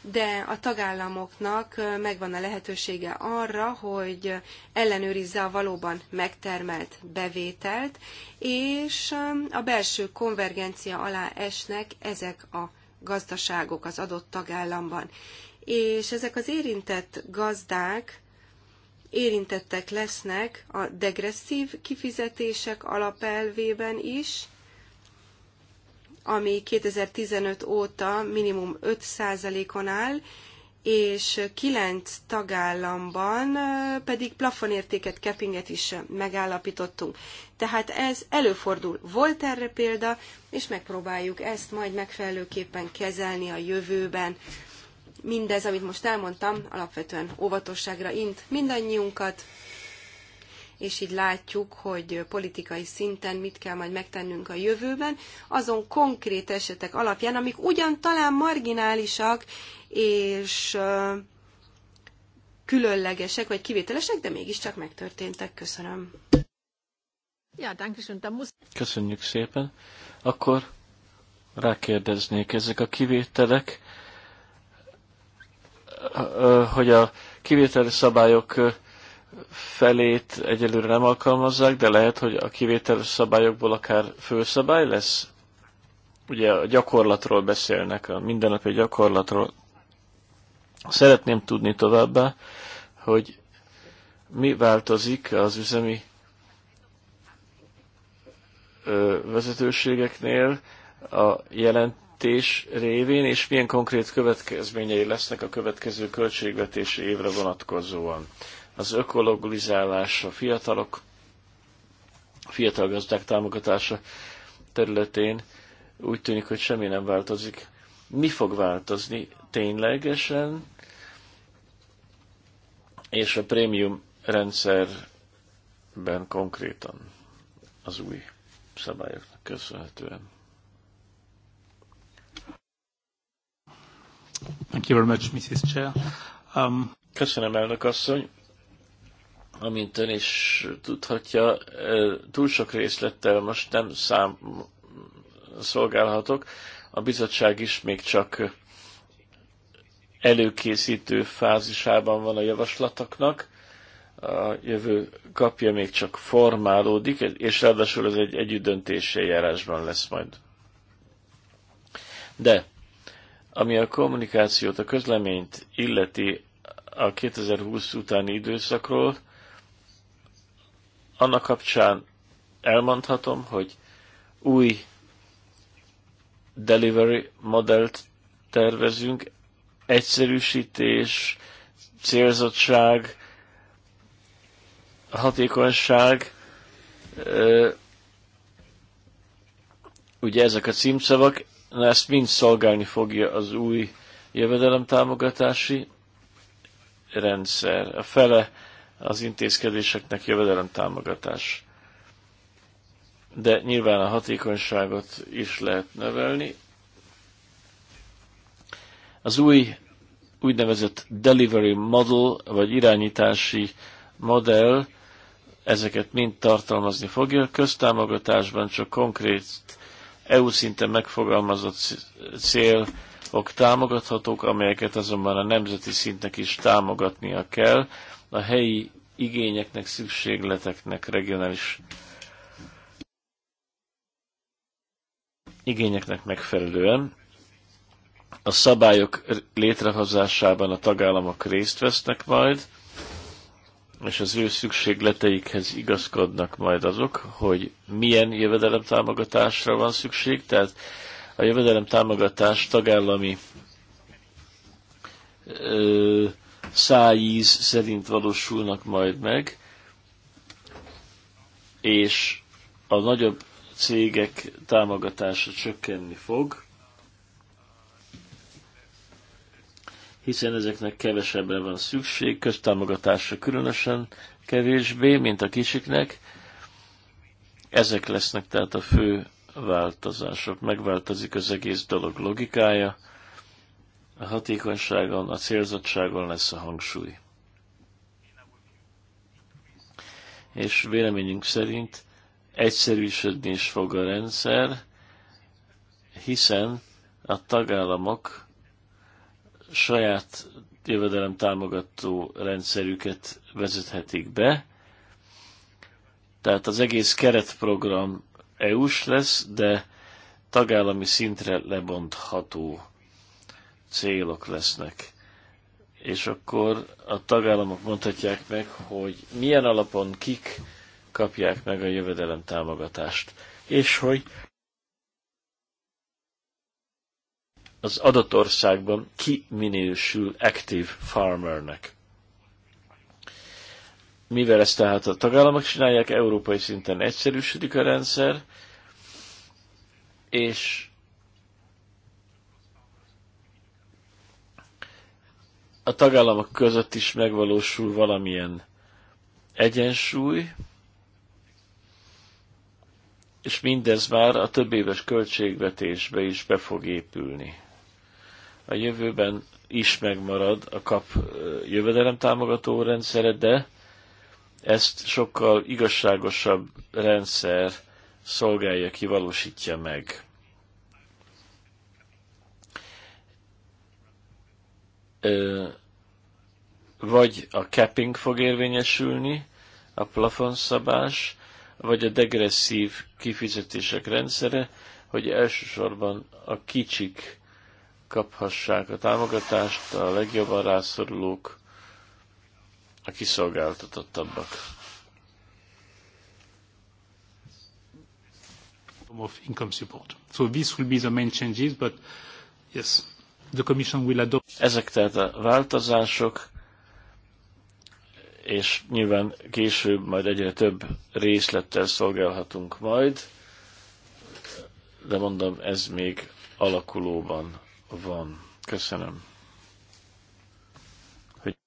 de a tagállamoknak megvan a lehetősége arra, hogy ellenőrizze a valóban megtermelt bevételt, és a belső konvergencia alá esnek ezek a gazdaságok az adott tagállamban és ezek az érintett gazdák érintettek lesznek a degresszív kifizetések alapelvében is, ami 2015 óta minimum 5%-on áll, és kilenc tagállamban pedig plafonértéket, kepinget is megállapítottunk. Tehát ez előfordul. Volt erre példa, és megpróbáljuk ezt majd megfelelőképpen kezelni a jövőben mindez, amit most elmondtam, alapvetően óvatosságra int mindannyiunkat, és így látjuk, hogy politikai szinten mit kell majd megtennünk a jövőben, azon konkrét esetek alapján, amik ugyan talán marginálisak, és különlegesek, vagy kivételesek, de mégiscsak megtörténtek. Köszönöm. Ja, Köszönjük szépen. Akkor rákérdeznék ezek a kivételek hogy a kivételi szabályok felét egyelőre nem alkalmazzák, de lehet, hogy a kivételi szabályokból akár főszabály lesz? Ugye a gyakorlatról beszélnek, a mindennapi gyakorlatról. Szeretném tudni továbbá, hogy mi változik az üzemi vezetőségeknél a jelent, költségvetés révén, és milyen konkrét következményei lesznek a következő költségvetési évre vonatkozóan. Az ökologizálás, a fiatalok, a fiatal gazdák támogatása területén úgy tűnik, hogy semmi nem változik. Mi fog változni ténylegesen, és a prémium rendszerben konkrétan az új szabályoknak köszönhetően. Thank you very much, Mrs. Chair. Um... Köszönöm, elnök asszony. Amint ön is tudhatja, túl sok részlettel most nem szám szolgálhatok. A bizottság is még csak előkészítő fázisában van a javaslatoknak. A jövő kapja még csak formálódik, és ráadásul ez egy együttdöntési eljárásban lesz majd. De ami a kommunikációt, a közleményt illeti a 2020 utáni időszakról, annak kapcsán elmondhatom, hogy új delivery modellt tervezünk, egyszerűsítés, célzottság, hatékonyság, ugye ezek a címszavak, Na, ezt mind szolgálni fogja az új jövedelemtámogatási rendszer. A fele az intézkedéseknek jövedelemtámogatás. De nyilván a hatékonyságot is lehet növelni. Az új úgynevezett delivery model, vagy irányítási modell, ezeket mind tartalmazni fogja. Köztámogatásban csak konkrét EU szinten megfogalmazott célok támogathatók, amelyeket azonban a nemzeti szintnek is támogatnia kell, a helyi igényeknek, szükségleteknek, regionális igényeknek megfelelően. A szabályok létrehozásában a tagállamok részt vesznek majd, és az ő szükségleteikhez igazkodnak majd azok, hogy milyen jövedelemtámogatásra van szükség, tehát a jövedelemtámogatás tagállami szájíz szerint valósulnak majd meg, és a nagyobb cégek támogatása csökkenni fog, hiszen ezeknek kevesebbre van szükség, köztámogatásra különösen kevésbé, mint a kisiknek. Ezek lesznek tehát a fő változások. Megváltozik az egész dolog logikája, a hatékonyságon, a célzottságon lesz a hangsúly. És véleményünk szerint egyszerűsödni is fog a rendszer, hiszen a tagállamok saját jövedelem támogató rendszerüket vezethetik be. Tehát az egész keretprogram EU-s lesz, de tagállami szintre lebontható célok lesznek. És akkor a tagállamok mondhatják meg, hogy milyen alapon kik kapják meg a jövedelem támogatást, és hogy az adott országban ki minősül active farmernek. Mivel ezt tehát a tagállamok csinálják, európai szinten egyszerűsödik a rendszer, és a tagállamok között is megvalósul valamilyen egyensúly, és mindez már a több éves költségvetésbe is be fog épülni a jövőben is megmarad a kap jövedelemtámogató rendszere, de ezt sokkal igazságosabb rendszer szolgálja kivalósítja meg. Vagy a capping fog érvényesülni, a plafonszabás, vagy a degresszív kifizetések rendszere, hogy elsősorban a kicsik megkaphassák a támogatást a legjobban rászorulók, a kiszolgáltatottabbak. of income support. So this will be the main changes, but yes, the Commission will adopt. Ezek tehát a változások, és nyilván később majd egyre több részlettel szolgálhatunk majd, de mondom, ez még alakulóban van. Köszönöm. Hogy...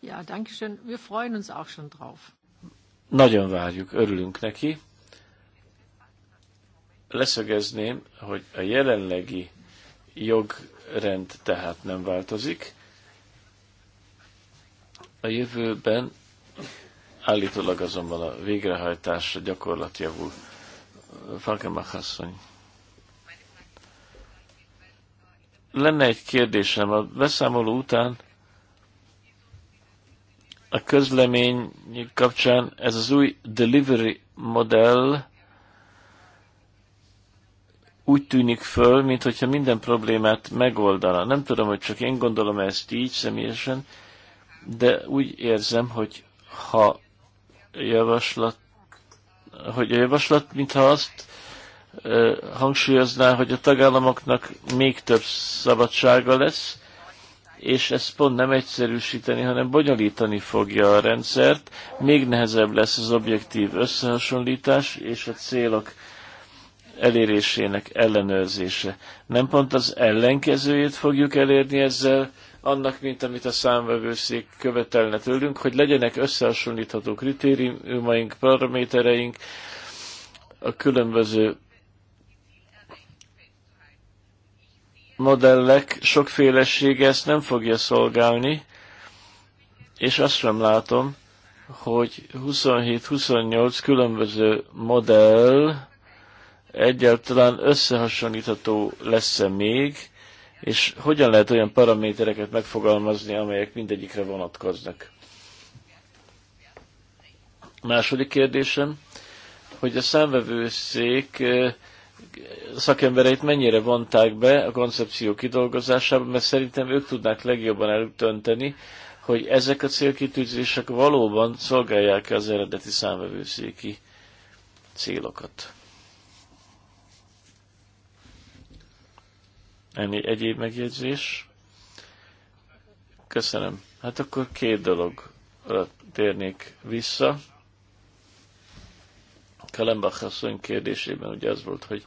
Ja, danke schön. Wir freuen uns auch schon drauf. Nagyon várjuk, örülünk neki. Leszögezném, hogy a jelenlegi jogrend tehát nem változik. A jövőben állítólag azonban a végrehajtás, a gyakorlat javul. Falkenbach asszony. lenne egy kérdésem. A beszámoló után a közlemény kapcsán ez az új delivery modell úgy tűnik föl, mintha minden problémát megoldana. Nem tudom, hogy csak én gondolom ezt így személyesen, de úgy érzem, hogy ha javaslat, hogy a javaslat, mintha azt hangsúlyozná, hogy a tagállamoknak még több szabadsága lesz, és ezt pont nem egyszerűsíteni, hanem bonyolítani fogja a rendszert, még nehezebb lesz az objektív összehasonlítás és a célok elérésének ellenőrzése. Nem pont az ellenkezőjét fogjuk elérni ezzel, annak, mint amit a számvevőszék követelne tőlünk, hogy legyenek összehasonlítható kritériumaink, paramétereink a különböző modellek sokfélessége ezt nem fogja szolgálni, és azt sem látom, hogy 27-28 különböző modell egyáltalán összehasonlítható lesz-e még, és hogyan lehet olyan paramétereket megfogalmazni, amelyek mindegyikre vonatkoznak. Második kérdésem, hogy a számvevőszék eh, szakembereit mennyire vonták be a koncepció kidolgozásába, mert szerintem ők tudnák legjobban eltönteni, hogy ezek a célkitűzések valóban szolgálják-e az eredeti számvevőszéki célokat. Ennyi egyéb megjegyzés. Köszönöm. Hát akkor két dologra térnék vissza. Kalembach asszony kérdésében ugye az volt, hogy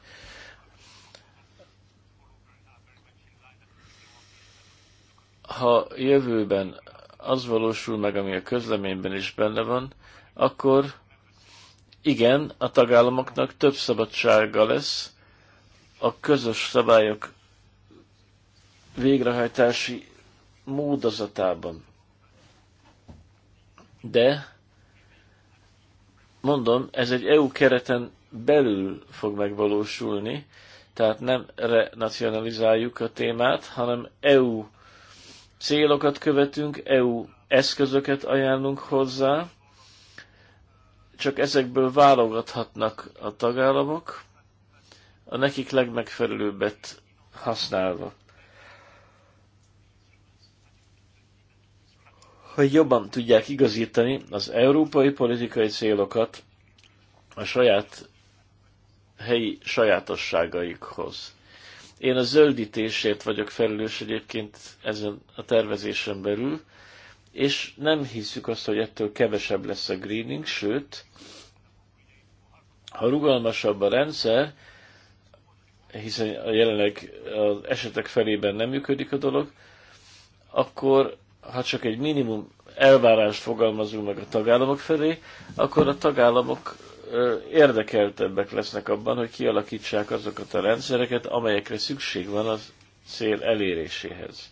ha jövőben az valósul meg, ami a közleményben is benne van, akkor igen, a tagállamoknak több szabadsága lesz a közös szabályok végrehajtási módozatában. De mondom, ez egy EU kereten belül fog megvalósulni, tehát nem renacionalizáljuk a témát, hanem EU célokat követünk, EU eszközöket ajánlunk hozzá, csak ezekből válogathatnak a tagállamok, a nekik legmegfelelőbbet használva. hogy jobban tudják igazítani az európai politikai célokat a saját helyi sajátosságaikhoz. Én a zöldítésért vagyok felelős egyébként ezen a tervezésen belül, és nem hiszük azt, hogy ettől kevesebb lesz a greening, sőt, ha rugalmasabb a rendszer, hiszen a jelenleg az esetek felében nem működik a dolog, akkor ha csak egy minimum elvárást fogalmazunk meg a tagállamok felé, akkor a tagállamok érdekeltebbek lesznek abban, hogy kialakítsák azokat a rendszereket, amelyekre szükség van az cél eléréséhez.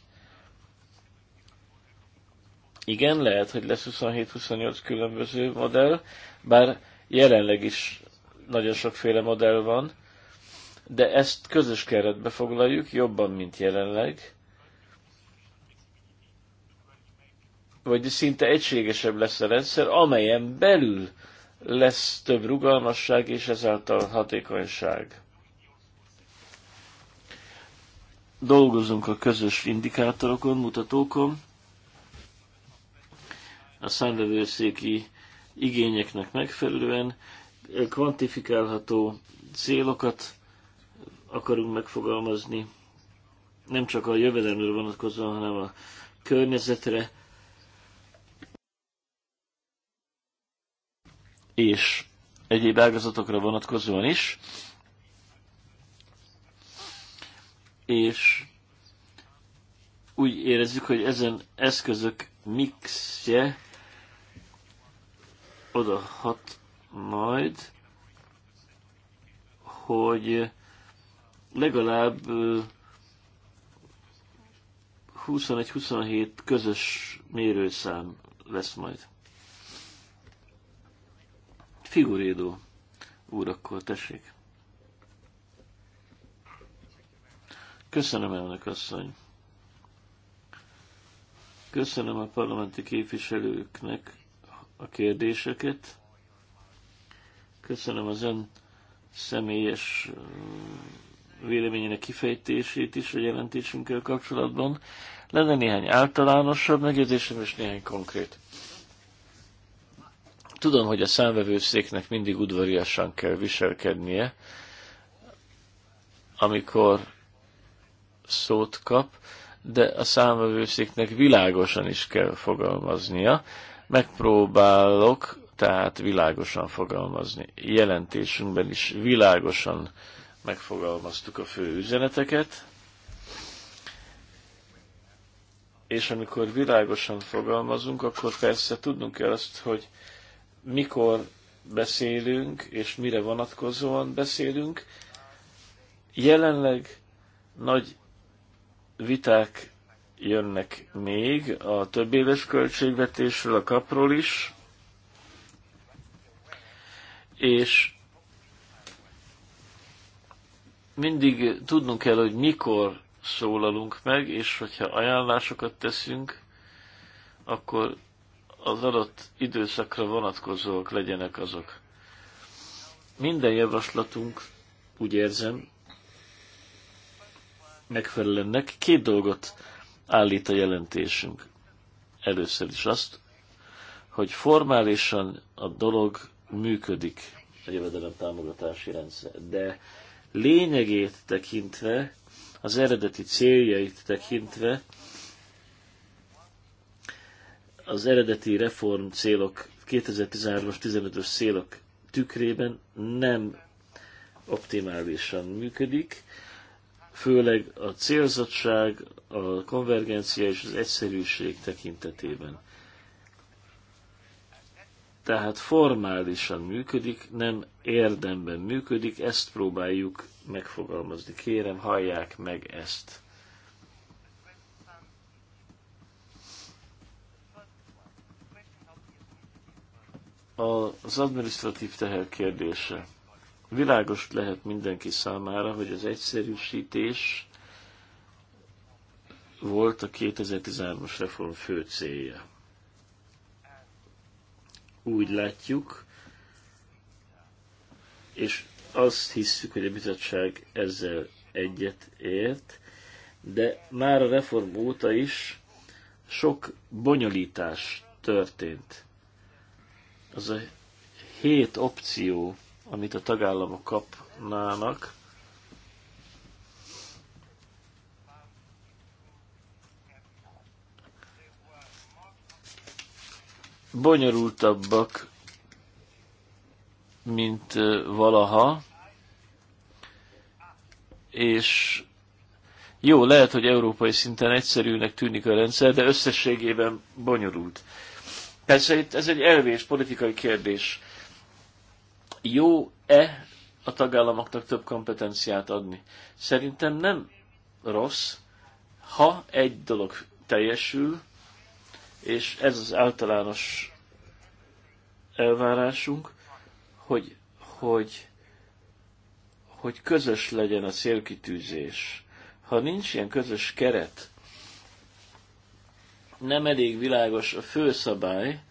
Igen, lehet, hogy lesz 27-28 különböző modell, bár jelenleg is nagyon sokféle modell van, de ezt közös keretbe foglaljuk, jobban, mint jelenleg, vagy szinte egységesebb lesz a rendszer, amelyen belül lesz több rugalmasság és ezáltal hatékonyság. Dolgozunk a közös indikátorokon, mutatókon, a számlevőszéki igényeknek megfelelően kvantifikálható célokat akarunk megfogalmazni, nem csak a jövedelemre vonatkozóan, hanem a környezetre, és egyéb ágazatokra vonatkozóan is. És úgy érezzük, hogy ezen eszközök mixje odahat majd, hogy legalább 21-27 közös mérőszám lesz majd. Figurédó úr, akkor tessék. Köszönöm, elnök asszony. Köszönöm a parlamenti képviselőknek a kérdéseket. Köszönöm az ön személyes véleményének kifejtését is a jelentésünkkel kapcsolatban. Lenne néhány általánosabb megjegyzésem és néhány konkrét. Tudom, hogy a számvevőszéknek mindig udvariasan kell viselkednie, amikor szót kap, de a számvevőszéknek világosan is kell fogalmaznia. Megpróbálok tehát világosan fogalmazni. Jelentésünkben is világosan megfogalmaztuk a fő üzeneteket, és amikor világosan fogalmazunk, akkor persze tudnunk kell azt, hogy mikor beszélünk és mire vonatkozóan beszélünk. Jelenleg nagy viták jönnek még a több éves költségvetésről, a kapról is, és mindig tudnunk kell, hogy mikor szólalunk meg, és hogyha ajánlásokat teszünk, akkor az adott időszakra vonatkozóak legyenek azok. Minden javaslatunk, úgy érzem, megfelelőnek. Két dolgot állít a jelentésünk. Először is azt, hogy formálisan a dolog működik, a jövedelem támogatási rendszer, de lényegét tekintve, az eredeti céljait tekintve, az eredeti reform célok, 2013-as 15-ös célok tükrében nem optimálisan működik, főleg a célzottság, a konvergencia és az egyszerűség tekintetében. Tehát formálisan működik, nem érdemben működik, ezt próbáljuk megfogalmazni. Kérem, hallják meg ezt. az administratív teher kérdése. Világos lehet mindenki számára, hogy az egyszerűsítés volt a 2013-as reform fő célja. Úgy látjuk, és azt hisszük, hogy a bizottság ezzel egyet ért, de már a reform óta is sok bonyolítás történt az a hét opció, amit a tagállamok kapnának, bonyolultabbak, mint valaha, és jó, lehet, hogy európai szinten egyszerűnek tűnik a rendszer, de összességében bonyolult. Persze itt ez egy elvés, politikai kérdés. Jó-e a tagállamoknak több kompetenciát adni? Szerintem nem rossz, ha egy dolog teljesül, és ez az általános elvárásunk, hogy, hogy, hogy közös legyen a célkitűzés. Ha nincs ilyen közös keret, nem elég világos a főszabály,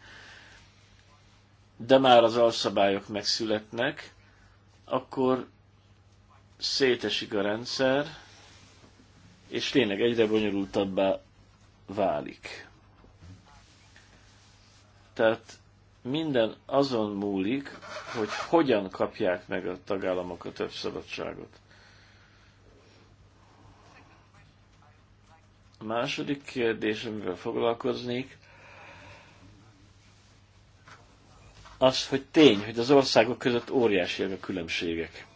de már az alszabályok megszületnek, akkor szétesik a rendszer, és tényleg egyre bonyolultabbá válik. Tehát minden azon múlik, hogy hogyan kapják meg a tagállamok a több szabadságot. Második kérdés, amivel foglalkoznék, az, hogy tény, hogy az országok között óriásiak a különbségek.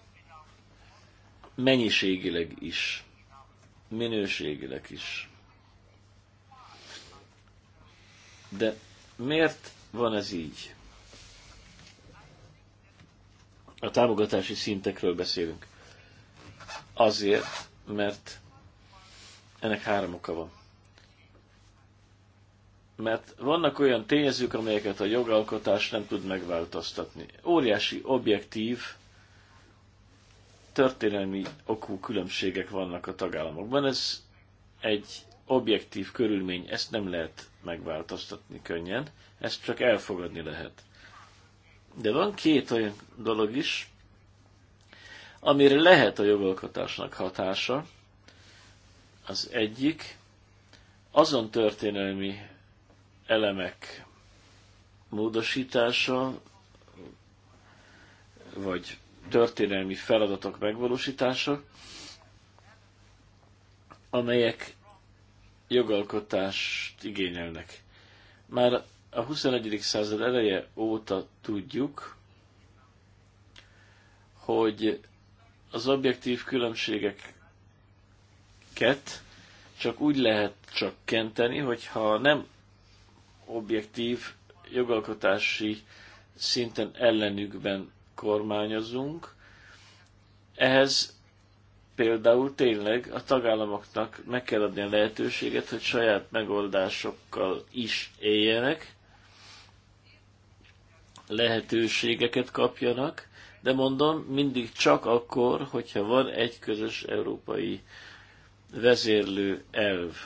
Mennyiségileg is, minőségileg is. De miért van ez így? A támogatási szintekről beszélünk. Azért, mert ennek három oka van. Mert vannak olyan tényezők, amelyeket a jogalkotás nem tud megváltoztatni. Óriási objektív, történelmi okú különbségek vannak a tagállamokban. Ez egy objektív körülmény, ezt nem lehet megváltoztatni könnyen, ezt csak elfogadni lehet. De van két olyan dolog is, amire lehet a jogalkotásnak hatása, az egyik azon történelmi elemek módosítása, vagy történelmi feladatok megvalósítása, amelyek jogalkotást igényelnek. Már a 21. század eleje óta tudjuk, hogy az objektív különbségek ezeket csak úgy lehet csökkenteni, hogyha nem objektív jogalkotási szinten ellenükben kormányozunk. Ehhez például tényleg a tagállamoknak meg kell adni a lehetőséget, hogy saját megoldásokkal is éljenek, lehetőségeket kapjanak, de mondom, mindig csak akkor, hogyha van egy közös európai vezérlő elv.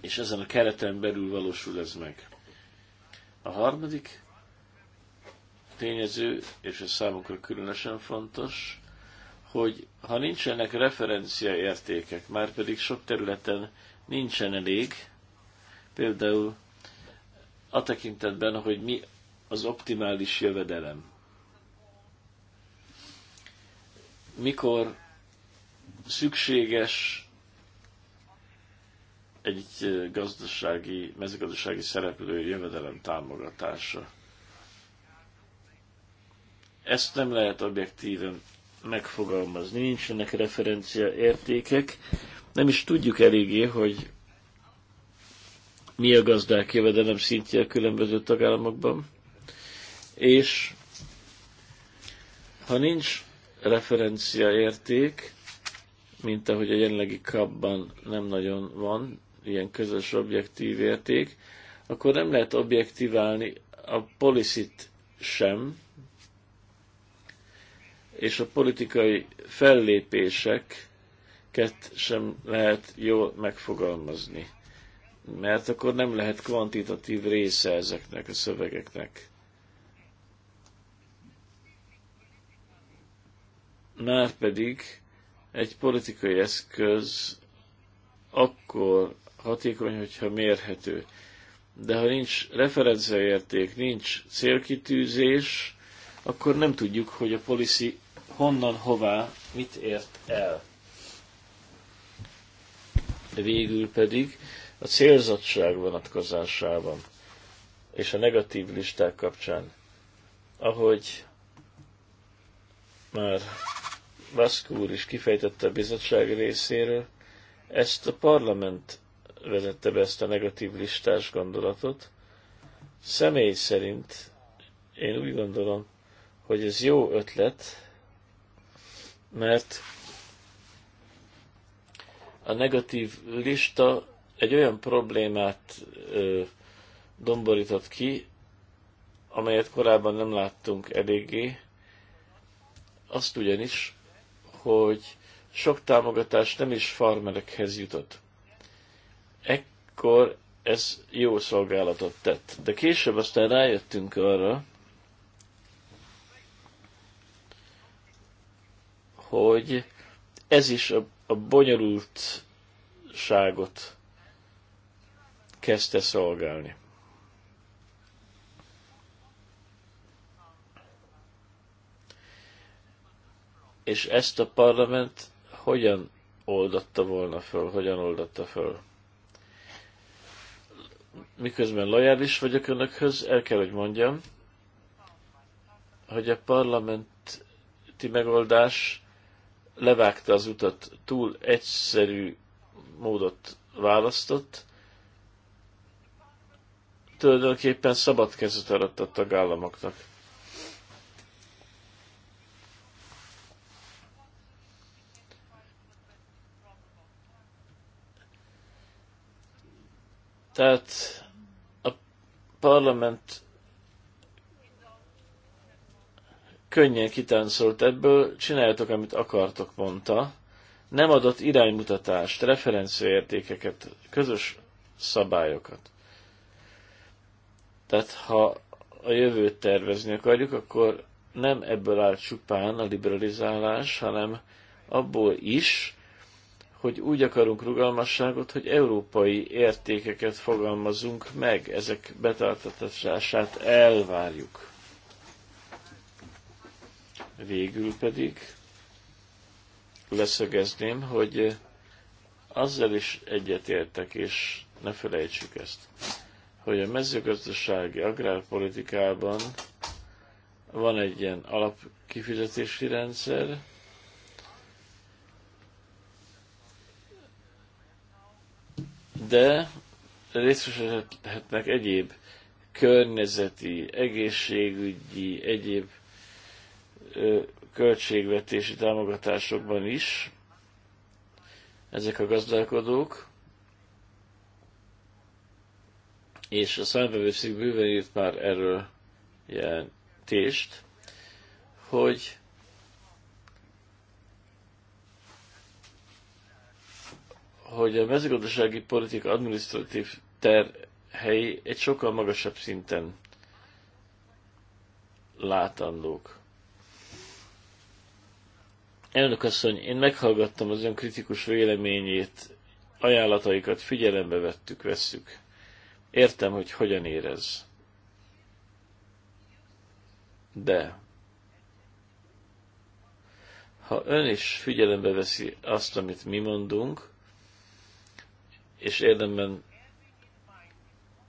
És ezen a kereten belül valósul ez meg. A harmadik tényező, és ez számukra különösen fontos, hogy ha nincsenek referencia értékek, már pedig sok területen nincsen elég, például a tekintetben, hogy mi az optimális jövedelem. Mikor szükséges egy gazdasági, mezőgazdasági szereplő jövedelem támogatása. Ezt nem lehet objektíven megfogalmazni, nincsenek referencia értékek, nem is tudjuk eléggé, hogy mi a gazdák jövedelem szintje a különböző tagállamokban, és ha nincs referencia érték, mint ahogy a jelenlegi kapban nem nagyon van ilyen közös objektív érték, akkor nem lehet objektíválni a policit sem, és a politikai fellépéseket sem lehet jól megfogalmazni. Mert akkor nem lehet kvantitatív része ezeknek a szövegeknek. Márpedig pedig egy politikai eszköz akkor hatékony, hogyha mérhető. De ha nincs referenciaérték, nincs célkitűzés, akkor nem tudjuk, hogy a policy honnan, hová, mit ért el. Végül pedig a célzottság vonatkozásában és a negatív listák kapcsán, ahogy már Baszk úr is kifejtette a bizottság részéről, ezt a parlament vezette be ezt a negatív listás gondolatot. Személy szerint én úgy gondolom, hogy ez jó ötlet, mert a negatív lista egy olyan problémát ö, domborított ki, amelyet korábban nem láttunk eléggé, azt ugyanis, hogy sok támogatás nem is farmerekhez jutott. Ekkor ez jó szolgálatot tett. De később aztán rájöttünk arra, hogy ez is a, a bonyolultságot kezdte szolgálni. és ezt a parlament hogyan oldatta volna föl, hogyan oldatta föl? Miközben lojális vagyok önökhöz, el kell, hogy mondjam, hogy a parlamenti megoldás levágta az utat, túl egyszerű módot választott, tulajdonképpen szabad kezet adott a tagállamoknak. Tehát a parlament könnyen kitáncolt ebből, csináljátok, amit akartok, mondta. Nem adott iránymutatást, referenciaértékeket, közös szabályokat. Tehát ha a jövőt tervezni akarjuk, akkor nem ebből áll csupán a liberalizálás, hanem abból is, hogy úgy akarunk rugalmasságot, hogy európai értékeket fogalmazunk meg, ezek betartatását elvárjuk. Végül pedig leszögezném, hogy azzal is egyetértek, és ne felejtsük ezt, hogy a mezőgazdasági agrárpolitikában van egy ilyen alapkifizetési rendszer, de részesülhetnek egyéb környezeti, egészségügyi, egyéb ö, költségvetési támogatásokban is ezek a gazdálkodók, és a számbevőszik bőven írt már erről jelentést, hogy hogy a mezőgazdasági politika adminisztratív terhei egy sokkal magasabb szinten látandók. Elnök asszony, én meghallgattam az ön kritikus véleményét, ajánlataikat figyelembe vettük, vesszük. Értem, hogy hogyan érez. De ha ön is figyelembe veszi azt, amit mi mondunk, és érdemben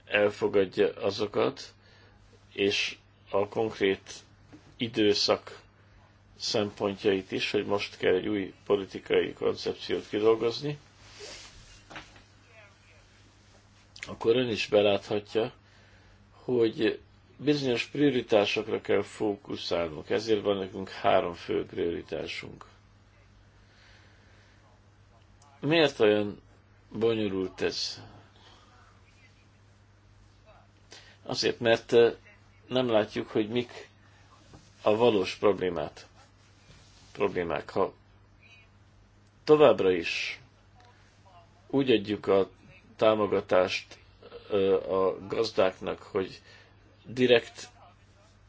elfogadja azokat, és a konkrét időszak szempontjait is, hogy most kell egy új politikai koncepciót kidolgozni, akkor ön is beláthatja, hogy bizonyos prioritásokra kell fókuszálnunk. Ezért van nekünk három fő prioritásunk. Miért olyan bonyolult ez. Azért, mert eh, nem látjuk, hogy mik a valós problémát. Problémák. Ha továbbra is úgy adjuk a támogatást eh, a gazdáknak, hogy direkt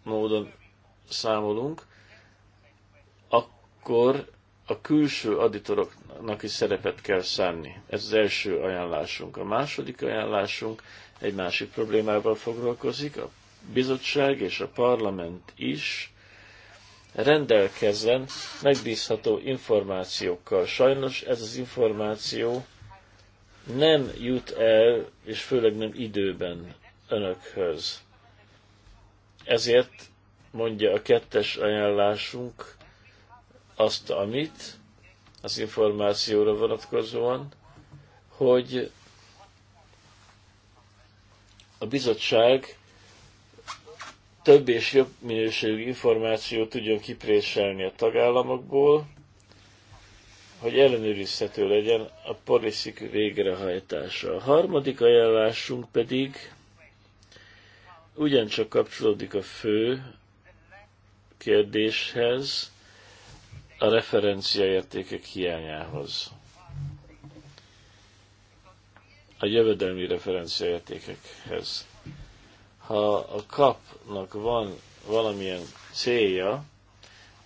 módon számolunk, akkor a külső aditoroknak is szerepet kell szánni. Ez az első ajánlásunk. A második ajánlásunk egy másik problémával foglalkozik, a bizottság és a parlament is rendelkezzen megbízható információkkal. Sajnos ez az információ nem jut el, és főleg nem időben önökhöz. Ezért mondja a kettes ajánlásunk, azt, amit az információra vonatkozóan, hogy a bizottság több és jobb minőségű információt tudjon kipréselni a tagállamokból, hogy ellenőrizhető legyen a poliszik végrehajtása. A harmadik ajánlásunk pedig ugyancsak kapcsolódik a fő kérdéshez, a referenciaértékek hiányához. A jövedelmi referenciaértékekhez. Ha a kapnak van valamilyen célja,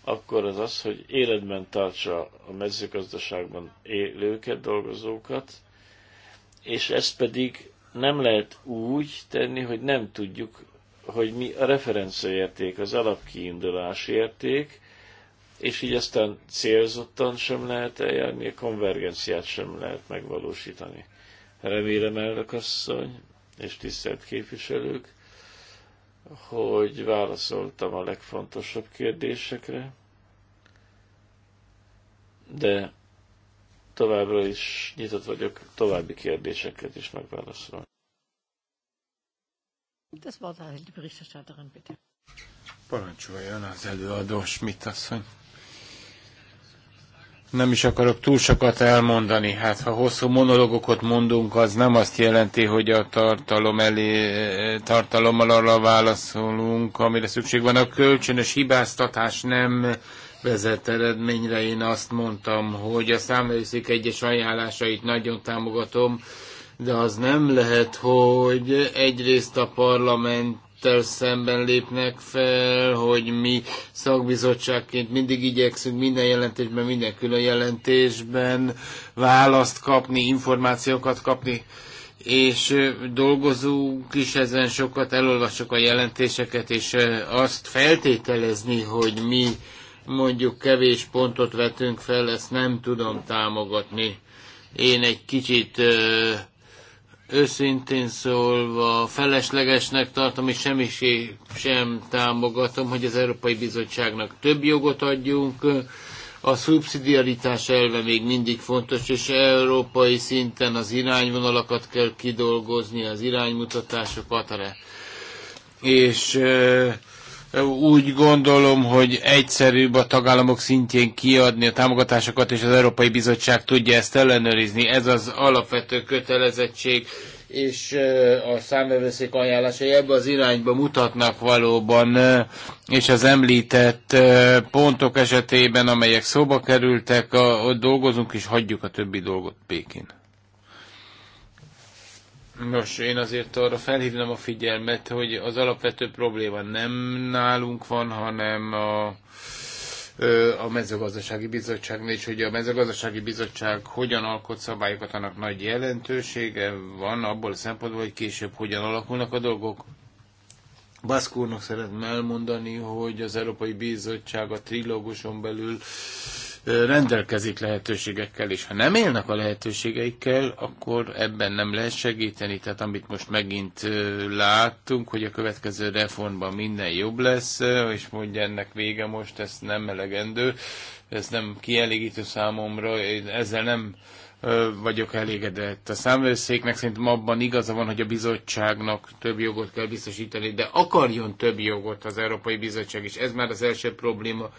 akkor az az, hogy életben tartsa a mezőgazdaságban élőket, dolgozókat, és ezt pedig nem lehet úgy tenni, hogy nem tudjuk, hogy mi a referenciaérték, az alapkiindulási érték, és így aztán célzottan sem lehet eljárni, a konvergenciát sem lehet megvalósítani. Remélem, elnök asszony és tisztelt képviselők, hogy válaszoltam a legfontosabb kérdésekre, de továbbra is nyitott vagyok további kérdéseket is megválaszolni. Das Wort erhält die Berichterstatterin, bitte. Parancsoljon az előadó Schmidt asszony nem is akarok túl sokat elmondani. Hát ha hosszú monologokat mondunk, az nem azt jelenti, hogy a tartalom elé, tartalommal arra válaszolunk, amire szükség van. A kölcsönös hibáztatás nem vezet eredményre. Én azt mondtam, hogy a számvevőszék egyes ajánlásait nagyon támogatom, de az nem lehet, hogy egyrészt a parlament jelentéstel szemben lépnek fel, hogy mi szakbizottságként mindig igyekszünk minden jelentésben, minden külön jelentésben választ kapni, információkat kapni, és dolgozunk is ezen sokat, elolvassuk a jelentéseket, és azt feltételezni, hogy mi mondjuk kevés pontot vetünk fel, ezt nem tudom támogatni. Én egy kicsit Őszintén szólva feleslegesnek tartom, és semmi sem támogatom, hogy az Európai Bizottságnak több jogot adjunk. A szubszidiaritás elve még mindig fontos, és európai szinten az irányvonalakat kell kidolgozni, az iránymutatásokat, és úgy gondolom, hogy egyszerűbb a tagállamok szintjén kiadni a támogatásokat, és az Európai Bizottság tudja ezt ellenőrizni. Ez az alapvető kötelezettség és a számvevőszék ajánlásai ebbe az irányba mutatnak valóban, és az említett pontok esetében, amelyek szóba kerültek, ott dolgozunk, és hagyjuk a többi dolgot békén. Nos, én azért arra felhívnám a figyelmet, hogy az alapvető probléma nem nálunk van, hanem a, a mezőgazdasági bizottságnál, és hogy a mezőgazdasági bizottság hogyan alkot szabályokat, annak nagy jelentősége van abból a szempontból, hogy később hogyan alakulnak a dolgok. Baszkúrnak szeretném elmondani, hogy az Európai Bizottság a trilóguson belül rendelkezik lehetőségekkel, és ha nem élnek a lehetőségeikkel, akkor ebben nem lehet segíteni. Tehát amit most megint láttunk, hogy a következő reformban minden jobb lesz, és mondja ennek vége most, ez nem elegendő, ez nem kielégítő számomra, én ezzel nem vagyok elégedett. A számvőszéknek szerintem abban igaza van, hogy a bizottságnak több jogot kell biztosítani, de akarjon több jogot az Európai Bizottság, és ez már az első probléma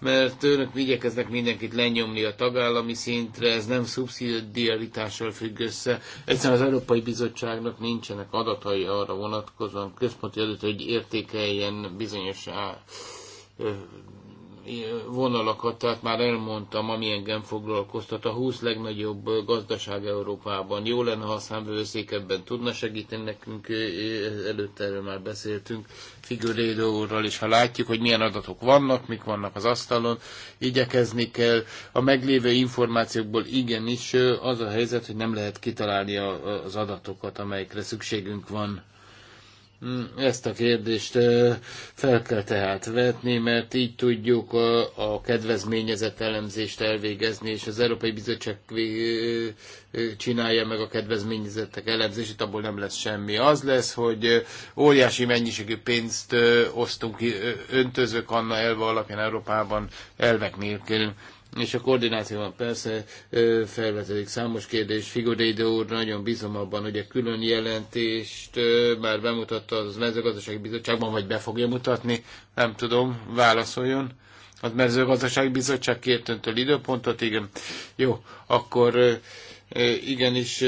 mert önök igyekeznek mindenkit lenyomni a tagállami szintre, ez nem szubszidiaritással függ össze. Egyszerűen az Európai Bizottságnak nincsenek adatai arra vonatkozóan központi adat, hogy értékeljen bizonyos vonalakat, tehát már elmondtam, ami engem foglalkoztat, a 20 legnagyobb gazdaság Európában. Jó lenne, ha a számvevőszék ebben tudna segíteni nekünk, előtte erről már beszéltünk Figurédo úrral, és ha látjuk, hogy milyen adatok vannak, mik vannak az asztalon, igyekezni kell. A meglévő információkból igenis az a helyzet, hogy nem lehet kitalálni az adatokat, amelyekre szükségünk van Mm, ezt a kérdést fel kell tehát vetni, mert így tudjuk a kedvezményezett elemzést elvégezni, és az Európai Bizottság csinálja meg a kedvezményezettek elemzését, abból nem lesz semmi. Az lesz, hogy óriási mennyiségű pénzt osztunk ki öntözök kanna elve alapján Európában elvek nélkül és a koordinációban persze felvetődik számos kérdés. Figoréde úr, nagyon bízom abban, hogy a külön jelentést már bemutatta az mezőgazdasági bizottságban, vagy be fogja mutatni, nem tudom, válaszoljon. Az mezőgazdasági bizottság kért öntől időpontot, igen. Jó, akkor igenis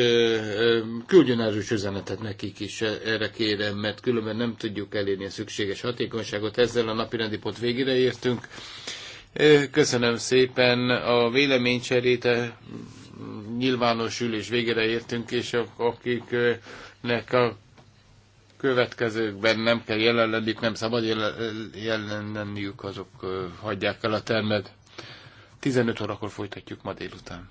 küldjön erős üzenetet nekik is, e, erre kérem, mert különben nem tudjuk elérni a szükséges hatékonyságot. Ezzel a napirendi pont végére értünk. Köszönöm szépen a véleménycserét, nyilvános ülés végére értünk, és akiknek a következőkben nem kell jelen lennük, nem szabad jelen lenniük, azok hagyják el a termet. 15 órakor folytatjuk ma délután.